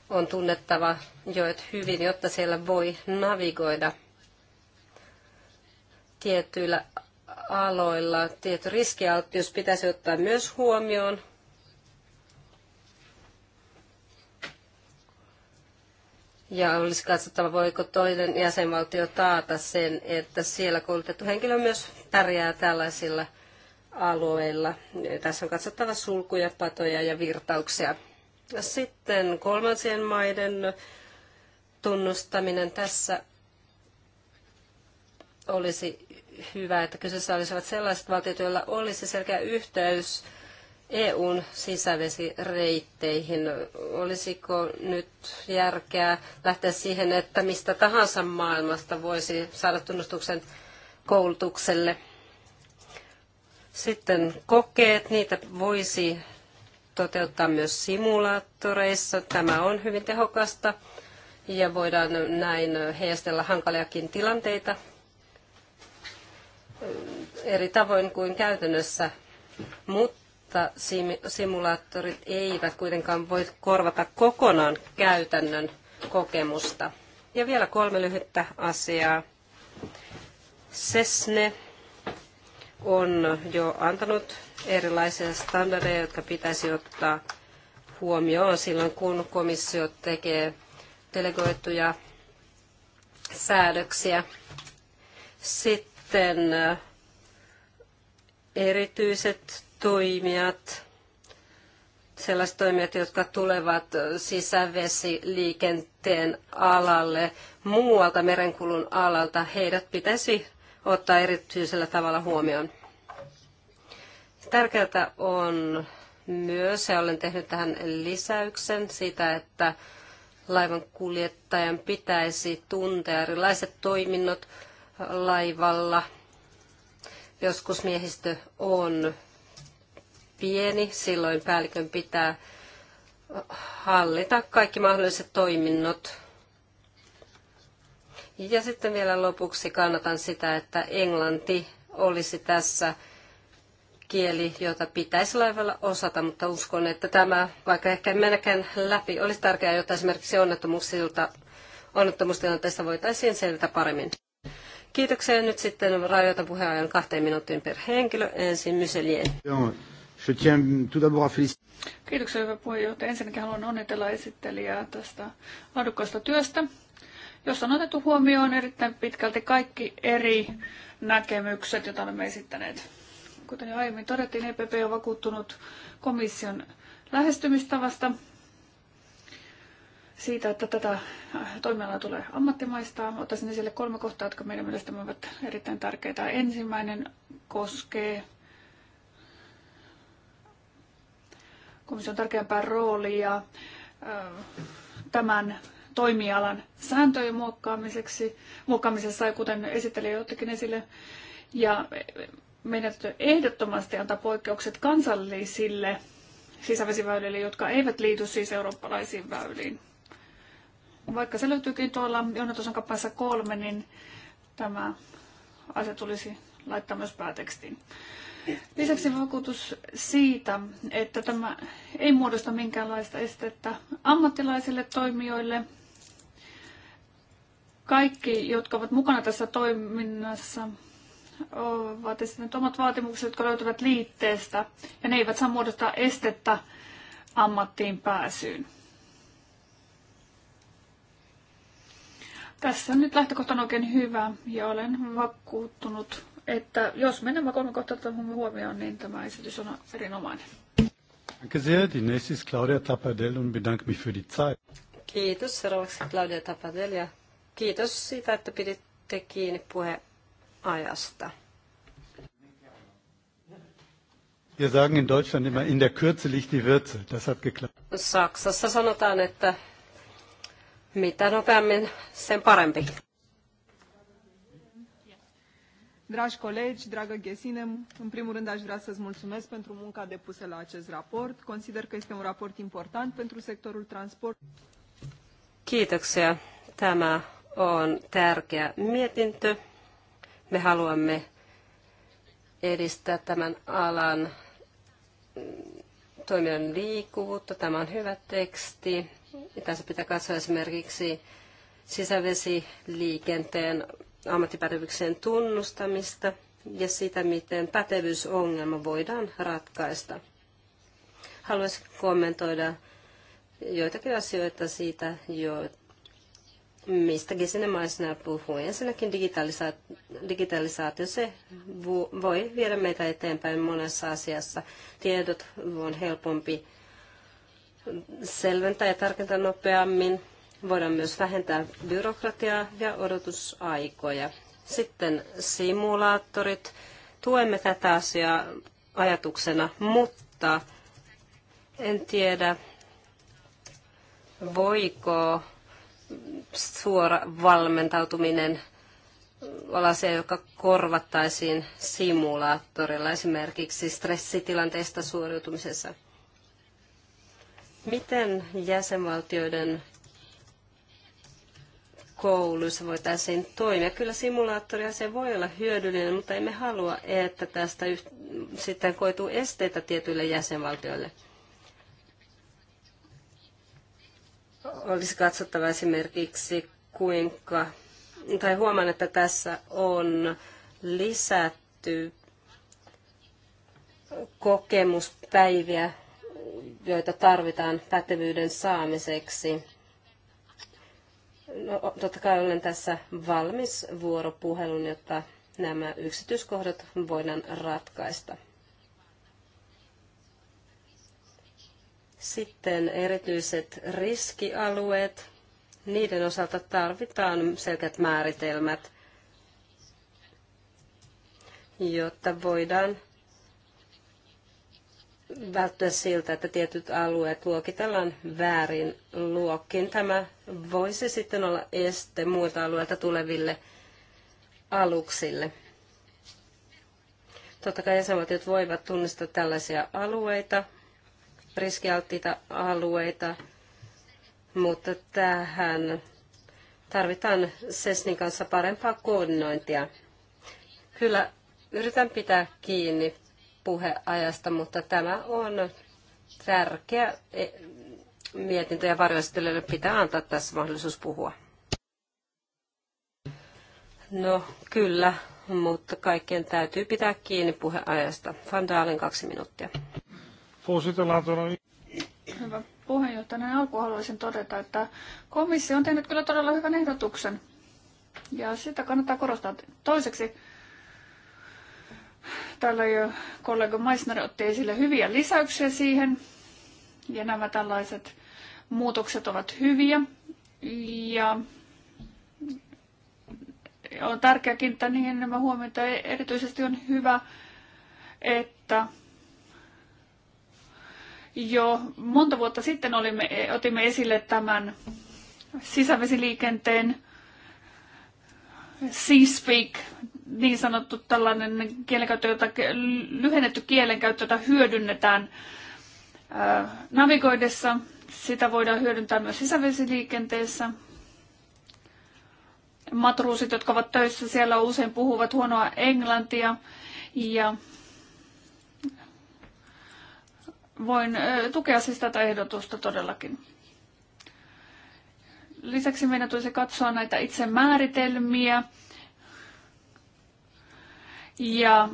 On tunnettava joet hyvin, jotta siellä voi navigoida tietyillä aloilla. Tietty riskialttius pitäisi ottaa myös huomioon, Ja olisi katsottava, voiko toinen jäsenvaltio taata sen, että siellä koulutettu henkilö myös pärjää tällaisilla alueilla. Tässä on katsottava sulkuja, patoja ja virtauksia. Sitten kolmansien maiden tunnustaminen tässä olisi hyvä, että kyseessä olisivat sellaiset valtiot, joilla olisi selkeä yhteys EUn sisävesireitteihin. Olisiko nyt järkeä lähteä siihen, että mistä tahansa maailmasta voisi saada tunnustuksen koulutukselle? Sitten kokeet, niitä voisi toteuttaa myös simulaattoreissa. Tämä on hyvin tehokasta ja voidaan näin heijastella hankaliakin tilanteita eri tavoin kuin käytännössä. Mutta mutta simulaattorit eivät kuitenkaan voi korvata kokonaan käytännön kokemusta. Ja vielä kolme lyhyttä asiaa. SESNE on jo antanut erilaisia standardeja, jotka pitäisi ottaa huomioon silloin, kun komissio tekee delegoituja säädöksiä. Sitten äh, erityiset toimijat, sellaiset toimijat, jotka tulevat sisävesiliikenteen alalle muualta merenkulun alalta, heidät pitäisi ottaa erityisellä tavalla huomioon. Tärkeää on myös, ja olen tehnyt tähän lisäyksen siitä, että laivan kuljettajan pitäisi tuntea erilaiset toiminnot laivalla. Joskus miehistö on pieni, silloin päällikön pitää hallita kaikki mahdolliset toiminnot. Ja sitten vielä lopuksi kannatan sitä, että englanti olisi tässä kieli, jota pitäisi laivalla osata, mutta uskon, että tämä, vaikka ehkä mennäkään läpi, olisi tärkeää, jotta esimerkiksi onnettomuustilanteesta voitaisiin selvitä paremmin. Kiitoksia. Nyt sitten rajoitan puheenajan kahteen minuuttiin per henkilö. Ensin Myselien. Je tiens tout d'abord à féliciter. Kiitoksia hyvä puheenjohtaja. Ensinnäkin haluan onnitella esittelijää tästä laadukkaasta työstä, jossa on otettu huomioon erittäin pitkälti kaikki eri näkemykset, joita olemme esittäneet. Kuten jo aiemmin todettiin, EPP on vakuuttunut komission lähestymistavasta siitä, että tätä toimialaa tulee ammattimaistaa. Ottaisin esille kolme kohtaa, jotka meidän mielestämme ovat erittäin tärkeitä. Ensimmäinen koskee komission tärkeämpää roolia tämän toimialan sääntöjen muokkaamiseksi, muokkaamisessa, kuten esittelijä jottikin esille. Ja meidän täytyy ehdottomasti antaa poikkeukset kansallisille sisävesiväylille, jotka eivät liity siis eurooppalaisiin väyliin. Vaikka se löytyykin tuolla Jonatosan kappaleessa kolme, niin tämä asia tulisi laittaa myös päätekstiin. Lisäksi vakuutus siitä, että tämä ei muodosta minkäänlaista estettä ammattilaisille toimijoille. Kaikki, jotka ovat mukana tässä toiminnassa, ovat esittäneet omat vaatimukset, jotka löytyvät liitteestä, ja ne eivät saa muodostaa estettä ammattiin pääsyyn. Tässä on nyt lähtökohta on oikein hyvä ja olen vakuuttunut että jos me nämä kolme kohtaa otamme huomioon, niin tämä esitys on erinomainen. Danke sehr. Die nächste ist Claudia Tapadell und bedanke mich für die Zeit. Kiitos. Seuraavaksi Claudia Tapadell ja kiitos siitä, että piditte kiinni puheajasta. Wir sagen in Deutschland immer, in der Kürze liegt die Würze. Das hat geklappt. Saksassa sanotaan, että mitä nopeammin, sen parempi. Dragi colegi, dragă Ghesine, în primul rând aș vrea să-ți mulțumesc pentru munca depusă la acest raport. Consider că este un raport important pentru sectorul transport. Kiitoksia. Tämä on tärkeä mietintö. Me haluamme edistää tämän alan toimijoiden liikkuvuutta. Tämä on hyvä teksti. Tässä pitää katsoa esimerkiksi sisävesiliikenteen ammattipätevyyksien tunnustamista ja sitä, miten pätevyysongelma voidaan ratkaista. Haluaisin kommentoida joitakin asioita siitä, jo, mistä Gesine-maisena puhuu. Ensinnäkin digitalisaatio, digitalisaatio se voi viedä meitä eteenpäin monessa asiassa. Tiedot on helpompi selventää ja tarkentaa nopeammin Voidaan myös vähentää byrokratiaa ja odotusaikoja. Sitten simulaattorit. Tuemme tätä asiaa ajatuksena, mutta en tiedä, voiko suora valmentautuminen olla se, joka korvattaisiin simulaattorilla esimerkiksi stressitilanteesta suoriutumisessa. Miten jäsenvaltioiden kouluissa voitaisiin toimia. Kyllä simulaattoria se voi olla hyödyllinen, mutta emme halua, että tästä sitten koituu esteitä tietyille jäsenvaltioille. Olisi katsottava esimerkiksi, kuinka, tai huomaan, että tässä on lisätty kokemuspäiviä, joita tarvitaan pätevyyden saamiseksi no, totta kai olen tässä valmis vuoropuhelun, jotta nämä yksityiskohdat voidaan ratkaista. Sitten erityiset riskialueet. Niiden osalta tarvitaan selkeät määritelmät, jotta voidaan välttyä siltä, että tietyt alueet luokitellaan väärin luokkiin. Tämä voisi sitten olla este muilta alueilta tuleville aluksille. Totta kai jäsenvaltiot voivat tunnistaa tällaisia alueita, riskialttiita alueita, mutta tähän tarvitaan SESNin kanssa parempaa koordinointia. Kyllä yritän pitää kiinni puheajasta, mutta tämä on tärkeä e, mietintö ja varjoistelijoille pitää antaa tässä mahdollisuus puhua. No kyllä, mutta kaikkien täytyy pitää kiinni puheajasta. Van Dalen kaksi minuuttia. Hyvä puheenjohtaja. Näin alkuun haluaisin todeta, että komissio on tehnyt kyllä todella hyvän ehdotuksen. Ja sitä kannattaa korostaa. Toiseksi Täällä jo kollega Meissner otti esille hyviä lisäyksiä siihen. Ja nämä tällaiset muutokset ovat hyviä. Ja on tärkeää kiinnittää niihin enemmän huomiota. Erityisesti on hyvä, että jo monta vuotta sitten olimme, otimme esille tämän sisävesiliikenteen Speak niin sanottu tällainen kielenkäyttö, jota, lyhennetty kielenkäyttö, jota hyödynnetään navigoidessa. Sitä voidaan hyödyntää myös sisävesiliikenteessä. Matruusit, jotka ovat töissä siellä, usein puhuvat huonoa englantia. Ja voin tukea siis tätä ehdotusta todellakin. Lisäksi meidän tulisi katsoa näitä itse määritelmiä ja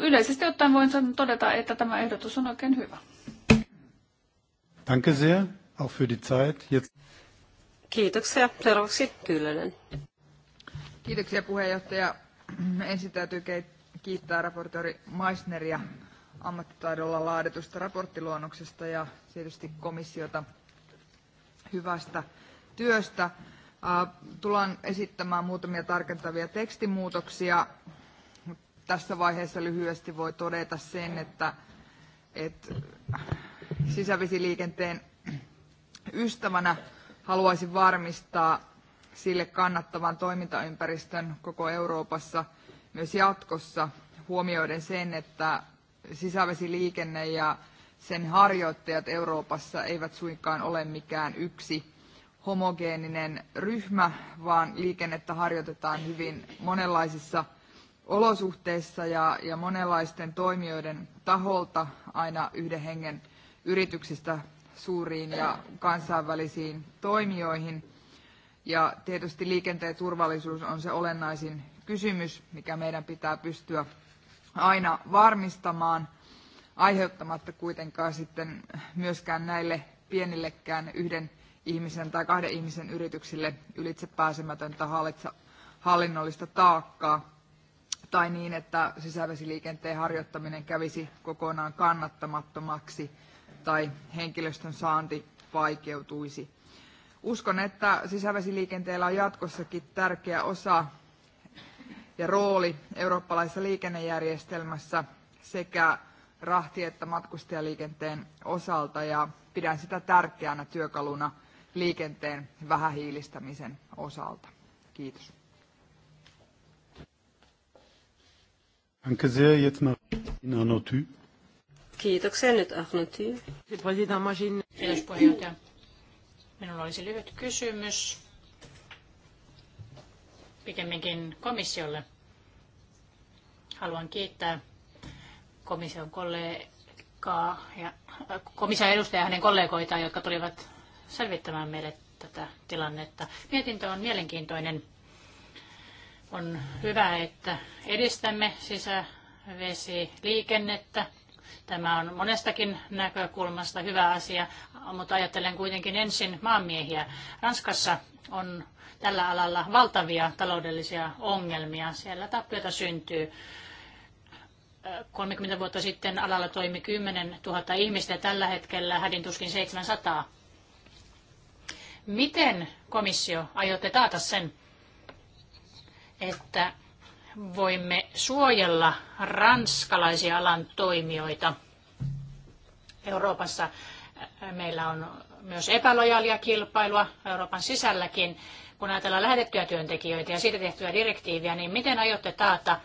yleisesti ottaen voin todeta, että tämä ehdotus on oikein hyvä. Danke sehr, auch für die Zeit. Jetzt. Kiitoksia. Seuraavaksi Kyllönen. Kiitoksia puheenjohtaja. Ensin täytyy kiittää raportori Meissneria ammattitaidolla laaditusta raporttiluonnoksesta ja tietysti komissiota hyvästä työstä. Tulen esittämään muutamia tarkentavia tekstimuutoksia. Tässä vaiheessa lyhyesti voi todeta sen, että, että sisävesiliikenteen ystävänä haluaisin varmistaa sille kannattavan toimintaympäristön koko Euroopassa myös jatkossa huomioiden sen, että sisävesiliikenne ja sen harjoittajat Euroopassa eivät suinkaan ole mikään yksi homogeeninen ryhmä, vaan liikennettä harjoitetaan hyvin monenlaisissa olosuhteissa ja, ja monenlaisten toimijoiden taholta aina yhden hengen yrityksistä suuriin ja kansainvälisiin toimijoihin. Ja tietysti liikenteen turvallisuus on se olennaisin kysymys, mikä meidän pitää pystyä aina varmistamaan, aiheuttamatta kuitenkaan sitten myöskään näille pienillekään yhden ihmisen tai kahden ihmisen yrityksille ylitse pääsemätöntä hallinnollista taakkaa tai niin, että sisävesiliikenteen harjoittaminen kävisi kokonaan kannattamattomaksi tai henkilöstön saanti vaikeutuisi. Uskon, että sisävesiliikenteellä on jatkossakin tärkeä osa ja rooli eurooppalaisessa liikennejärjestelmässä sekä rahti- että matkustajaliikenteen osalta ja pidän sitä tärkeänä työkaluna – liikenteen vähähiilistämisen osalta. Kiitos. Kiitoksia nyt Ahnoty. Kiitos puheenjohtaja. Minulla olisi lyhyt kysymys pikemminkin komissiolle. Haluan kiittää komission kollegaa ja äh, komission edustajaa hänen kollegoitaan, jotka tulivat selvittämään meille tätä tilannetta. Mietintö on mielenkiintoinen. On hyvä, että edistämme sisävesiliikennettä. Tämä on monestakin näkökulmasta hyvä asia, mutta ajattelen kuitenkin ensin maanmiehiä. Ranskassa on tällä alalla valtavia taloudellisia ongelmia. Siellä tappioita syntyy. 30 vuotta sitten alalla toimi 10 000 ihmistä ja tällä hetkellä hädin tuskin 700. Miten komissio aiotte taata sen, että voimme suojella ranskalaisia alan toimijoita Euroopassa? Äh, meillä on myös epälojaalia kilpailua Euroopan sisälläkin. Kun ajatellaan lähetettyjä työntekijöitä ja siitä tehtyä direktiiviä, niin miten aiotte taata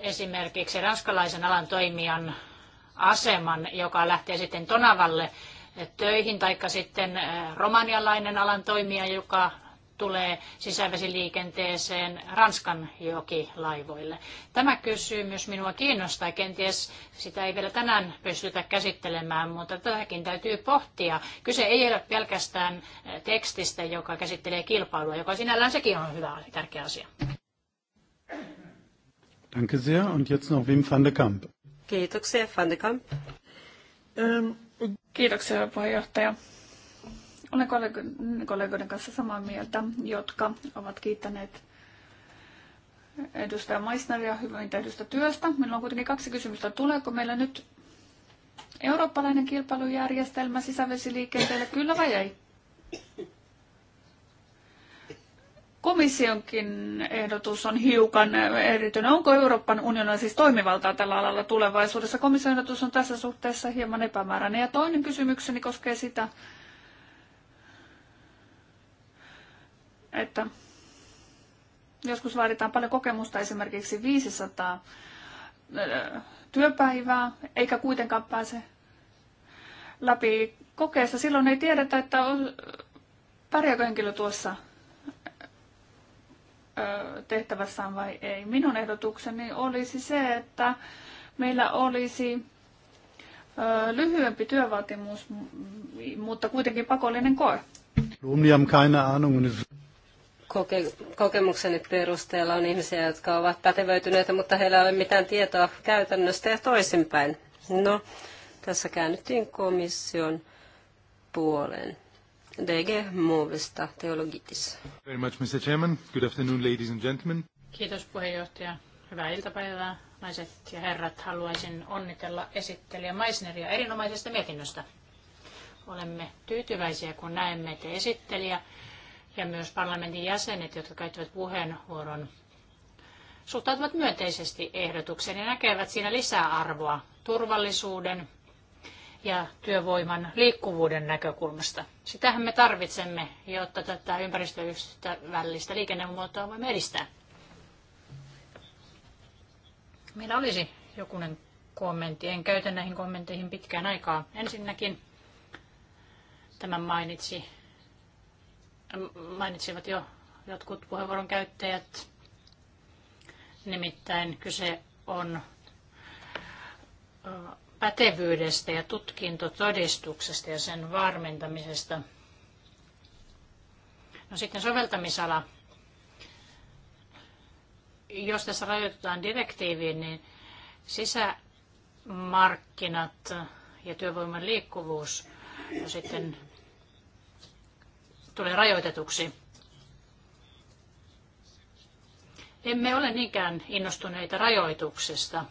esimerkiksi ranskalaisen alan toimijan aseman, joka lähtee sitten Tonavalle töihin, taikka sitten romanialainen alan toimija, joka tulee sisävesiliikenteeseen Ranskan jokilaivoille. Tämä kysymys minua kiinnostaa. Kenties sitä ei vielä tänään pystytä käsittelemään, mutta tätäkin täytyy pohtia. Kyse ei ole pelkästään tekstistä, joka käsittelee kilpailua, joka sinällään sekin on hyvä ja tärkeä asia. Danke sehr. Und jetzt noch Wim van de Kamp. Kiitoksia, van de Kamp. Ähm, Kiitoksia, puheenjohtaja. Olen kollegoiden kanssa samaa mieltä, jotka ovat kiittäneet edustaja Maisneria hyvin tehdystä työstä. Minulla on kuitenkin kaksi kysymystä. Tuleeko meillä nyt eurooppalainen kilpailujärjestelmä sisävesiliikenteelle, kyllä vai ei? Komissionkin ehdotus on hiukan erityinen. Onko Euroopan unionilla siis toimivaltaa tällä alalla tulevaisuudessa? Komission ehdotus on tässä suhteessa hieman epämääräinen. Ja toinen kysymykseni koskee sitä, että joskus vaaditaan paljon kokemusta, esimerkiksi 500 työpäivää, eikä kuitenkaan pääse läpi kokeessa. Silloin ei tiedetä, että pärjääkö henkilö tuossa tehtävässään vai ei. Minun ehdotukseni olisi se, että meillä olisi lyhyempi työvaatimus, mutta kuitenkin pakollinen koe. Koke- kokemukseni perusteella on ihmisiä, jotka ovat pätevöityneitä, mutta heillä ei ole mitään tietoa käytännöstä ja toisinpäin. No, tässä käännyttiin komission puoleen. DG Muovista Teologitissa. Very much, Mr. Chairman. Good afternoon, ladies and gentlemen. Kiitos puheenjohtaja. Hyvää iltapäivää, naiset ja herrat. Haluaisin onnitella esittelijä Meisneria erinomaisesta mietinnöstä. Olemme tyytyväisiä, kun näemme, että esittelijä ja myös parlamentin jäsenet, jotka käyttävät puheenvuoron, suhtautuvat myönteisesti ehdotukseen ja näkevät siinä lisäarvoa turvallisuuden, ja työvoiman liikkuvuuden näkökulmasta. Sitähän me tarvitsemme, jotta tätä ympäristöystävällistä liikennemuotoa voimme edistää. Meillä olisi jokunen kommentti. En käytä näihin kommentteihin pitkään aikaa. Ensinnäkin tämän mainitsi, mainitsivat jo jotkut puheenvuoron käyttäjät. Nimittäin kyse on pätevyydestä ja tutkintotodistuksesta ja sen varmentamisesta. No sitten soveltamisala. Jos tässä rajoitetaan direktiiviin, niin sisämarkkinat ja työvoiman liikkuvuus no sitten tulee rajoitetuksi. Emme ole niinkään innostuneita rajoituksesta –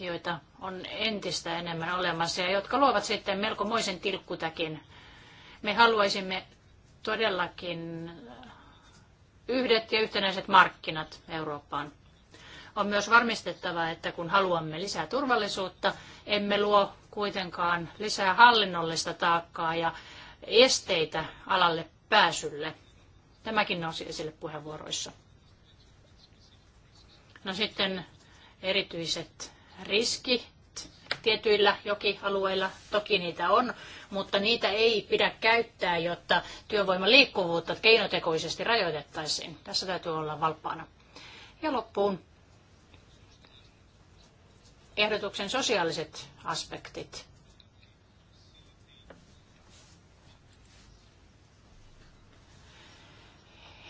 joita on entistä enemmän olemassa ja jotka luovat sitten melkomoisen tilkkutäkin. Me haluaisimme todellakin yhdet ja yhtenäiset markkinat Eurooppaan. On myös varmistettava, että kun haluamme lisää turvallisuutta, emme luo kuitenkaan lisää hallinnollista taakkaa ja esteitä alalle pääsylle. Tämäkin nousi esille puheenvuoroissa. No sitten erityiset riski tietyillä jokialueilla, toki niitä on, mutta niitä ei pidä käyttää, jotta työvoiman liikkuvuutta keinotekoisesti rajoitettaisiin. Tässä täytyy olla valppaana. Ja loppuun ehdotuksen sosiaaliset aspektit.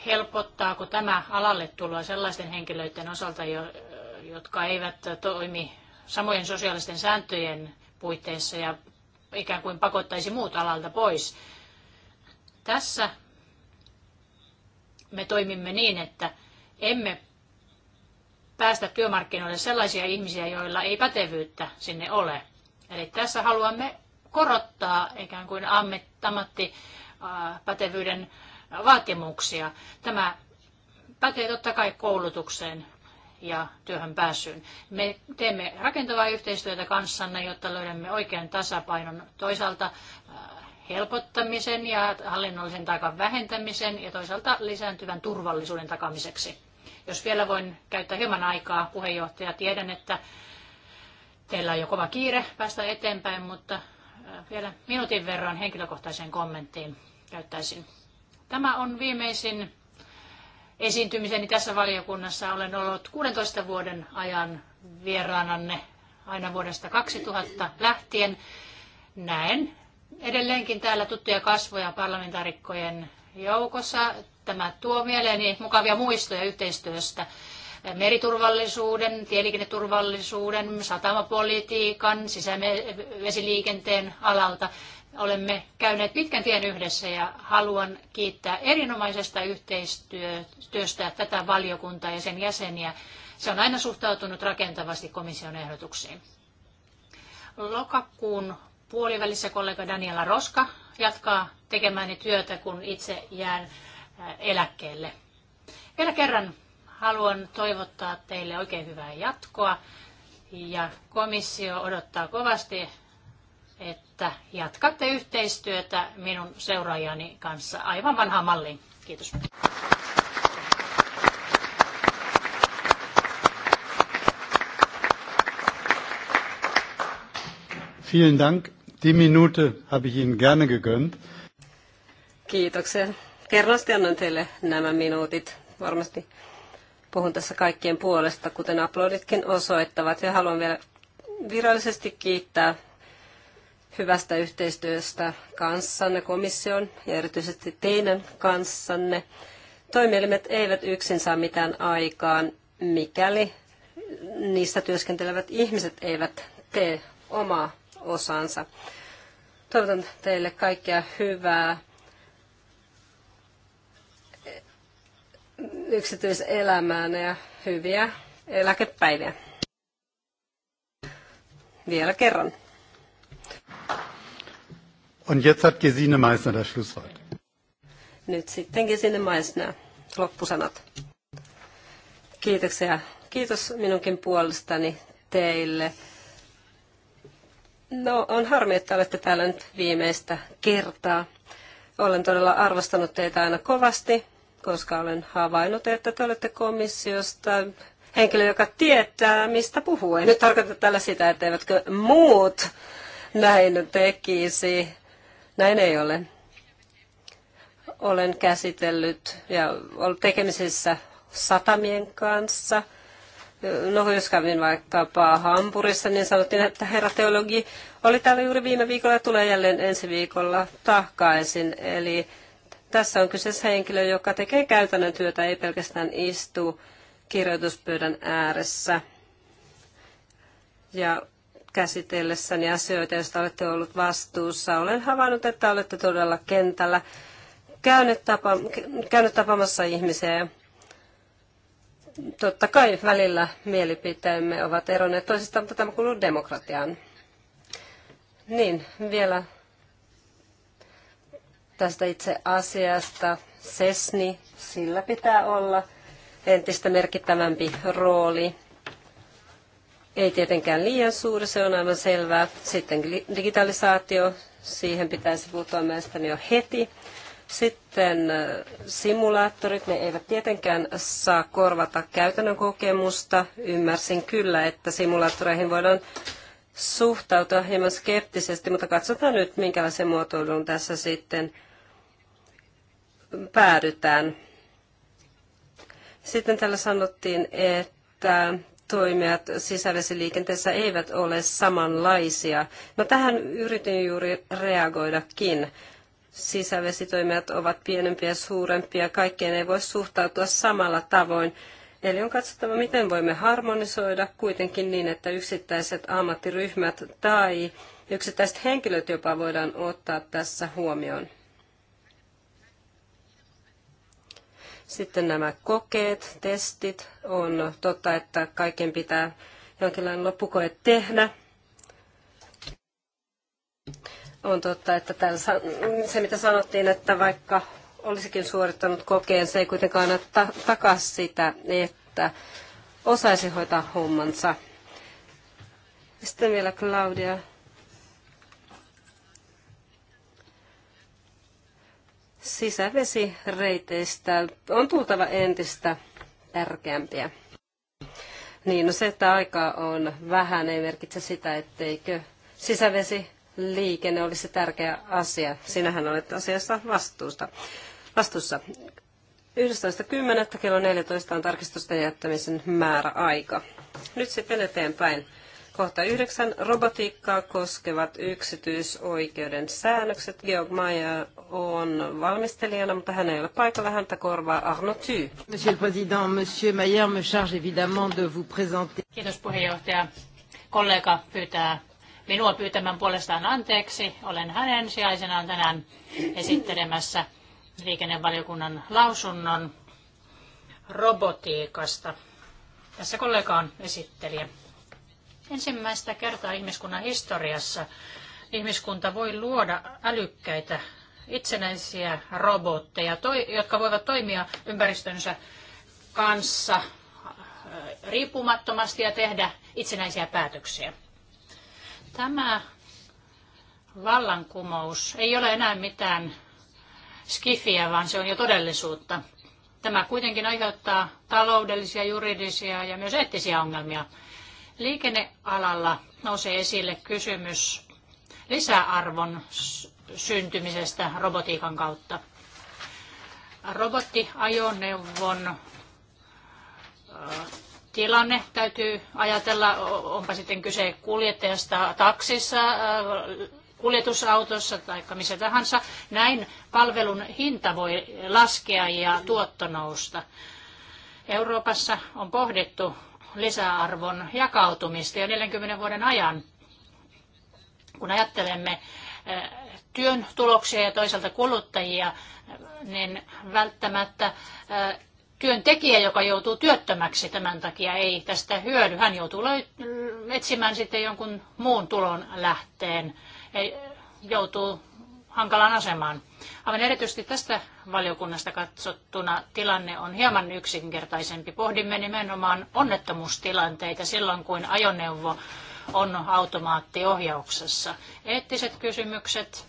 Helpottaako tämä alalle tuloa sellaisten henkilöiden osalta, jotka eivät toimi samojen sosiaalisten sääntöjen puitteissa ja ikään kuin pakottaisi muut alalta pois. Tässä me toimimme niin, että emme päästä työmarkkinoille sellaisia ihmisiä, joilla ei pätevyyttä sinne ole. Eli tässä haluamme korottaa ikään kuin ammattipätevyyden vaatimuksia. Tämä pätee totta kai koulutukseen ja työhön pääsyyn. Me teemme rakentavaa yhteistyötä kanssanne, jotta löydämme oikean tasapainon toisaalta äh, helpottamisen ja hallinnollisen taakan vähentämisen ja toisaalta lisääntyvän turvallisuuden takamiseksi. Jos vielä voin käyttää hieman aikaa, puheenjohtaja, tiedän, että teillä on jo kova kiire päästä eteenpäin, mutta äh, vielä minuutin verran henkilökohtaiseen kommenttiin käyttäisin. Tämä on viimeisin esiintymiseni niin tässä valiokunnassa. Olen ollut 16 vuoden ajan vieraananne aina vuodesta 2000 lähtien. Näen edelleenkin täällä tuttuja kasvoja parlamentaarikkojen joukossa. Tämä tuo mieleeni mukavia muistoja yhteistyöstä meriturvallisuuden, tieliikenneturvallisuuden, satamapolitiikan, sisävesiliikenteen alalta. Olemme käyneet pitkän tien yhdessä ja haluan kiittää erinomaisesta yhteistyöstä tätä valiokuntaa ja sen jäseniä. Se on aina suhtautunut rakentavasti komission ehdotuksiin. Lokakuun puolivälissä kollega Daniela Roska jatkaa tekemääni työtä, kun itse jään eläkkeelle. Vielä kerran haluan toivottaa teille oikein hyvää jatkoa ja komissio odottaa kovasti, että että jatkatte yhteistyötä minun seuraajani kanssa aivan vanhaan malliin. Kiitos. Vielen Dank. Die Minute habe ich Ihnen gerne gegönnt. Kiitoksia. Kerrasti annan teille nämä minuutit. Varmasti puhun tässä kaikkien puolesta, kuten aploditkin osoittavat. Ja haluan vielä virallisesti kiittää hyvästä yhteistyöstä kanssanne, komission ja erityisesti teidän kanssanne. Toimielimet eivät yksin saa mitään aikaan, mikäli niissä työskentelevät ihmiset eivät tee omaa osansa. Toivotan teille kaikkea hyvää. yksityiselämään ja hyviä eläkepäiviä. Vielä kerran. Und jetzt hat Gesine Meissner das Schlusswort. Nyt sitten Gesine Meissner, loppusanat. Kiitoksia. Kiitos minunkin puolestani teille. No, on harmi, että olette täällä nyt viimeistä kertaa. Olen todella arvostanut teitä aina kovasti, koska olen havainnut, että te olette komissiosta henkilö, joka tietää, mistä puhuu. Ei nyt tarkoita tällä sitä, että eivätkö muut näin tekisi. Näin ei ole. Olen käsitellyt ja ollut tekemisissä satamien kanssa. No, jos kävin vaikkapa Hampurissa, niin sanottiin, että herra teologi oli täällä juuri viime viikolla ja tulee jälleen ensi viikolla takaisin. Eli tässä on kyseessä henkilö, joka tekee käytännön työtä, ei pelkästään istu kirjoituspöydän ääressä. Ja käsitellessäni asioita, joista olette ollut vastuussa. Olen havainnut, että olette todella kentällä käynyt, tapa, käynyt tapaamassa ihmisiä ja totta kai välillä mielipiteemme ovat eronneet toisistaan, mutta tämä kuuluu demokratiaan. Niin, vielä tästä itse asiasta. SESNI, sillä pitää olla entistä merkittävämpi rooli ei tietenkään liian suuri, se on aivan selvää. Sitten digitalisaatio, siihen pitäisi puuttua mielestäni jo heti. Sitten simulaattorit, ne eivät tietenkään saa korvata käytännön kokemusta. Ymmärsin kyllä, että simulaattoreihin voidaan suhtautua hieman skeptisesti, mutta katsotaan nyt, minkälaisen muotoilun tässä sitten päädytään. Sitten täällä sanottiin, että toimijat sisävesiliikenteessä eivät ole samanlaisia. No tähän yritin juuri reagoidakin. Sisävesitoimijat ovat pienempiä ja suurempia, kaikkeen ei voi suhtautua samalla tavoin. Eli on katsottava, miten voimme harmonisoida kuitenkin niin, että yksittäiset ammattiryhmät tai yksittäiset henkilöt jopa voidaan ottaa tässä huomioon. Sitten nämä kokeet, testit. On totta, että kaiken pitää jonkinlainen loppukoe tehdä. On totta, että täällä, se mitä sanottiin, että vaikka olisikin suorittanut kokeen, se ei kuitenkaan anna ta- takaa sitä, että osaisi hoitaa hommansa. Sitten vielä Claudia sisävesireiteistä on tultava entistä tärkeämpiä. Niin, no se, että aikaa on vähän, ei merkitse sitä, etteikö sisävesiliikenne olisi tärkeä asia. Sinähän olet asiassa vastuusta. vastuussa. 11.10. kello 14 on tarkistusten jättämisen määräaika. Nyt sitten eteenpäin. Kohta yhdeksän. Robotiikkaa koskevat yksityisoikeuden säännökset. Georg Mayer on valmistelijana, mutta hän ei ole paikalla. Häntä korvaa Arno Thy. Monsieur le Président, Monsieur Mayer me charge évidemment de vous présenter. Kiitos puheenjohtaja. Kollega pyytää minua pyytämään puolestaan anteeksi. Olen hänen sijaisenaan tänään esittelemässä liikennevaliokunnan lausunnon robotiikasta. Tässä kollega on esittelijä. Ensimmäistä kertaa ihmiskunnan historiassa ihmiskunta voi luoda älykkäitä itsenäisiä robotteja, jotka voivat toimia ympäristönsä kanssa riippumattomasti ja tehdä itsenäisiä päätöksiä. Tämä vallankumous ei ole enää mitään skifiä, vaan se on jo todellisuutta. Tämä kuitenkin aiheuttaa taloudellisia, juridisia ja myös eettisiä ongelmia Liikennealalla nousee esille kysymys lisäarvon syntymisestä robotiikan kautta. Robottiajoneuvon tilanne täytyy ajatella, onpa sitten kyse kuljettajasta taksissa, kuljetusautossa tai missä tahansa. Näin palvelun hinta voi laskea ja tuotto nousta. Euroopassa on pohdittu lisäarvon jakautumista jo 40 vuoden ajan. Kun ajattelemme eh, työn tuloksia ja toisaalta kuluttajia, niin välttämättä eh, työntekijä, joka joutuu työttömäksi tämän takia, ei tästä hyödy. Hän joutuu etsimään sitten jonkun muun tulon lähteen, joutuu hankalaan asemaan. Aivan erityisesti tästä valiokunnasta katsottuna tilanne on hieman yksinkertaisempi. Pohdimme nimenomaan onnettomuustilanteita silloin, kun ajoneuvo on automaattiohjauksessa. Eettiset kysymykset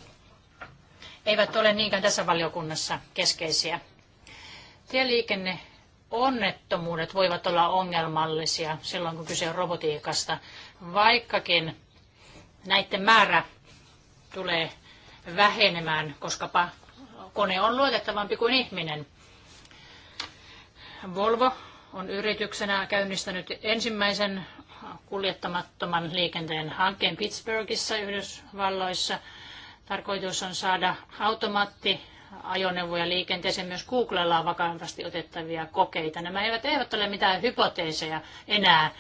eivät ole niinkään tässä valiokunnassa keskeisiä. Tieliikenne onnettomuudet voivat olla ongelmallisia silloin, kun kyse on robotiikasta, vaikkakin näiden määrä tulee vähenemään, koska kone on luotettavampi kuin ihminen. Volvo on yrityksenä käynnistänyt ensimmäisen kuljettamattoman liikenteen hankkeen Pittsburghissa Yhdysvalloissa. Tarkoitus on saada automaatti ajoneuvoja liikenteeseen. Myös Googlella on vakavasti otettavia kokeita. Nämä eivät, eivät ole mitään hypoteeseja enää,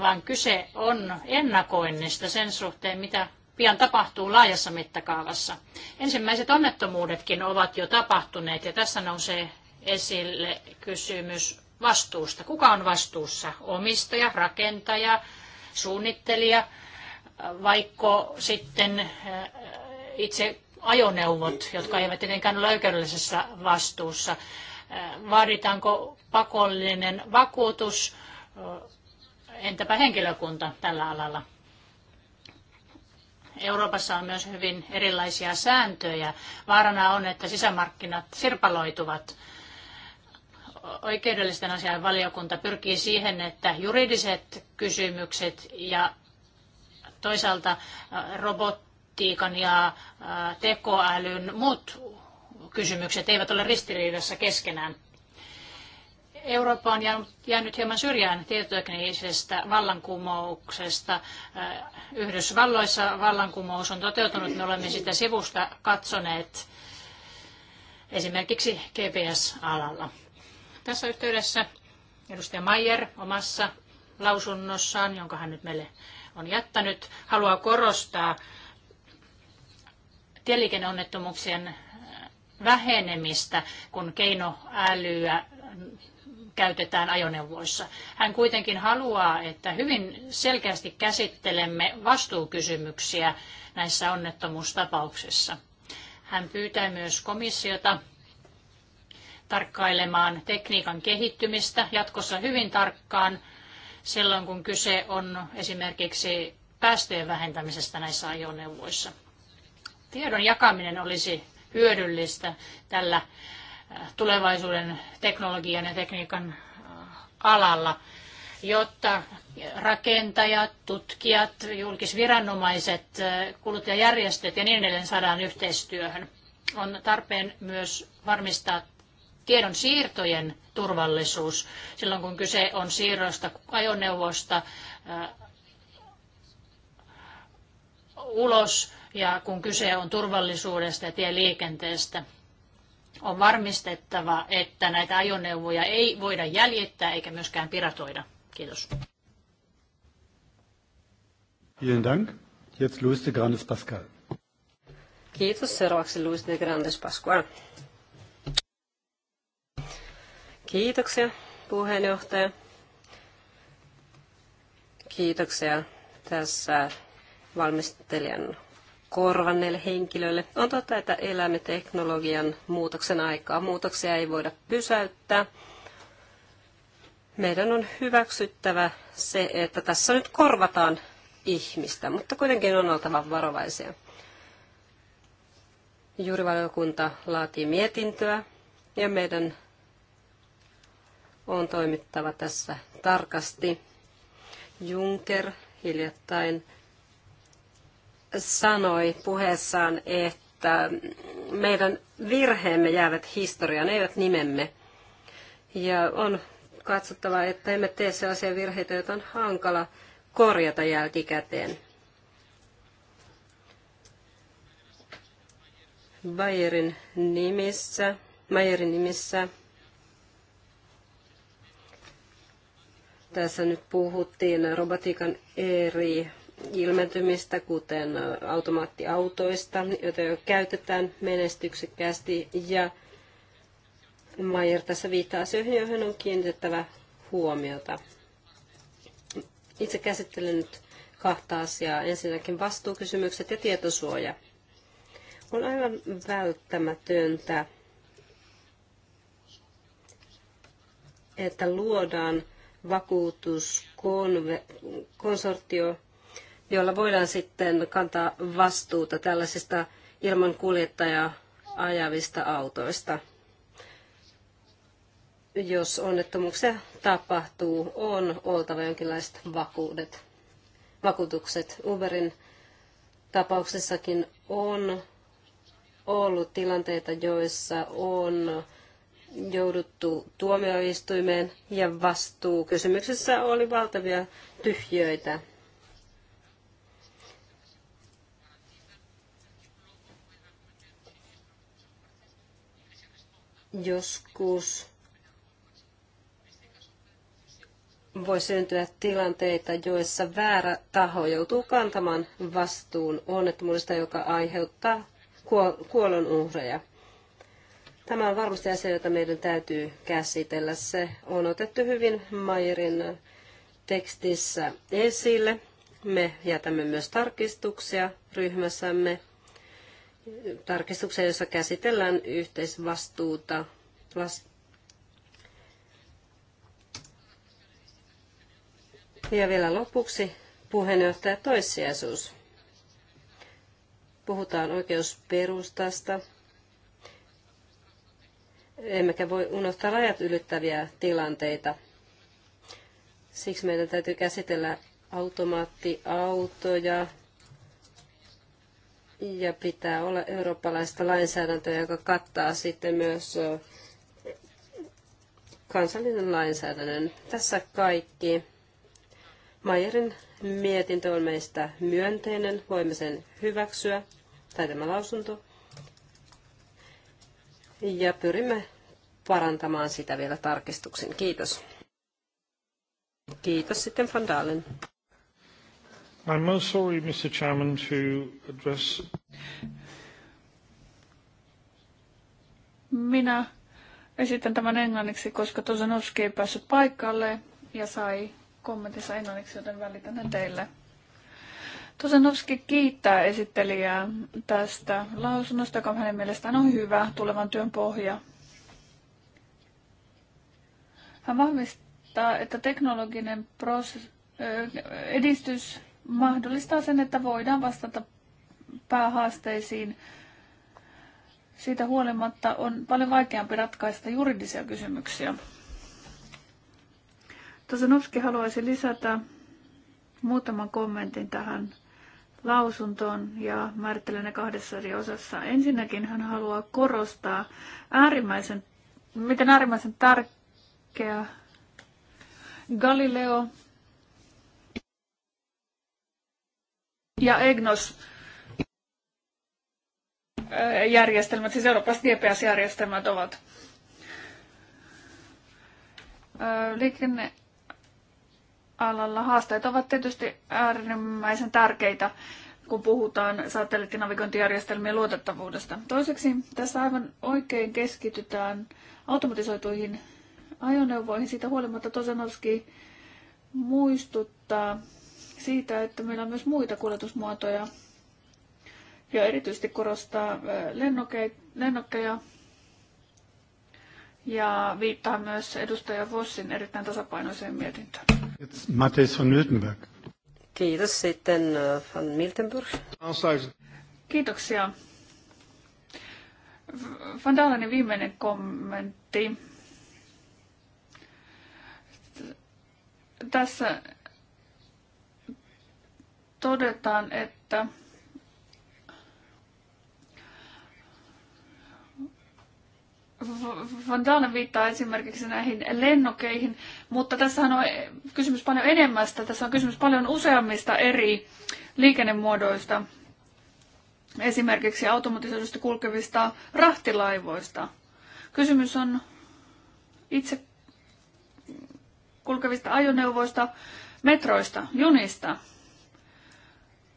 vaan kyse on ennakoinnista sen suhteen, mitä pian tapahtuu laajassa mittakaavassa. Ensimmäiset onnettomuudetkin ovat jo tapahtuneet ja tässä nousee esille kysymys vastuusta. Kuka on vastuussa? Omistaja, rakentaja, suunnittelija, vaikka sitten äh, itse ajoneuvot, jotka eivät tietenkään ole oikeudellisessa vastuussa. Äh, vaaditaanko pakollinen vakuutus? Äh, entäpä henkilökunta tällä alalla? Euroopassa on myös hyvin erilaisia sääntöjä. Vaarana on, että sisämarkkinat sirpaloituvat. Oikeudellisten asian valiokunta pyrkii siihen, että juridiset kysymykset ja toisaalta robottiikan ja tekoälyn muut kysymykset eivät ole ristiriidassa keskenään. Eurooppa on jäänyt hieman syrjään tietoteknisestä vallankumouksesta. Äh, Yhdysvalloissa vallankumous on toteutunut, me olemme sitä sivusta katsoneet esimerkiksi GPS-alalla. Tässä yhteydessä edustaja Mayer omassa lausunnossaan, jonka hän nyt meille on jättänyt, haluaa korostaa tieliikenneonnettomuuksien vähenemistä, kun keinoälyä käytetään ajoneuvoissa. Hän kuitenkin haluaa, että hyvin selkeästi käsittelemme vastuukysymyksiä näissä onnettomuustapauksissa. Hän pyytää myös komissiota tarkkailemaan tekniikan kehittymistä jatkossa hyvin tarkkaan silloin, kun kyse on esimerkiksi päästöjen vähentämisestä näissä ajoneuvoissa. Tiedon jakaminen olisi hyödyllistä tällä tulevaisuuden teknologian ja tekniikan äh, alalla, jotta rakentajat, tutkijat, julkisviranomaiset, äh, kuluttajajärjestöt ja niin edelleen saadaan yhteistyöhön. On tarpeen myös varmistaa tiedon siirtojen turvallisuus silloin, kun kyse on siirroista ajoneuvosta äh, ulos ja kun kyse on turvallisuudesta ja tieliikenteestä. liikenteestä on varmistettava, että näitä ajoneuvoja ei voida jäljittää eikä myöskään piratoida. Kiitos. Vielen Dank. Jetzt Luis de Grandes Pascal. Kiitos. Seuraavaksi Luis de Grandes Pascual. Kiitoksia puheenjohtaja. Kiitoksia tässä valmistelijan korvanneille henkilöille. On totta, että elämme teknologian muutoksen aikaa. Muutoksia ei voida pysäyttää. Meidän on hyväksyttävä se, että tässä nyt korvataan ihmistä, mutta kuitenkin on oltava varovaisia. Juurivaliokunta laatii mietintöä ja meidän on toimittava tässä tarkasti. Juncker hiljattain sanoi puheessaan, että meidän virheemme jäävät historiaan, eivät nimemme. Ja on katsottava, että emme tee sellaisia virheitä, joita on hankala korjata jälkikäteen. Bayerin nimissä, Bayerin nimissä tässä nyt puhuttiin robotiikan eri ilmentymistä, kuten automaattiautoista, joita jo käytetään menestyksekkäästi. Ja Mayer tässä viittaa asioihin, joihin on kiinnitettävä huomiota. Itse käsittelen nyt kahta asiaa. Ensinnäkin vastuukysymykset ja tietosuoja. On aivan välttämätöntä, että luodaan vakuutuskonsortio, jolla voidaan sitten kantaa vastuuta tällaisista ilman kuljettajaa ajavista autoista. Jos onnettomuuksia tapahtuu, on oltava jonkinlaiset vakuudet. vakuutukset. Uberin tapauksessakin on ollut tilanteita, joissa on jouduttu tuomioistuimeen ja vastuu. Kysymyksessä oli valtavia tyhjöitä joskus voi syntyä tilanteita, joissa väärä taho joutuu kantamaan vastuun onnettomuudesta, joka aiheuttaa kuolon uhreja. Tämä on varmasti asia, jota meidän täytyy käsitellä. Se on otettu hyvin Mayerin tekstissä esille. Me jätämme myös tarkistuksia ryhmässämme tarkistukseen, jossa käsitellään yhteisvastuuta Ja vielä lopuksi puheenjohtaja toissijaisuus. Puhutaan oikeusperustasta. Emmekä voi unohtaa rajat ylittäviä tilanteita. Siksi meidän täytyy käsitellä automaattiautoja, ja pitää olla eurooppalaista lainsäädäntöä, joka kattaa sitten myös kansallinen lainsäädännön. Tässä kaikki. Mayerin mietintö on meistä myönteinen, voimme sen hyväksyä, tai tämä lausunto. Ja pyrimme parantamaan sitä vielä tarkistuksen. Kiitos. Kiitos sitten Fandalen. I'm most sorry, Mr. Chairman, to address... Minä esitän tämän englanniksi, koska Tosanovski ei päässyt paikalle ja sai kommentissa englanniksi, joten välitän ne teille. Tosanovski kiittää esittelijää tästä lausunnosta, joka hänen mielestään on hyvä tulevan työn pohja. Hän vahvistaa, että teknologinen prosessi edistys mahdollistaa sen, että voidaan vastata päähaasteisiin. Siitä huolimatta on paljon vaikeampi ratkaista juridisia kysymyksiä. Tosanovski haluaisi lisätä muutaman kommentin tähän lausuntoon ja määrittelen ne kahdessa eri osassa. Ensinnäkin hän haluaa korostaa äärimmäisen, miten äärimmäisen tärkeä Galileo ja EGNOS eh, järjestelmät, siis eurooppalaiset GPS-järjestelmät ovat. Eh, liikennealalla haasteet ovat tietysti äärimmäisen tärkeitä, kun puhutaan satelliittinavigointijärjestelmien luotettavuudesta. Toiseksi tässä aivan oikein keskitytään automatisoituihin ajoneuvoihin. Siitä huolimatta Tosanovski muistuttaa siitä, että meillä on myös muita kuljetusmuotoja ja erityisesti korostaa lennokkeja ja viittaa myös edustaja Vossin erittäin tasapainoiseen mietintöön. Matthias von Miltenberg. Kiitos sitten von Miltenburg. Kiitoksia. Van Dalenin viimeinen kommentti. Tässä todetaan, että Vandana viittaa esimerkiksi näihin lennokeihin, mutta tässä on kysymys paljon enemmästä. Tässä on kysymys paljon useammista eri liikennemuodoista, esimerkiksi automatisoidusta kulkevista rahtilaivoista. Kysymys on itse kulkevista ajoneuvoista, metroista, junista –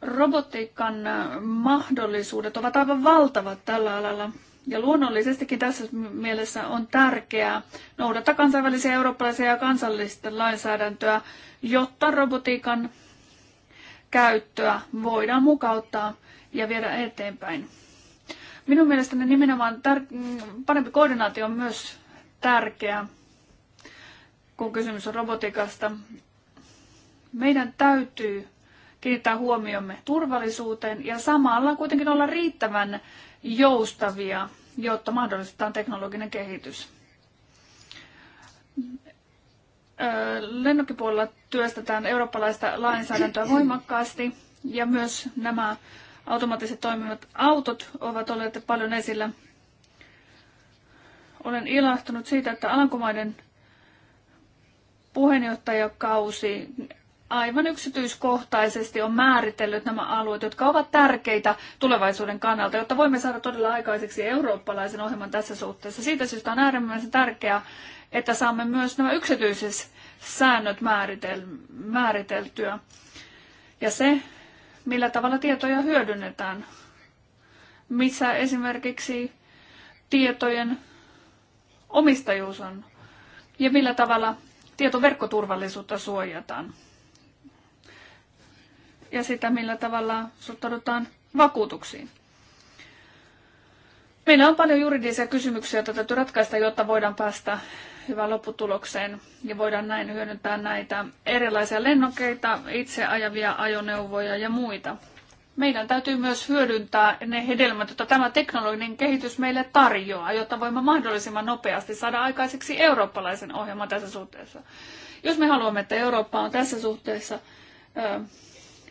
Robotiikan äh, mahdollisuudet ovat aivan valtavat tällä alalla. Ja luonnollisestikin tässä mielessä on tärkeää noudattaa kansainvälisiä, eurooppalaisia ja kansallista lainsäädäntöä, jotta robotiikan käyttöä voidaan mukauttaa ja viedä eteenpäin. Minun mielestäni nimenomaan tär- parempi koordinaatio on myös tärkeää, kun kysymys on robotiikasta. Meidän täytyy kiinnittää huomiomme turvallisuuteen ja samalla kuitenkin olla riittävän joustavia, jotta mahdollistetaan teknologinen kehitys. Lennokkipuolella työstetään eurooppalaista lainsäädäntöä voimakkaasti ja myös nämä automaattiset toimivat autot ovat olleet paljon esillä. Olen ilahtunut siitä, että Alankomaiden puheenjohtajakausi aivan yksityiskohtaisesti on määritellyt nämä alueet, jotka ovat tärkeitä tulevaisuuden kannalta, jotta voimme saada todella aikaiseksi eurooppalaisen ohjelman tässä suhteessa. Siitä syystä on äärimmäisen tärkeää, että saamme myös nämä yksityiset säännöt määritel, määriteltyä. Ja se, millä tavalla tietoja hyödynnetään, missä esimerkiksi tietojen omistajuus on ja millä tavalla tietoverkkoturvallisuutta suojataan ja sitä, millä tavalla suhtaudutaan vakuutuksiin. Meillä on paljon juridisia kysymyksiä, joita täytyy ratkaista, jotta voidaan päästä hyvään lopputulokseen ja voidaan näin hyödyntää näitä erilaisia lennokeita, itse ajavia ajoneuvoja ja muita. Meidän täytyy myös hyödyntää ne hedelmät, joita tämä teknologinen kehitys meille tarjoaa, jotta voimme mahdollisimman nopeasti saada aikaiseksi eurooppalaisen ohjelman tässä suhteessa. Jos me haluamme, että Eurooppa on tässä suhteessa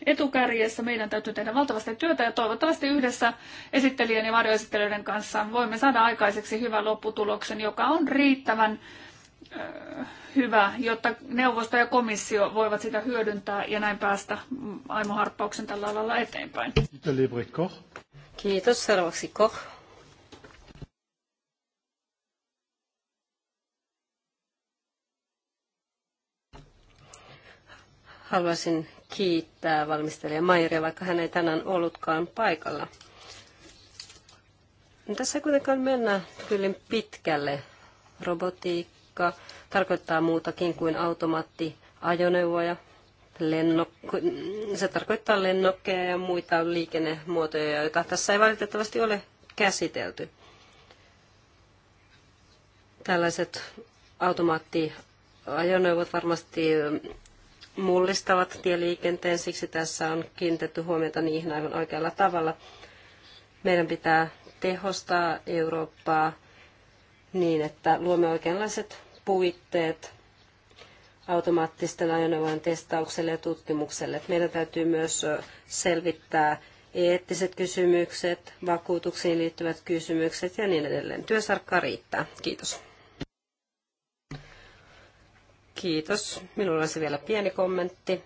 etukärjessä. Meidän täytyy tehdä valtavasti työtä ja toivottavasti yhdessä esittelijän ja varjoesittelijöiden kanssa voimme saada aikaiseksi hyvän lopputuloksen, joka on riittävän hyvä, jotta neuvosto ja komissio voivat sitä hyödyntää ja näin päästä aimoharppauksen tällä alalla eteenpäin. Kiitos. Seuraavaksi Koch. Haluaisin kiittää valmistelija Mairia, vaikka hän ei tänään ollutkaan paikalla. No, tässä ei kuitenkaan mennä kyllin pitkälle. Robotiikka tarkoittaa muutakin kuin automaattiajoneuvoja. Lennok- se tarkoittaa lennokkeja ja muita liikennemuotoja, joita tässä ei valitettavasti ole käsitelty. Tällaiset automaattiajoneuvot varmasti mullistavat tieliikenteen, siksi tässä on kiinnitetty huomiota niihin aivan oikealla tavalla. Meidän pitää tehostaa Eurooppaa niin, että luomme oikeanlaiset puitteet automaattisten ajoneuvojen testaukselle ja tutkimukselle. Meidän täytyy myös selvittää eettiset kysymykset, vakuutuksiin liittyvät kysymykset ja niin edelleen. Työsarkkaa riittää. Kiitos. Kiitos. Minulla olisi vielä pieni kommentti.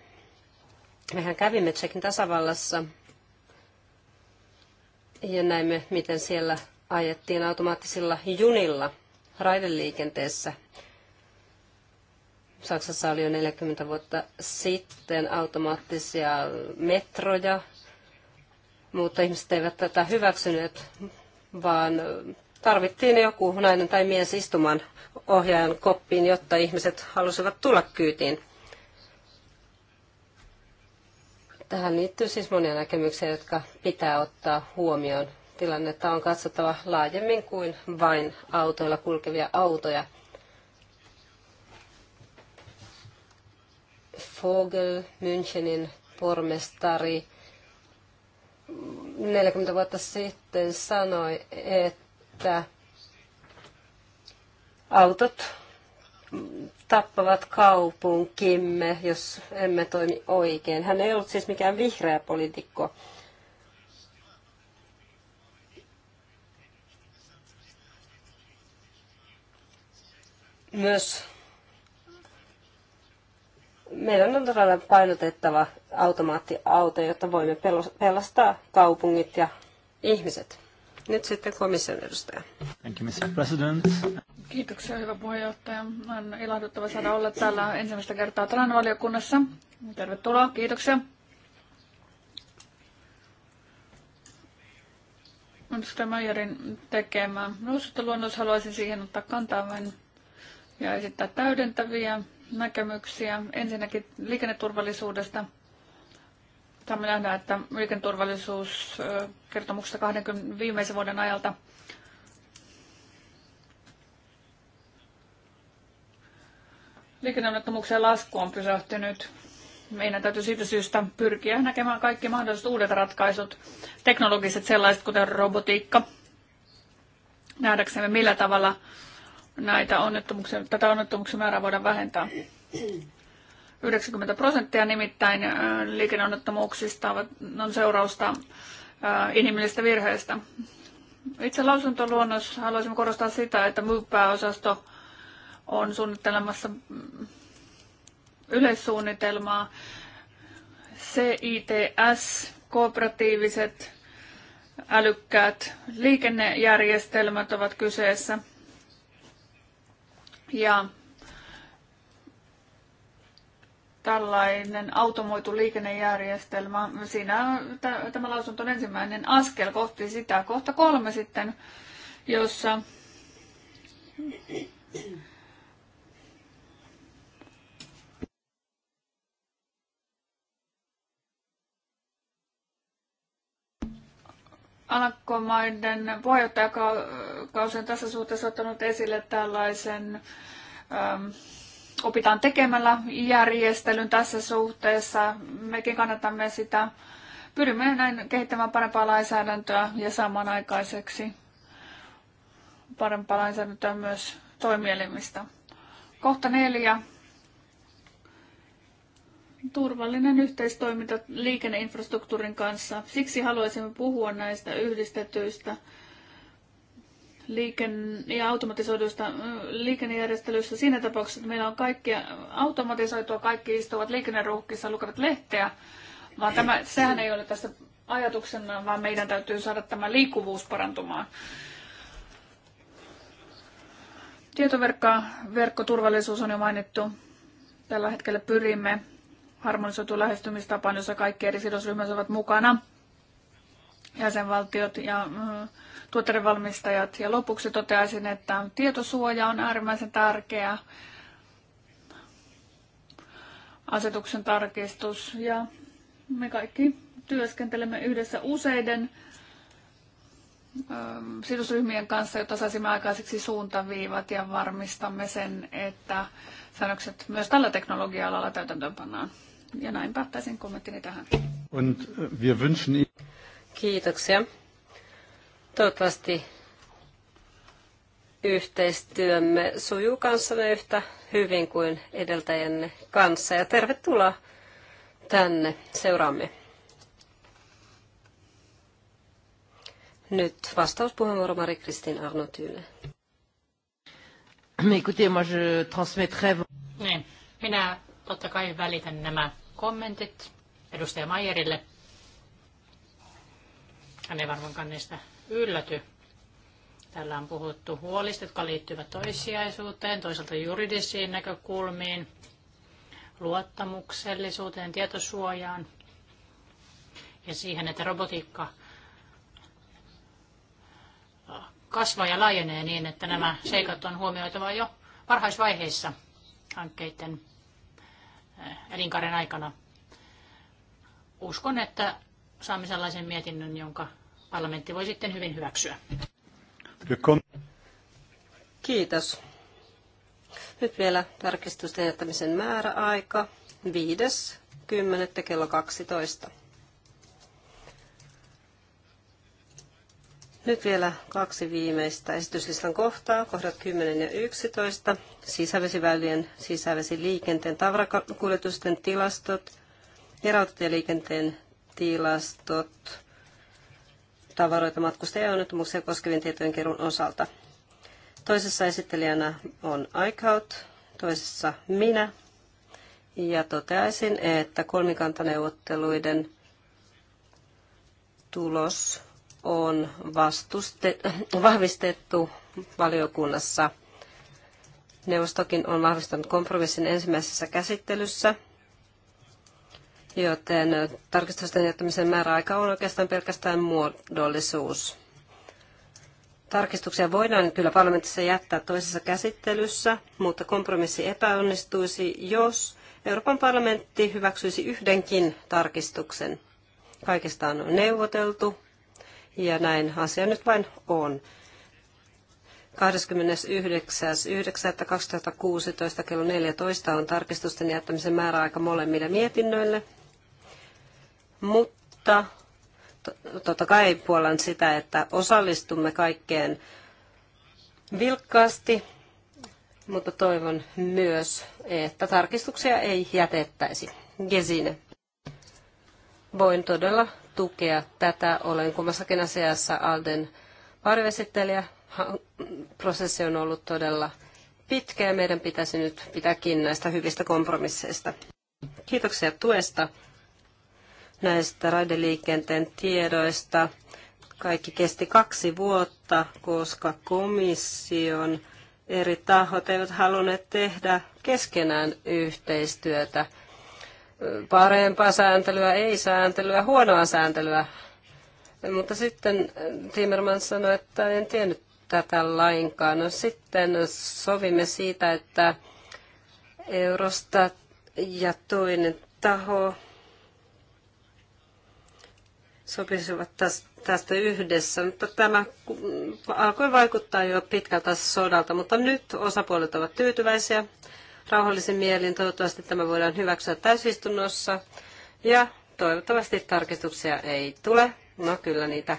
Mehän kävimme Tsekin tasavallassa ja näimme, miten siellä ajettiin automaattisilla junilla raideliikenteessä. Saksassa oli jo 40 vuotta sitten automaattisia metroja, mutta ihmiset eivät tätä hyväksyneet, vaan tarvittiin joku nainen tai mies istumaan ohjaajan koppiin, jotta ihmiset halusivat tulla kyytiin. Tähän liittyy siis monia näkemyksiä, jotka pitää ottaa huomioon. Tilannetta on katsottava laajemmin kuin vain autoilla kulkevia autoja. Vogel, Münchenin pormestari, 40 vuotta sitten sanoi, että että autot tappavat kaupunkimme, jos emme toimi oikein. Hän ei ollut siis mikään vihreä poliitikko. Myös meidän on todella painotettava automaattiauto, jotta voimme pelastaa kaupungit ja ihmiset. Nyt sitten komission edustaja. Thank you, Mr. President. Kiitoksia, hyvä puheenjohtaja. On ilahduttava saada olla täällä ensimmäistä kertaa TRAN-valiokunnassa. Tervetuloa, kiitoksia. Onko Meijerin tekemä luonnos Haluaisin siihen ottaa kantaa vain ja esittää täydentäviä näkemyksiä. Ensinnäkin liikenneturvallisuudesta. Tämä me nähdään, että kertomuksesta 20 viimeisen vuoden ajalta liikenneonnettomuuksien lasku on pysähtynyt. Meidän täytyy siitä syystä pyrkiä näkemään kaikki mahdolliset uudet ratkaisut, teknologiset sellaiset kuten robotiikka, nähdäksemme millä tavalla näitä onnettomuuksia, tätä onnettomuuksien määrää voidaan vähentää. 90 prosenttia nimittäin liikenneonnettomuuksista on seurausta inhimillisestä virheestä. Itse lausuntoluonnos haluaisin korostaa sitä, että mup pääosasto on suunnittelemassa mm, yleissuunnitelmaa. CITS, kooperatiiviset, älykkäät liikennejärjestelmät ovat kyseessä. Ja tällainen automoitu liikennejärjestelmä. Siinä tämä lausunto on ensimmäinen askel kohti sitä. Kohta kolme sitten, jossa Alankomaiden puheenjohtajakausen tässä suhteessa ottanut esille tällaisen ähm, opitaan tekemällä järjestelyn tässä suhteessa. Mekin kannatamme sitä. Pyrimme näin kehittämään parempaa lainsäädäntöä ja samanaikaiseksi parempaa lainsäädäntöä myös toimielimistä. Kohta neljä. Turvallinen yhteistoiminta liikenneinfrastruktuurin kanssa. Siksi haluaisimme puhua näistä yhdistetyistä liiken- ja automatisoiduista liikennejärjestelyistä siinä tapauksessa, että meillä on kaikki automatisoitua, kaikki istuvat liikenneruuhkissa, lukevat lehteä, vaan tämä, sehän ei ole tässä ajatuksena, vaan meidän täytyy saada tämä liikkuvuus parantumaan. verkkoturvallisuus on jo mainittu. Tällä hetkellä pyrimme harmonisoitu lähestymistapaan, jossa kaikki eri sidosryhmät ovat mukana, jäsenvaltiot ja mm, tuotevalmistajat. Ja lopuksi toteaisin, että tietosuoja on äärimmäisen tärkeä asetuksen tarkistus ja me kaikki työskentelemme yhdessä useiden ähm, sidosryhmien kanssa, jotta saisimme aikaiseksi suuntaviivat ja varmistamme sen, että säännökset myös tällä teknologia-alalla täytäntöönpannaan. Ja näin päättäisin kommenttini tähän. Äh, Kiitoksia. Toivottavasti yhteistyömme sujuu kanssanne yhtä hyvin kuin edeltäjänne kanssa. Ja tervetuloa tänne seuraamme. Nyt vastauspuheenvuoro Mari-Kristin Arno Tyyne. Niin, minä totta kai välitän nämä kommentit edustaja Maijerille. Hän ei varmaankaan niistä ylläty. Tällä on puhuttu huolista, jotka liittyvät toissijaisuuteen, toisaalta juridisiin näkökulmiin, luottamuksellisuuteen, tietosuojaan ja siihen, että robotiikka äh, kasvaa ja laajenee niin, että nämä seikat on huomioitava jo varhaisvaiheissa hankkeiden äh, elinkaaren aikana. Uskon, että saamme sellaisen mietinnön, jonka parlamentti voi sitten hyvin hyväksyä. Kiitos. Nyt vielä tarkistusten jättämisen määräaika 5.10. kello 12. Nyt vielä kaksi viimeistä esityslistan kohtaa, kohdat 10 ja 11, sisävesiväylien, sisävesiliikenteen, tavarakuljetusten tilastot ja rautatieliikenteen tilastot tavaroita matkustajia onnettomuuksia koskevien tietojen keruun osalta. Toisessa esittelijänä on iCloud, toisessa minä. Ja toteaisin, että kolmikantaneuvotteluiden tulos on vastuste, [CLEARS THROAT] vahvistettu valiokunnassa. Neuvostokin on vahvistanut kompromissin ensimmäisessä käsittelyssä – joten tarkistusten jättämisen määräaika on oikeastaan pelkästään muodollisuus. Tarkistuksia voidaan kyllä parlamentissa jättää toisessa käsittelyssä, mutta kompromissi epäonnistuisi, jos Euroopan parlamentti hyväksyisi yhdenkin tarkistuksen. Kaikesta on neuvoteltu ja näin asia nyt vain on. 29.9.2016 kello 14 on tarkistusten jättämisen määräaika molemmille mietinnöille mutta totta kai puolan sitä, että osallistumme kaikkeen vilkkaasti, mutta toivon myös, että tarkistuksia ei jätettäisi. Gesine. Voin todella tukea tätä. Olen kummassakin asiassa Alden varjoesittelijä. Prosessi on ollut todella pitkä ja meidän pitäisi nyt pitääkin näistä hyvistä kompromisseista. Kiitoksia tuesta näistä raideliikenteen tiedoista. Kaikki kesti kaksi vuotta, koska komission eri tahot eivät halunneet tehdä keskenään yhteistyötä. Parempaa sääntelyä, ei sääntelyä, huonoa sääntelyä. Mutta sitten Timmermans sanoi, että en tiennyt tätä lainkaan. No sitten sovimme siitä, että Eurosta ja toinen taho sopisivat tästä yhdessä. Mutta tämä alkoi vaikuttaa jo pitkältä sodalta, mutta nyt osapuolet ovat tyytyväisiä rauhallisin mielin. Toivottavasti tämä voidaan hyväksyä täysistunnossa ja toivottavasti tarkistuksia ei tule. No kyllä niitä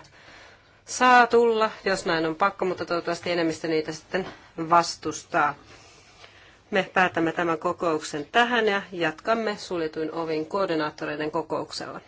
saa tulla, jos näin on pakko, mutta toivottavasti enemmistö niitä sitten vastustaa. Me päätämme tämän kokouksen tähän ja jatkamme suljetuin ovin koordinaattoreiden kokouksella.